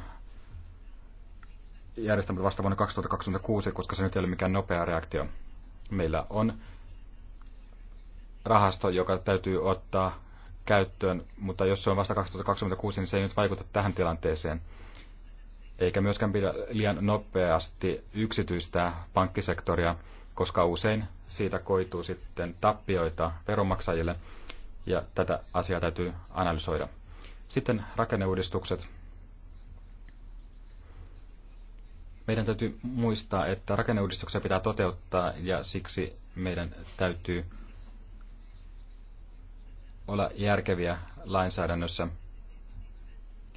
järjestämättä vasta vuonna 2026, koska se nyt ei ole mikään nopea reaktio. Meillä on rahasto, joka täytyy ottaa käyttöön, mutta jos se on vasta 2026, niin se ei nyt vaikuta tähän tilanteeseen. Eikä myöskään pidä liian nopeasti yksityistää pankkisektoria, koska usein siitä koituu sitten tappioita veronmaksajille, ja tätä asiaa täytyy analysoida. Sitten rakenneuudistukset. Meidän täytyy muistaa, että rakenneuudistuksia pitää toteuttaa ja siksi meidän täytyy olla järkeviä lainsäädännössä.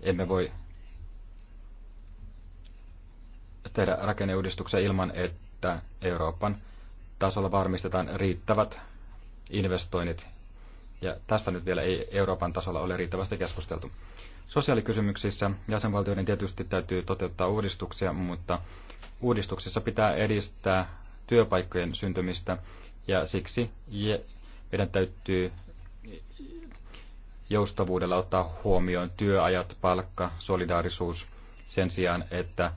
Emme voi tehdä rakenneuudistuksia ilman, että Euroopan tasolla varmistetaan riittävät investoinnit. Ja tästä nyt vielä ei Euroopan tasolla ole riittävästi keskusteltu. Sosiaalikysymyksissä jäsenvaltioiden tietysti täytyy toteuttaa uudistuksia, mutta uudistuksissa pitää edistää työpaikkojen syntymistä ja siksi meidän täytyy joustavuudella ottaa huomioon työajat, palkka, solidaarisuus sen sijaan, että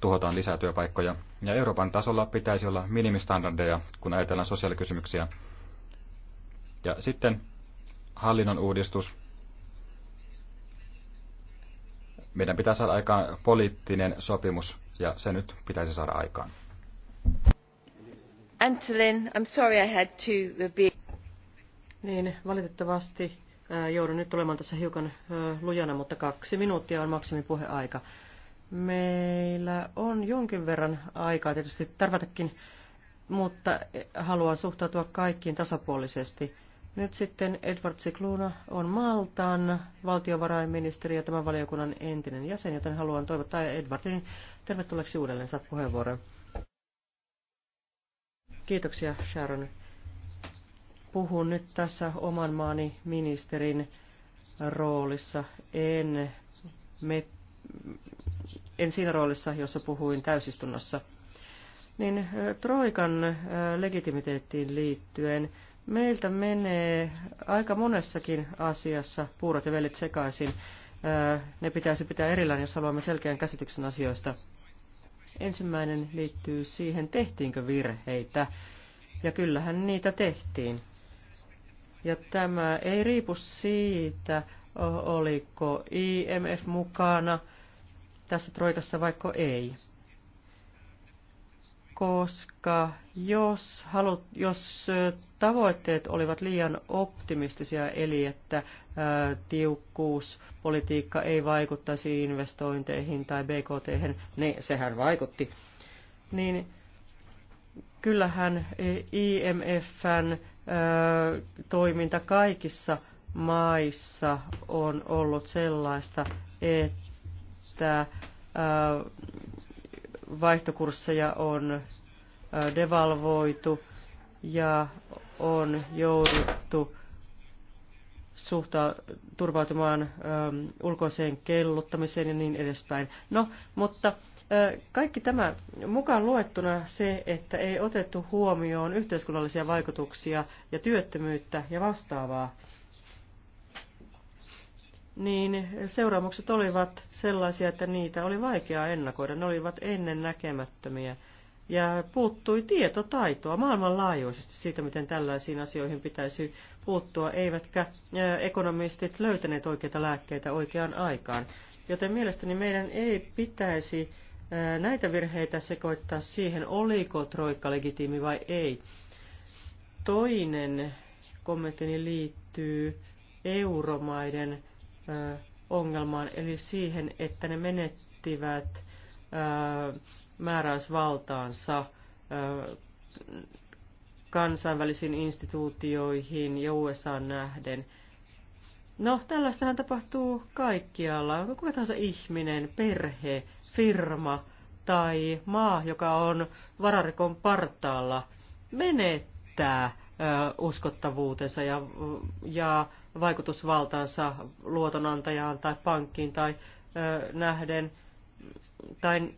tuhotaan lisää työpaikkoja. Ja Euroopan tasolla pitäisi olla minimistandardeja, kun ajatellaan sosiaalikysymyksiä. Ja sitten hallinnon uudistus. meidän pitää saada aikaan poliittinen sopimus ja se nyt pitäisi saada aikaan. Antolin, I'm sorry I had to be... Niin, valitettavasti joudun nyt tulemaan tässä hiukan lujana, mutta kaksi minuuttia on maksimipuheaika. Meillä on jonkin verran aikaa tietysti tarvatakin, mutta haluan suhtautua kaikkiin tasapuolisesti – nyt sitten Edward Cicluna on Maltan valtiovarainministeri ja tämän valiokunnan entinen jäsen, joten haluan toivottaa Edwardin tervetulleeksi uudelleen. Saat puheenvuoron. Kiitoksia Sharon. Puhun nyt tässä oman maani ministerin roolissa. En, me, en siinä roolissa, jossa puhuin täysistunnossa. Niin Troikan legitimiteettiin liittyen – Meiltä menee aika monessakin asiassa puurot ja velit sekaisin. Ne pitäisi pitää erillään, jos haluamme selkeän käsityksen asioista. Ensimmäinen liittyy siihen, tehtiinkö virheitä. Ja kyllähän niitä tehtiin. Ja tämä ei riipu siitä, oliko IMF mukana tässä troikassa vaikka ei koska jos, halut, jos tavoitteet olivat liian optimistisia, eli että ää, tiukkuuspolitiikka ei vaikuttaisi investointeihin tai BKT, niin sehän vaikutti, niin kyllähän e, IMFn ää, toiminta kaikissa maissa on ollut sellaista, että ää, vaihtokursseja on devalvoitu ja on jouduttu suhtaa, turvautumaan äm, ulkoiseen kelluttamiseen ja niin edespäin. No, mutta ä, kaikki tämä mukaan luettuna se, että ei otettu huomioon yhteiskunnallisia vaikutuksia ja työttömyyttä ja vastaavaa, niin seuraamukset olivat sellaisia, että niitä oli vaikea ennakoida. Ne olivat ennen näkemättömiä ja puuttui tietotaitoa maailmanlaajuisesti siitä, miten tällaisiin asioihin pitäisi puuttua, eivätkä ekonomistit löytäneet oikeita lääkkeitä oikeaan aikaan. Joten mielestäni meidän ei pitäisi näitä virheitä sekoittaa siihen, oliko troikka legitiimi vai ei. Toinen kommenttini liittyy euromaiden ongelmaan, eli siihen, että ne menettivät määräysvaltaansa kansainvälisiin instituutioihin ja USA nähden. No, tällaistähän tapahtuu kaikkialla. Kuka tahansa ihminen, perhe, firma tai maa, joka on vararikon partaalla, menettää uskottavuutensa ja, ja vaikutusvaltaansa luotonantajaan tai pankkiin tai nähden tai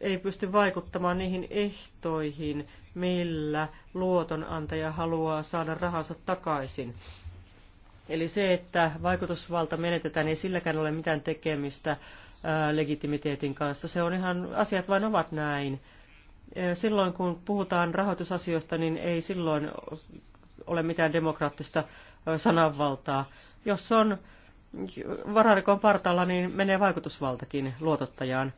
ei pysty vaikuttamaan niihin ehtoihin, millä luotonantaja haluaa saada rahansa takaisin. Eli se, että vaikutusvalta menetetään, ei silläkään ole mitään tekemistä legitimiteetin kanssa. Se on ihan, asiat vain ovat näin silloin kun puhutaan rahoitusasioista, niin ei silloin ole mitään demokraattista sananvaltaa. Jos on vararikon partalla, niin menee vaikutusvaltakin luotottajaan.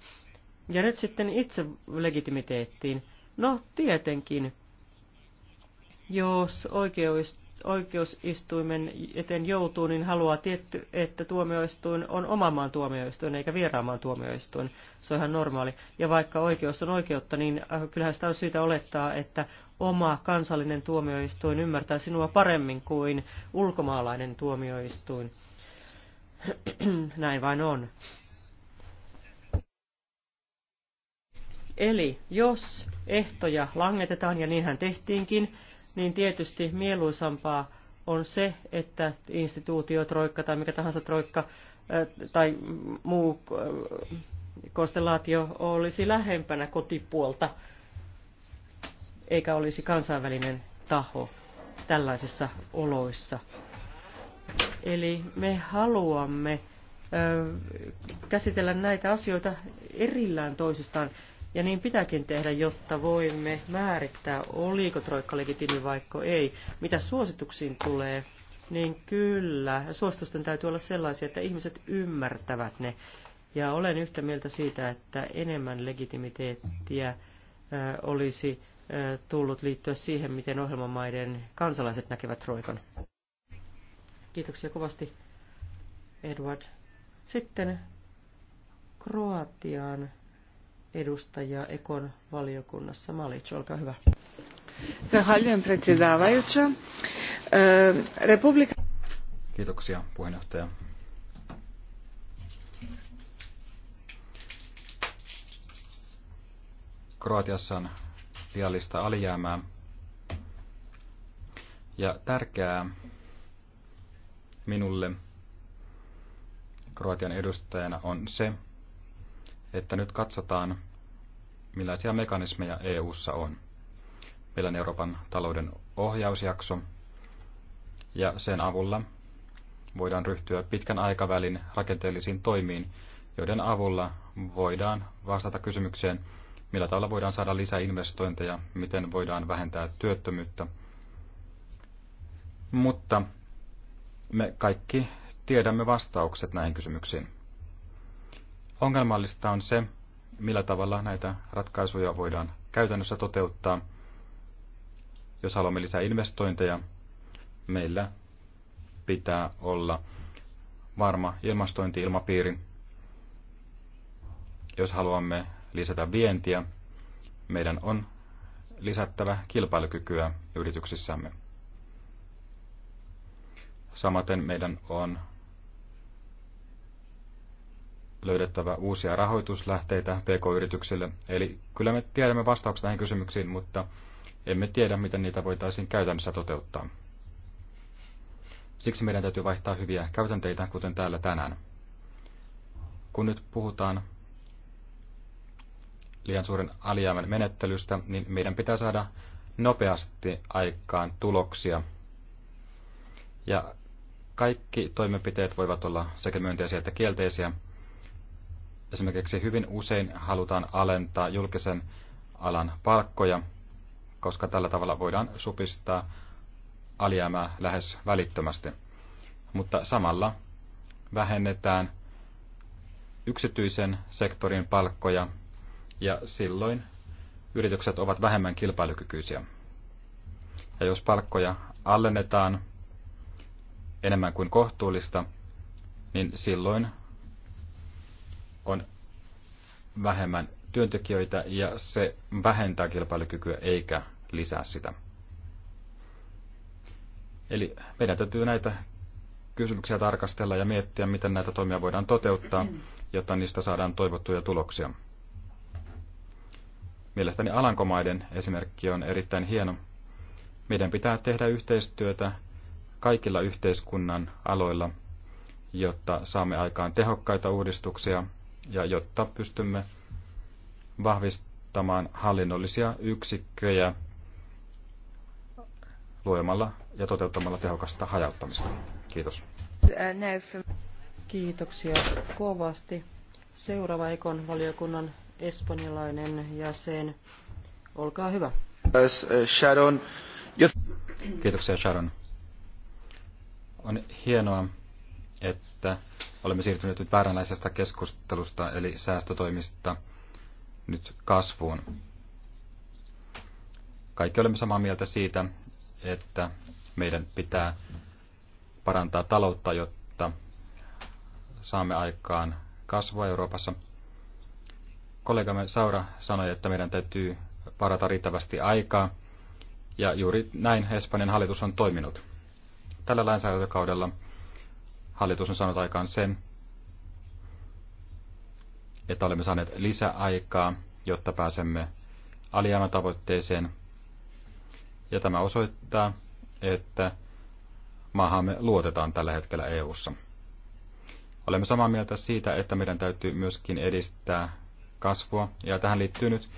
Ja nyt sitten itse legitimiteettiin. No, tietenkin. Jos oikeus oikeusistuimen eteen joutuu, niin haluaa tietty, että tuomioistuin on oman maan tuomioistuin eikä vieraan maan tuomioistuin. Se on ihan normaali. Ja vaikka oikeus on oikeutta, niin äh, kyllähän sitä on syytä olettaa, että oma kansallinen tuomioistuin ymmärtää sinua paremmin kuin ulkomaalainen tuomioistuin. Näin vain on. Eli jos ehtoja langetetaan, ja niinhän tehtiinkin, niin tietysti mieluisampaa on se, että instituutio, troikka tai mikä tahansa troikka tai muu konstellaatio olisi lähempänä kotipuolta, eikä olisi kansainvälinen taho tällaisissa oloissa. Eli me haluamme käsitellä näitä asioita erillään toisistaan. Ja niin pitääkin tehdä, jotta voimme määrittää, oliko troikka legitiimi vaikka ei. Mitä suosituksiin tulee, niin kyllä, suositusten täytyy olla sellaisia, että ihmiset ymmärtävät ne. Ja olen yhtä mieltä siitä, että enemmän legitimiteettiä olisi tullut liittyä siihen, miten ohjelmamaiden kansalaiset näkevät Troikan. Kiitoksia kovasti, Edward. Sitten Kroatiaan edustajaa Ekon valiokunnassa. Malic, olkaa hyvä. Zahvaljujem predsjedavajuća. E, Republika... Kiitoksia puheenjohtaja. Kroatiassa on liiallista alijäämää. Ja tärkeää minulle Kroatian edustajana on se, että nyt katsotaan, millaisia mekanismeja EU:ssa on. Meillä on Euroopan talouden ohjausjakso, ja sen avulla voidaan ryhtyä pitkän aikavälin rakenteellisiin toimiin, joiden avulla voidaan vastata kysymykseen, millä tavalla voidaan saada lisää investointeja, miten voidaan vähentää työttömyyttä. Mutta me kaikki tiedämme vastaukset näihin kysymyksiin. Ongelmallista on se, millä tavalla näitä ratkaisuja voidaan käytännössä toteuttaa. Jos haluamme lisää investointeja, meillä pitää olla varma ilmastointi-ilmapiiri. Jos haluamme lisätä vientiä, meidän on lisättävä kilpailukykyä yrityksissämme. Samaten meidän on löydettävä uusia rahoituslähteitä pk-yrityksille. Eli kyllä me tiedämme vastaukset näihin kysymyksiin, mutta emme tiedä, miten niitä voitaisiin käytännössä toteuttaa. Siksi meidän täytyy vaihtaa hyviä käytänteitä, kuten täällä tänään. Kun nyt puhutaan liian suuren alijäämän menettelystä, niin meidän pitää saada nopeasti aikaan tuloksia. Ja kaikki toimenpiteet voivat olla sekä myönteisiä että kielteisiä, Esimerkiksi hyvin usein halutaan alentaa julkisen alan palkkoja, koska tällä tavalla voidaan supistaa alijäämää lähes välittömästi. Mutta samalla vähennetään yksityisen sektorin palkkoja ja silloin yritykset ovat vähemmän kilpailukykyisiä. Ja jos palkkoja alennetaan enemmän kuin kohtuullista, niin silloin on vähemmän työntekijöitä ja se vähentää kilpailukykyä eikä lisää sitä. Eli meidän täytyy näitä kysymyksiä tarkastella ja miettiä, miten näitä toimia voidaan toteuttaa, jotta niistä saadaan toivottuja tuloksia. Mielestäni Alankomaiden esimerkki on erittäin hieno. Meidän pitää tehdä yhteistyötä kaikilla yhteiskunnan aloilla, jotta saamme aikaan tehokkaita uudistuksia ja jotta pystymme vahvistamaan hallinnollisia yksikköjä luomalla ja toteuttamalla tehokasta hajauttamista. Kiitos. Kiitoksia kovasti. Seuraava Ekon valiokunnan espanjalainen jäsen. Olkaa hyvä. Sharon. Kiitoksia Sharon. On hienoa, että olemme siirtyneet nyt vääränlaisesta keskustelusta, eli säästötoimista, nyt kasvuun. Kaikki olemme samaa mieltä siitä, että meidän pitää parantaa taloutta, jotta saamme aikaan kasvua Euroopassa. Kollegamme Saura sanoi, että meidän täytyy parata riittävästi aikaa, ja juuri näin Espanjan hallitus on toiminut. Tällä lainsäädäntökaudella Hallitus on saanut aikaan sen, että olemme saaneet lisäaikaa, jotta pääsemme alijäämätavoitteeseen. Ja tämä osoittaa, että maahamme luotetaan tällä hetkellä EU:ssa. Olemme samaa mieltä siitä, että meidän täytyy myöskin edistää kasvua, ja tähän liittyy nyt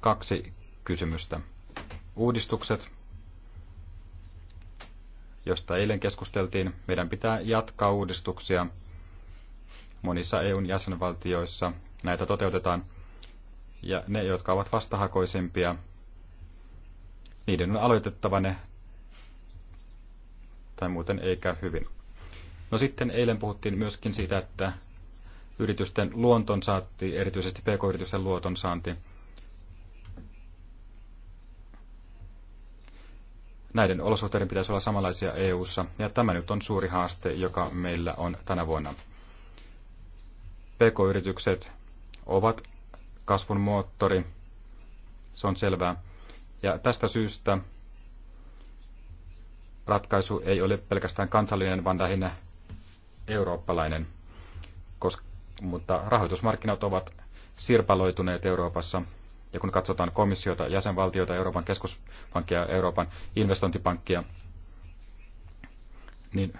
kaksi kysymystä. Uudistukset josta eilen keskusteltiin. Meidän pitää jatkaa uudistuksia. Monissa EUn jäsenvaltioissa näitä toteutetaan. Ja ne, jotka ovat vastahakoisempia, niiden on aloitettava ne, tai muuten ei käy hyvin. No sitten eilen puhuttiin myöskin siitä, että yritysten luonton saatti, erityisesti pk-yritysten luoton saanti, Näiden olosuhteiden pitäisi olla samanlaisia EU:ssa ja tämä nyt on suuri haaste, joka meillä on tänä vuonna. PK-yritykset ovat kasvun moottori, se on selvää. Ja tästä syystä ratkaisu ei ole pelkästään kansallinen, vaan lähinnä eurooppalainen, koska, mutta rahoitusmarkkinat ovat sirpaloituneet Euroopassa ja kun katsotaan komissiota, jäsenvaltioita, Euroopan keskuspankkia, Euroopan investointipankkia, niin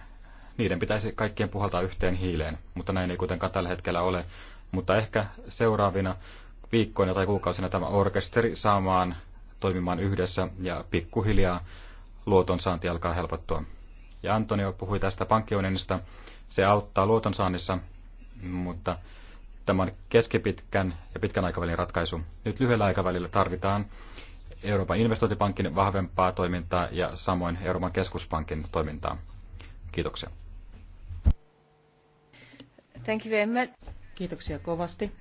niiden pitäisi kaikkien puhaltaa yhteen hiileen, mutta näin ei kuitenkaan tällä hetkellä ole. Mutta ehkä seuraavina viikkoina tai kuukausina tämä orkesteri saamaan toimimaan yhdessä ja pikkuhiljaa luotonsaanti alkaa helpottua. Ja Antonio puhui tästä pankkiunionista. Se auttaa luotonsaannissa, mutta Tämä on keskipitkän ja pitkän aikavälin ratkaisu. Nyt lyhyellä aikavälillä tarvitaan Euroopan investointipankin vahvempaa toimintaa ja samoin Euroopan keskuspankin toimintaa. Kiitoksia. Thank you very much. Kiitoksia kovasti.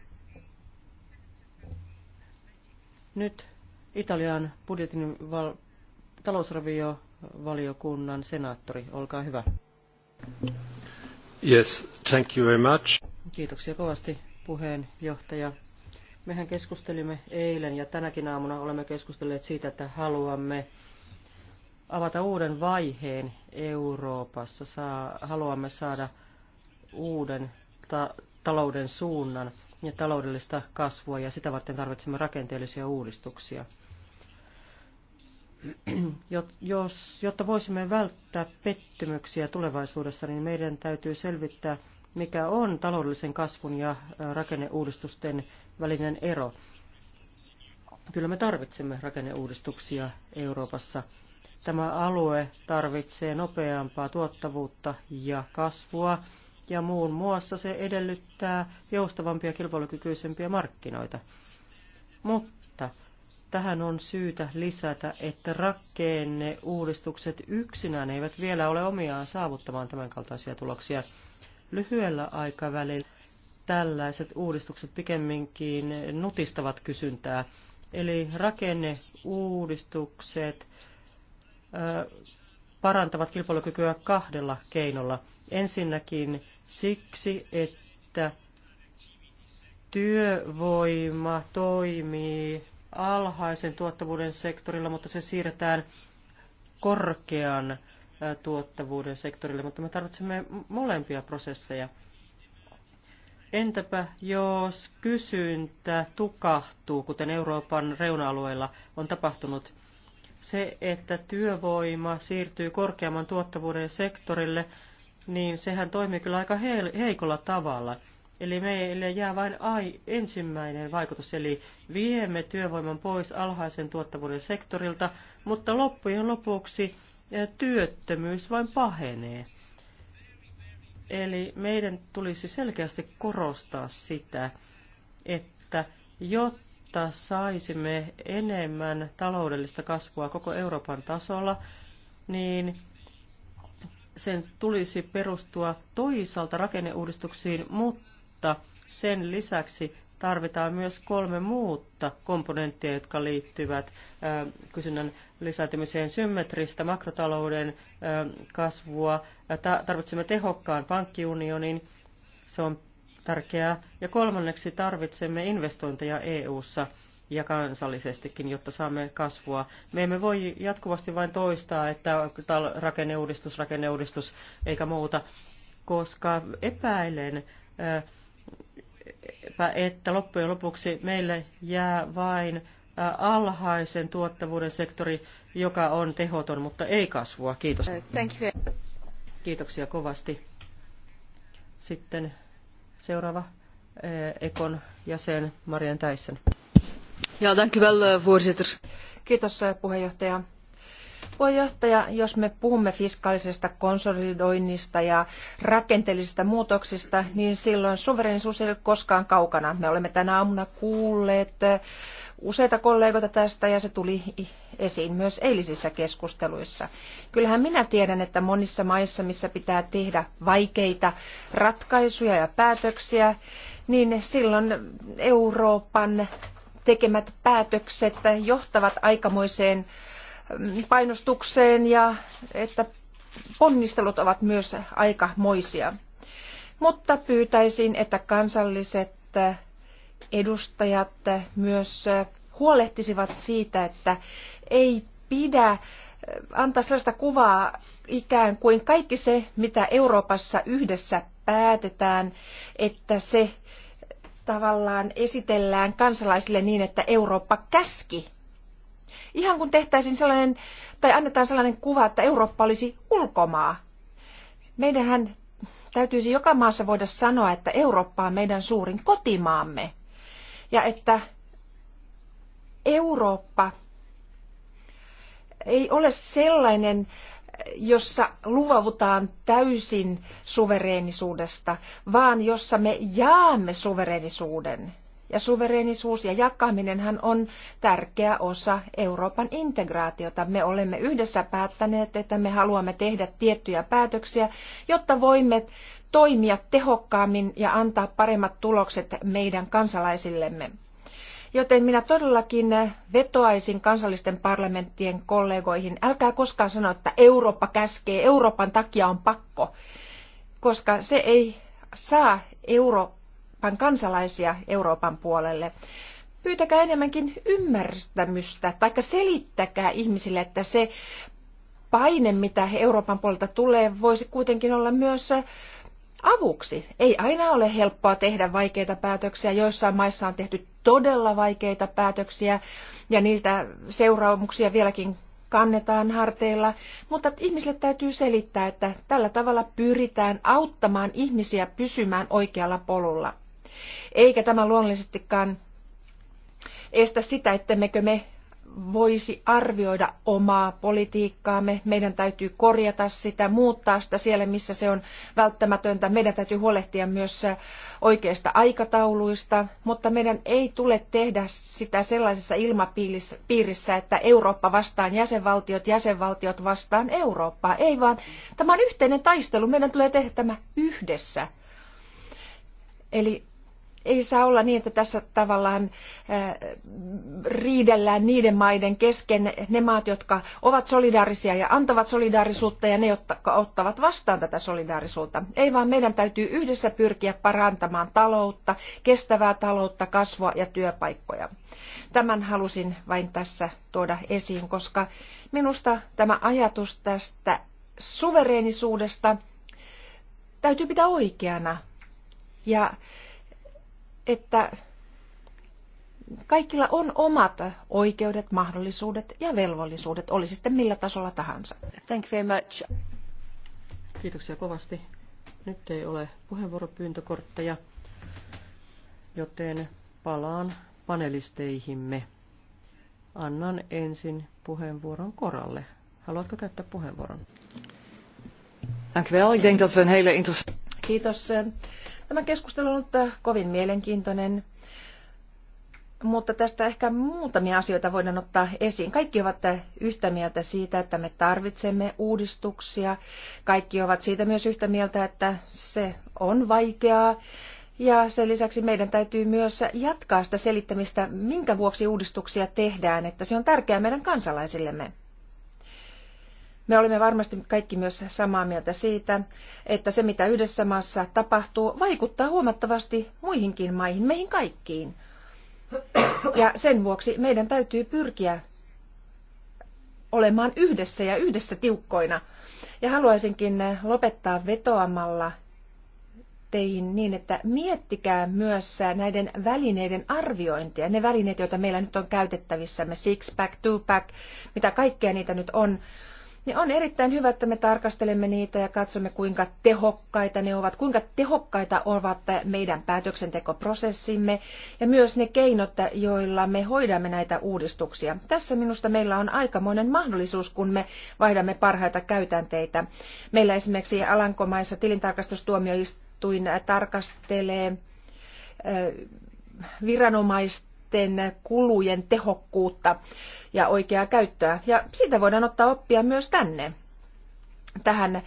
Nyt Italian budjetin val- talousraviovaliokunnan senaattori, olkaa hyvä. Yes, thank you very much. Kiitoksia kovasti puheenjohtaja. Mehän keskustelimme eilen ja tänäkin aamuna olemme keskustelleet siitä, että haluamme avata uuden vaiheen Euroopassa. Saa, haluamme saada uuden ta- talouden suunnan ja taloudellista kasvua ja sitä varten tarvitsemme rakenteellisia uudistuksia. Jos, jotta voisimme välttää pettymyksiä tulevaisuudessa, niin meidän täytyy selvittää, mikä on taloudellisen kasvun ja rakenneuudistusten välinen ero. Kyllä me tarvitsemme rakenneuudistuksia Euroopassa. Tämä alue tarvitsee nopeampaa tuottavuutta ja kasvua, ja muun muassa se edellyttää joustavampia kilpailukykyisempiä markkinoita. Mutta tähän on syytä lisätä, että rakenneuudistukset yksinään eivät vielä ole omiaan saavuttamaan tämänkaltaisia tuloksia lyhyellä aikavälillä tällaiset uudistukset pikemminkin nutistavat kysyntää. Eli rakenneuudistukset parantavat kilpailukykyä kahdella keinolla. Ensinnäkin siksi, että työvoima toimii alhaisen tuottavuuden sektorilla, mutta se siirretään korkean tuottavuuden sektorille, mutta me tarvitsemme molempia prosesseja. Entäpä jos kysyntä tukahtuu, kuten Euroopan reuna-alueilla on tapahtunut, se, että työvoima siirtyy korkeamman tuottavuuden sektorille, niin sehän toimii kyllä aika heikolla tavalla. Eli meille jää vain ai, ensimmäinen vaikutus, eli viemme työvoiman pois alhaisen tuottavuuden sektorilta, mutta loppujen lopuksi työttömyys vain pahenee. Eli meidän tulisi selkeästi korostaa sitä, että jotta saisimme enemmän taloudellista kasvua koko Euroopan tasolla, niin sen tulisi perustua toisaalta rakenneuudistuksiin, mutta sen lisäksi tarvitaan myös kolme muutta komponenttia, jotka liittyvät kysynnän lisääntymiseen symmetristä makrotalouden kasvua. Tarvitsemme tehokkaan pankkiunionin, se on tärkeää. Ja kolmanneksi tarvitsemme investointeja EU-ssa ja kansallisestikin, jotta saamme kasvua. Me emme voi jatkuvasti vain toistaa, että rakenneuudistus, rakenneuudistus eikä muuta, koska epäilen, että loppujen lopuksi meille jää vain alhaisen tuottavuuden sektori, joka on tehoton, mutta ei kasvua. Kiitos. Thank you. Kiitoksia kovasti. Sitten seuraava Ekon jäsen Marian Täissen. Ja, dank eh, voorzitter. Kiitos eh, puheenjohtaja. Puheenjohtaja, jos me puhumme fiskaalisesta konsolidoinnista ja rakenteellisista muutoksista, niin silloin suverenisuus ei ole koskaan kaukana. Me olemme tänä aamuna kuulleet useita kollegoita tästä ja se tuli esiin myös eilisissä keskusteluissa. Kyllähän minä tiedän, että monissa maissa, missä pitää tehdä vaikeita ratkaisuja ja päätöksiä, niin silloin Euroopan tekemät päätökset johtavat aikamoiseen painostukseen ja että ponnistelut ovat myös aikamoisia. Mutta pyytäisin, että kansalliset edustajat myös huolehtisivat siitä, että ei pidä antaa sellaista kuvaa ikään kuin kaikki se, mitä Euroopassa yhdessä päätetään, että se tavallaan esitellään kansalaisille niin, että Eurooppa käski Ihan kun tehtäisiin sellainen, tai annetaan sellainen kuva, että Eurooppa olisi ulkomaa. Meidänhän täytyisi joka maassa voida sanoa, että Eurooppa on meidän suurin kotimaamme. Ja että Eurooppa ei ole sellainen, jossa luovutaan täysin suvereenisuudesta, vaan jossa me jaamme suvereenisuuden ja suvereenisuus ja jakaminenhan on tärkeä osa Euroopan integraatiota. Me olemme yhdessä päättäneet, että me haluamme tehdä tiettyjä päätöksiä, jotta voimme toimia tehokkaammin ja antaa paremmat tulokset meidän kansalaisillemme. Joten minä todellakin vetoaisin kansallisten parlamenttien kollegoihin, älkää koskaan sanoa, että Eurooppa käskee, Euroopan takia on pakko, koska se ei saa euro Euroopan kansalaisia Euroopan puolelle. Pyytäkää enemmänkin ymmärtämystä, tai selittäkää ihmisille, että se paine, mitä Euroopan puolelta tulee, voisi kuitenkin olla myös avuksi. Ei aina ole helppoa tehdä vaikeita päätöksiä. Joissain maissa on tehty todella vaikeita päätöksiä ja niistä seuraamuksia vieläkin kannetaan harteilla, mutta ihmisille täytyy selittää, että tällä tavalla pyritään auttamaan ihmisiä pysymään oikealla polulla. Eikä tämä luonnollisestikaan estä sitä, ettemmekö me voisi arvioida omaa politiikkaamme. Meidän täytyy korjata sitä, muuttaa sitä siellä, missä se on välttämätöntä. Meidän täytyy huolehtia myös oikeista aikatauluista, mutta meidän ei tule tehdä sitä sellaisessa ilmapiirissä, että Eurooppa vastaan jäsenvaltiot, jäsenvaltiot vastaan Eurooppaa. Ei vaan, tämä on yhteinen taistelu. Meidän tulee tehdä tämä yhdessä. Eli ei saa olla niin, että tässä tavallaan riidellään niiden maiden kesken ne maat, jotka ovat solidaarisia ja antavat solidaarisuutta ja ne, jotka ottavat vastaan tätä solidaarisuutta. Ei vaan meidän täytyy yhdessä pyrkiä parantamaan taloutta, kestävää taloutta, kasvua ja työpaikkoja. Tämän halusin vain tässä tuoda esiin, koska minusta tämä ajatus tästä suvereenisuudesta täytyy pitää oikeana. Ja että kaikilla on omat oikeudet, mahdollisuudet ja velvollisuudet, oli sitten millä tasolla tahansa. Thank you very much. Kiitoksia kovasti. Nyt ei ole puheenvuoropyyntökortteja, joten palaan panelisteihimme. Annan ensin puheenvuoron Koralle. Haluatko käyttää puheenvuoron? Dank wel. Ik denk dat we een hele interessante... Kiitos. Tämä keskustelu on ollut äh, kovin mielenkiintoinen, mutta tästä ehkä muutamia asioita voidaan ottaa esiin. Kaikki ovat äh, yhtä mieltä siitä, että me tarvitsemme uudistuksia. Kaikki ovat siitä myös yhtä mieltä, että se on vaikeaa. Ja sen lisäksi meidän täytyy myös jatkaa sitä selittämistä, minkä vuoksi uudistuksia tehdään, että se on tärkeää meidän kansalaisillemme. Me olemme varmasti kaikki myös samaa mieltä siitä, että se mitä yhdessä maassa tapahtuu, vaikuttaa huomattavasti muihinkin maihin, meihin kaikkiin. Ja sen vuoksi meidän täytyy pyrkiä olemaan yhdessä ja yhdessä tiukkoina. Ja haluaisinkin lopettaa vetoamalla teihin niin, että miettikää myös näiden välineiden arviointia. Ne välineet, joita meillä nyt on käytettävissämme, six-pack, two-pack, mitä kaikkea niitä nyt on, niin on erittäin hyvä, että me tarkastelemme niitä ja katsomme, kuinka tehokkaita ne ovat, kuinka tehokkaita ovat meidän päätöksentekoprosessimme ja myös ne keinot, joilla me hoidamme näitä uudistuksia. Tässä minusta meillä on aikamoinen mahdollisuus, kun me vaihdamme parhaita käytänteitä. Meillä esimerkiksi Alankomaissa tilintarkastustuomioistuin tarkastelee viranomaista, sitten kulujen tehokkuutta ja oikeaa käyttöä. Ja siitä voidaan ottaa oppia myös tänne tähän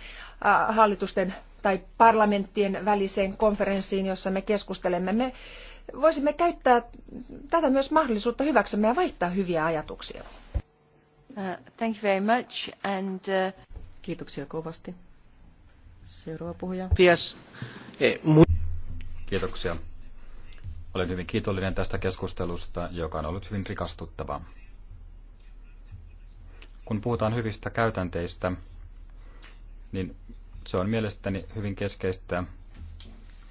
hallitusten tai parlamenttien väliseen konferenssiin, jossa me keskustelemme. Me voisimme käyttää tätä myös mahdollisuutta hyväksemme ja vaihtaa hyviä ajatuksia. Uh, thank you very much and, uh, Kiitoksia kovasti. Seuraava puhuja. Eh, Kiitoksia. Olen hyvin kiitollinen tästä keskustelusta, joka on ollut hyvin rikastuttava. Kun puhutaan hyvistä käytänteistä, niin se on mielestäni hyvin keskeistä,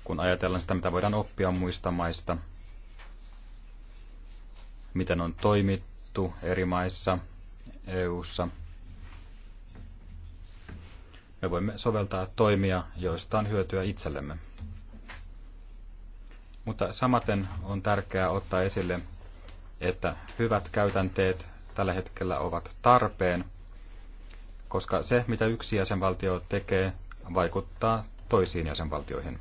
kun ajatellaan sitä, mitä voidaan oppia muista maista, miten on toimittu eri maissa, EU:ssa. Me voimme soveltaa toimia, joista on hyötyä itsellemme. Mutta samaten on tärkeää ottaa esille, että hyvät käytänteet tällä hetkellä ovat tarpeen, koska se, mitä yksi jäsenvaltio tekee, vaikuttaa toisiin jäsenvaltioihin.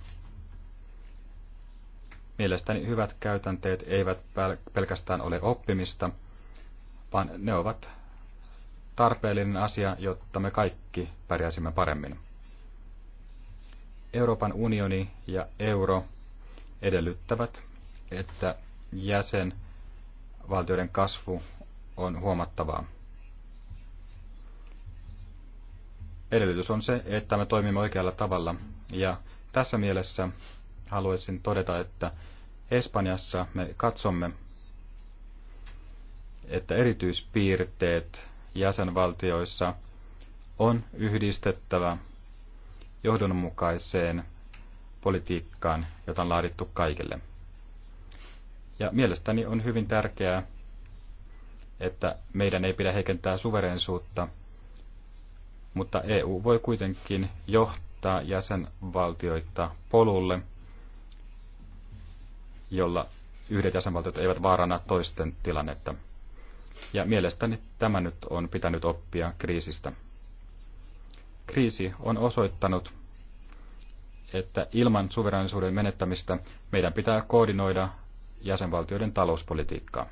Mielestäni hyvät käytänteet eivät pelkästään ole oppimista, vaan ne ovat tarpeellinen asia, jotta me kaikki pärjäisimme paremmin. Euroopan unioni ja euro edellyttävät, että jäsenvaltioiden kasvu on huomattavaa. Edellytys on se, että me toimimme oikealla tavalla ja tässä mielessä haluaisin todeta, että Espanjassa me katsomme, että erityispiirteet jäsenvaltioissa on yhdistettävä johdonmukaiseen politiikkaan, jota on laadittu kaikille. Ja mielestäni on hyvin tärkeää, että meidän ei pidä heikentää suverensuutta, mutta EU voi kuitenkin johtaa jäsenvaltioita polulle, jolla yhdet jäsenvaltiot eivät vaarana toisten tilannetta. Ja mielestäni tämä nyt on pitänyt oppia kriisistä. Kriisi on osoittanut, että ilman suverenisuuden menettämistä meidän pitää koordinoida jäsenvaltioiden talouspolitiikkaa.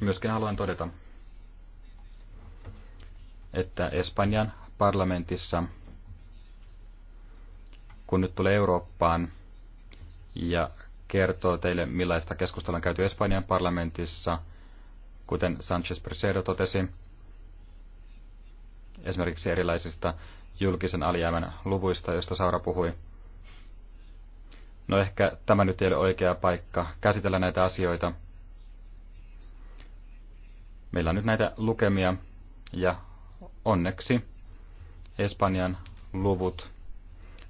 Myöskin haluan todeta, että Espanjan parlamentissa, kun nyt tulee Eurooppaan ja kertoo teille, millaista keskustelua on käyty Espanjan parlamentissa, kuten Sanchez Presedo totesi, esimerkiksi erilaisista julkisen alijäämän luvuista, josta Saura puhui. No ehkä tämä nyt ei ole oikea paikka käsitellä näitä asioita. Meillä on nyt näitä lukemia ja onneksi Espanjan luvut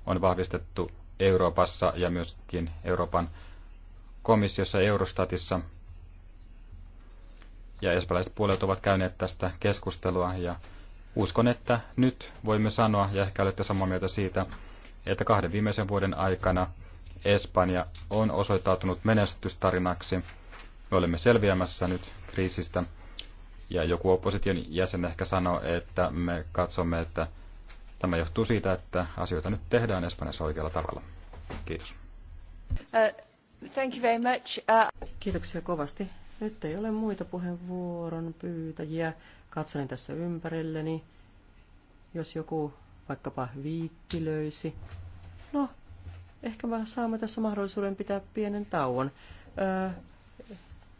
on vahvistettu Euroopassa ja myöskin Euroopan komissiossa Eurostatissa. Ja espanjalaiset puolet ovat käyneet tästä keskustelua ja Uskon, että nyt voimme sanoa, ja ehkä olette samaa mieltä siitä, että kahden viimeisen vuoden aikana Espanja on osoittautunut menestystarinaksi. Me olemme selviämässä nyt kriisistä. Ja joku opposition jäsen ehkä sanoo, että me katsomme, että tämä johtuu siitä, että asioita nyt tehdään Espanjassa oikealla tavalla. Kiitos. Uh, thank you very much. Uh... Kiitoksia kovasti. Nyt ei ole muita puheenvuoron pyytäjiä. Katselin tässä ympärilleni. Jos joku vaikkapa löysi, No, ehkä mä saamme tässä mahdollisuuden pitää pienen tauon. Öö,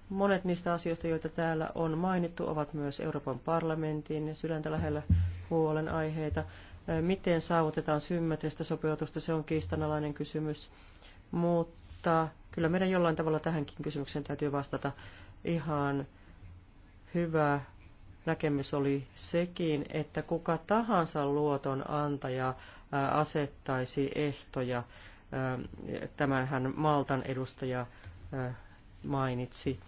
monet niistä asioista, joita täällä on mainittu, ovat myös Euroopan parlamentin sydäntä lähellä huolenaiheita. Öö, miten saavutetaan symmetristä sopeutusta, se on kiistanalainen kysymys. Mutta kyllä meidän jollain tavalla tähänkin kysymykseen täytyy vastata ihan hyvä näkemys oli sekin, että kuka tahansa luoton antaja asettaisi ehtoja. Tämänhän Maltan edustaja mainitsi.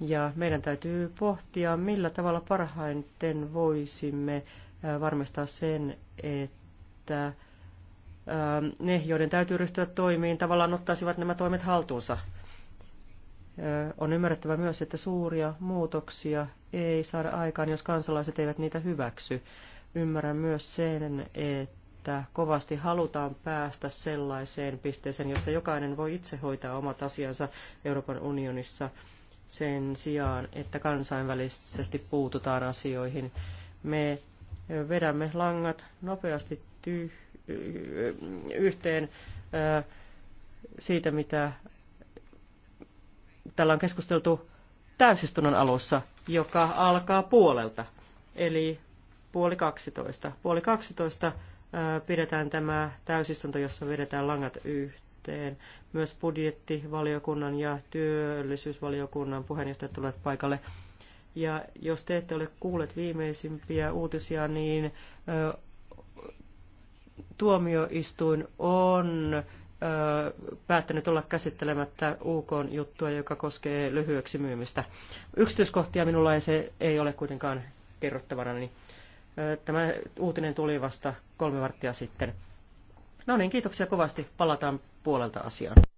Ja meidän täytyy pohtia, millä tavalla parhaiten voisimme varmistaa sen, että ne, joiden täytyy ryhtyä toimiin, tavallaan ottaisivat nämä toimet haltuunsa on ymmärrettävä myös, että suuria muutoksia ei saada aikaan, jos kansalaiset eivät niitä hyväksy. Ymmärrän myös sen, että kovasti halutaan päästä sellaiseen pisteeseen, jossa jokainen voi itse hoitaa omat asiansa Euroopan unionissa sen sijaan, että kansainvälisesti puututaan asioihin. Me vedämme langat nopeasti yhteen siitä, mitä täällä on keskusteltu täysistunnon alussa, joka alkaa puolelta, eli puoli 12. Puoli 12 pidetään tämä täysistunto, jossa vedetään langat yhteen. Myös budjettivaliokunnan ja työllisyysvaliokunnan puheenjohtajat tulevat paikalle. Ja jos te ette ole kuulleet viimeisimpiä uutisia, niin tuomioistuin on päättänyt olla käsittelemättä UK-juttua, joka koskee lyhyeksi myymistä. Yksityiskohtia minulla ei, se ei ole kuitenkaan kerrottavana, niin tämä uutinen tuli vasta kolme varttia sitten. No niin, kiitoksia kovasti. Palataan puolelta asiaan.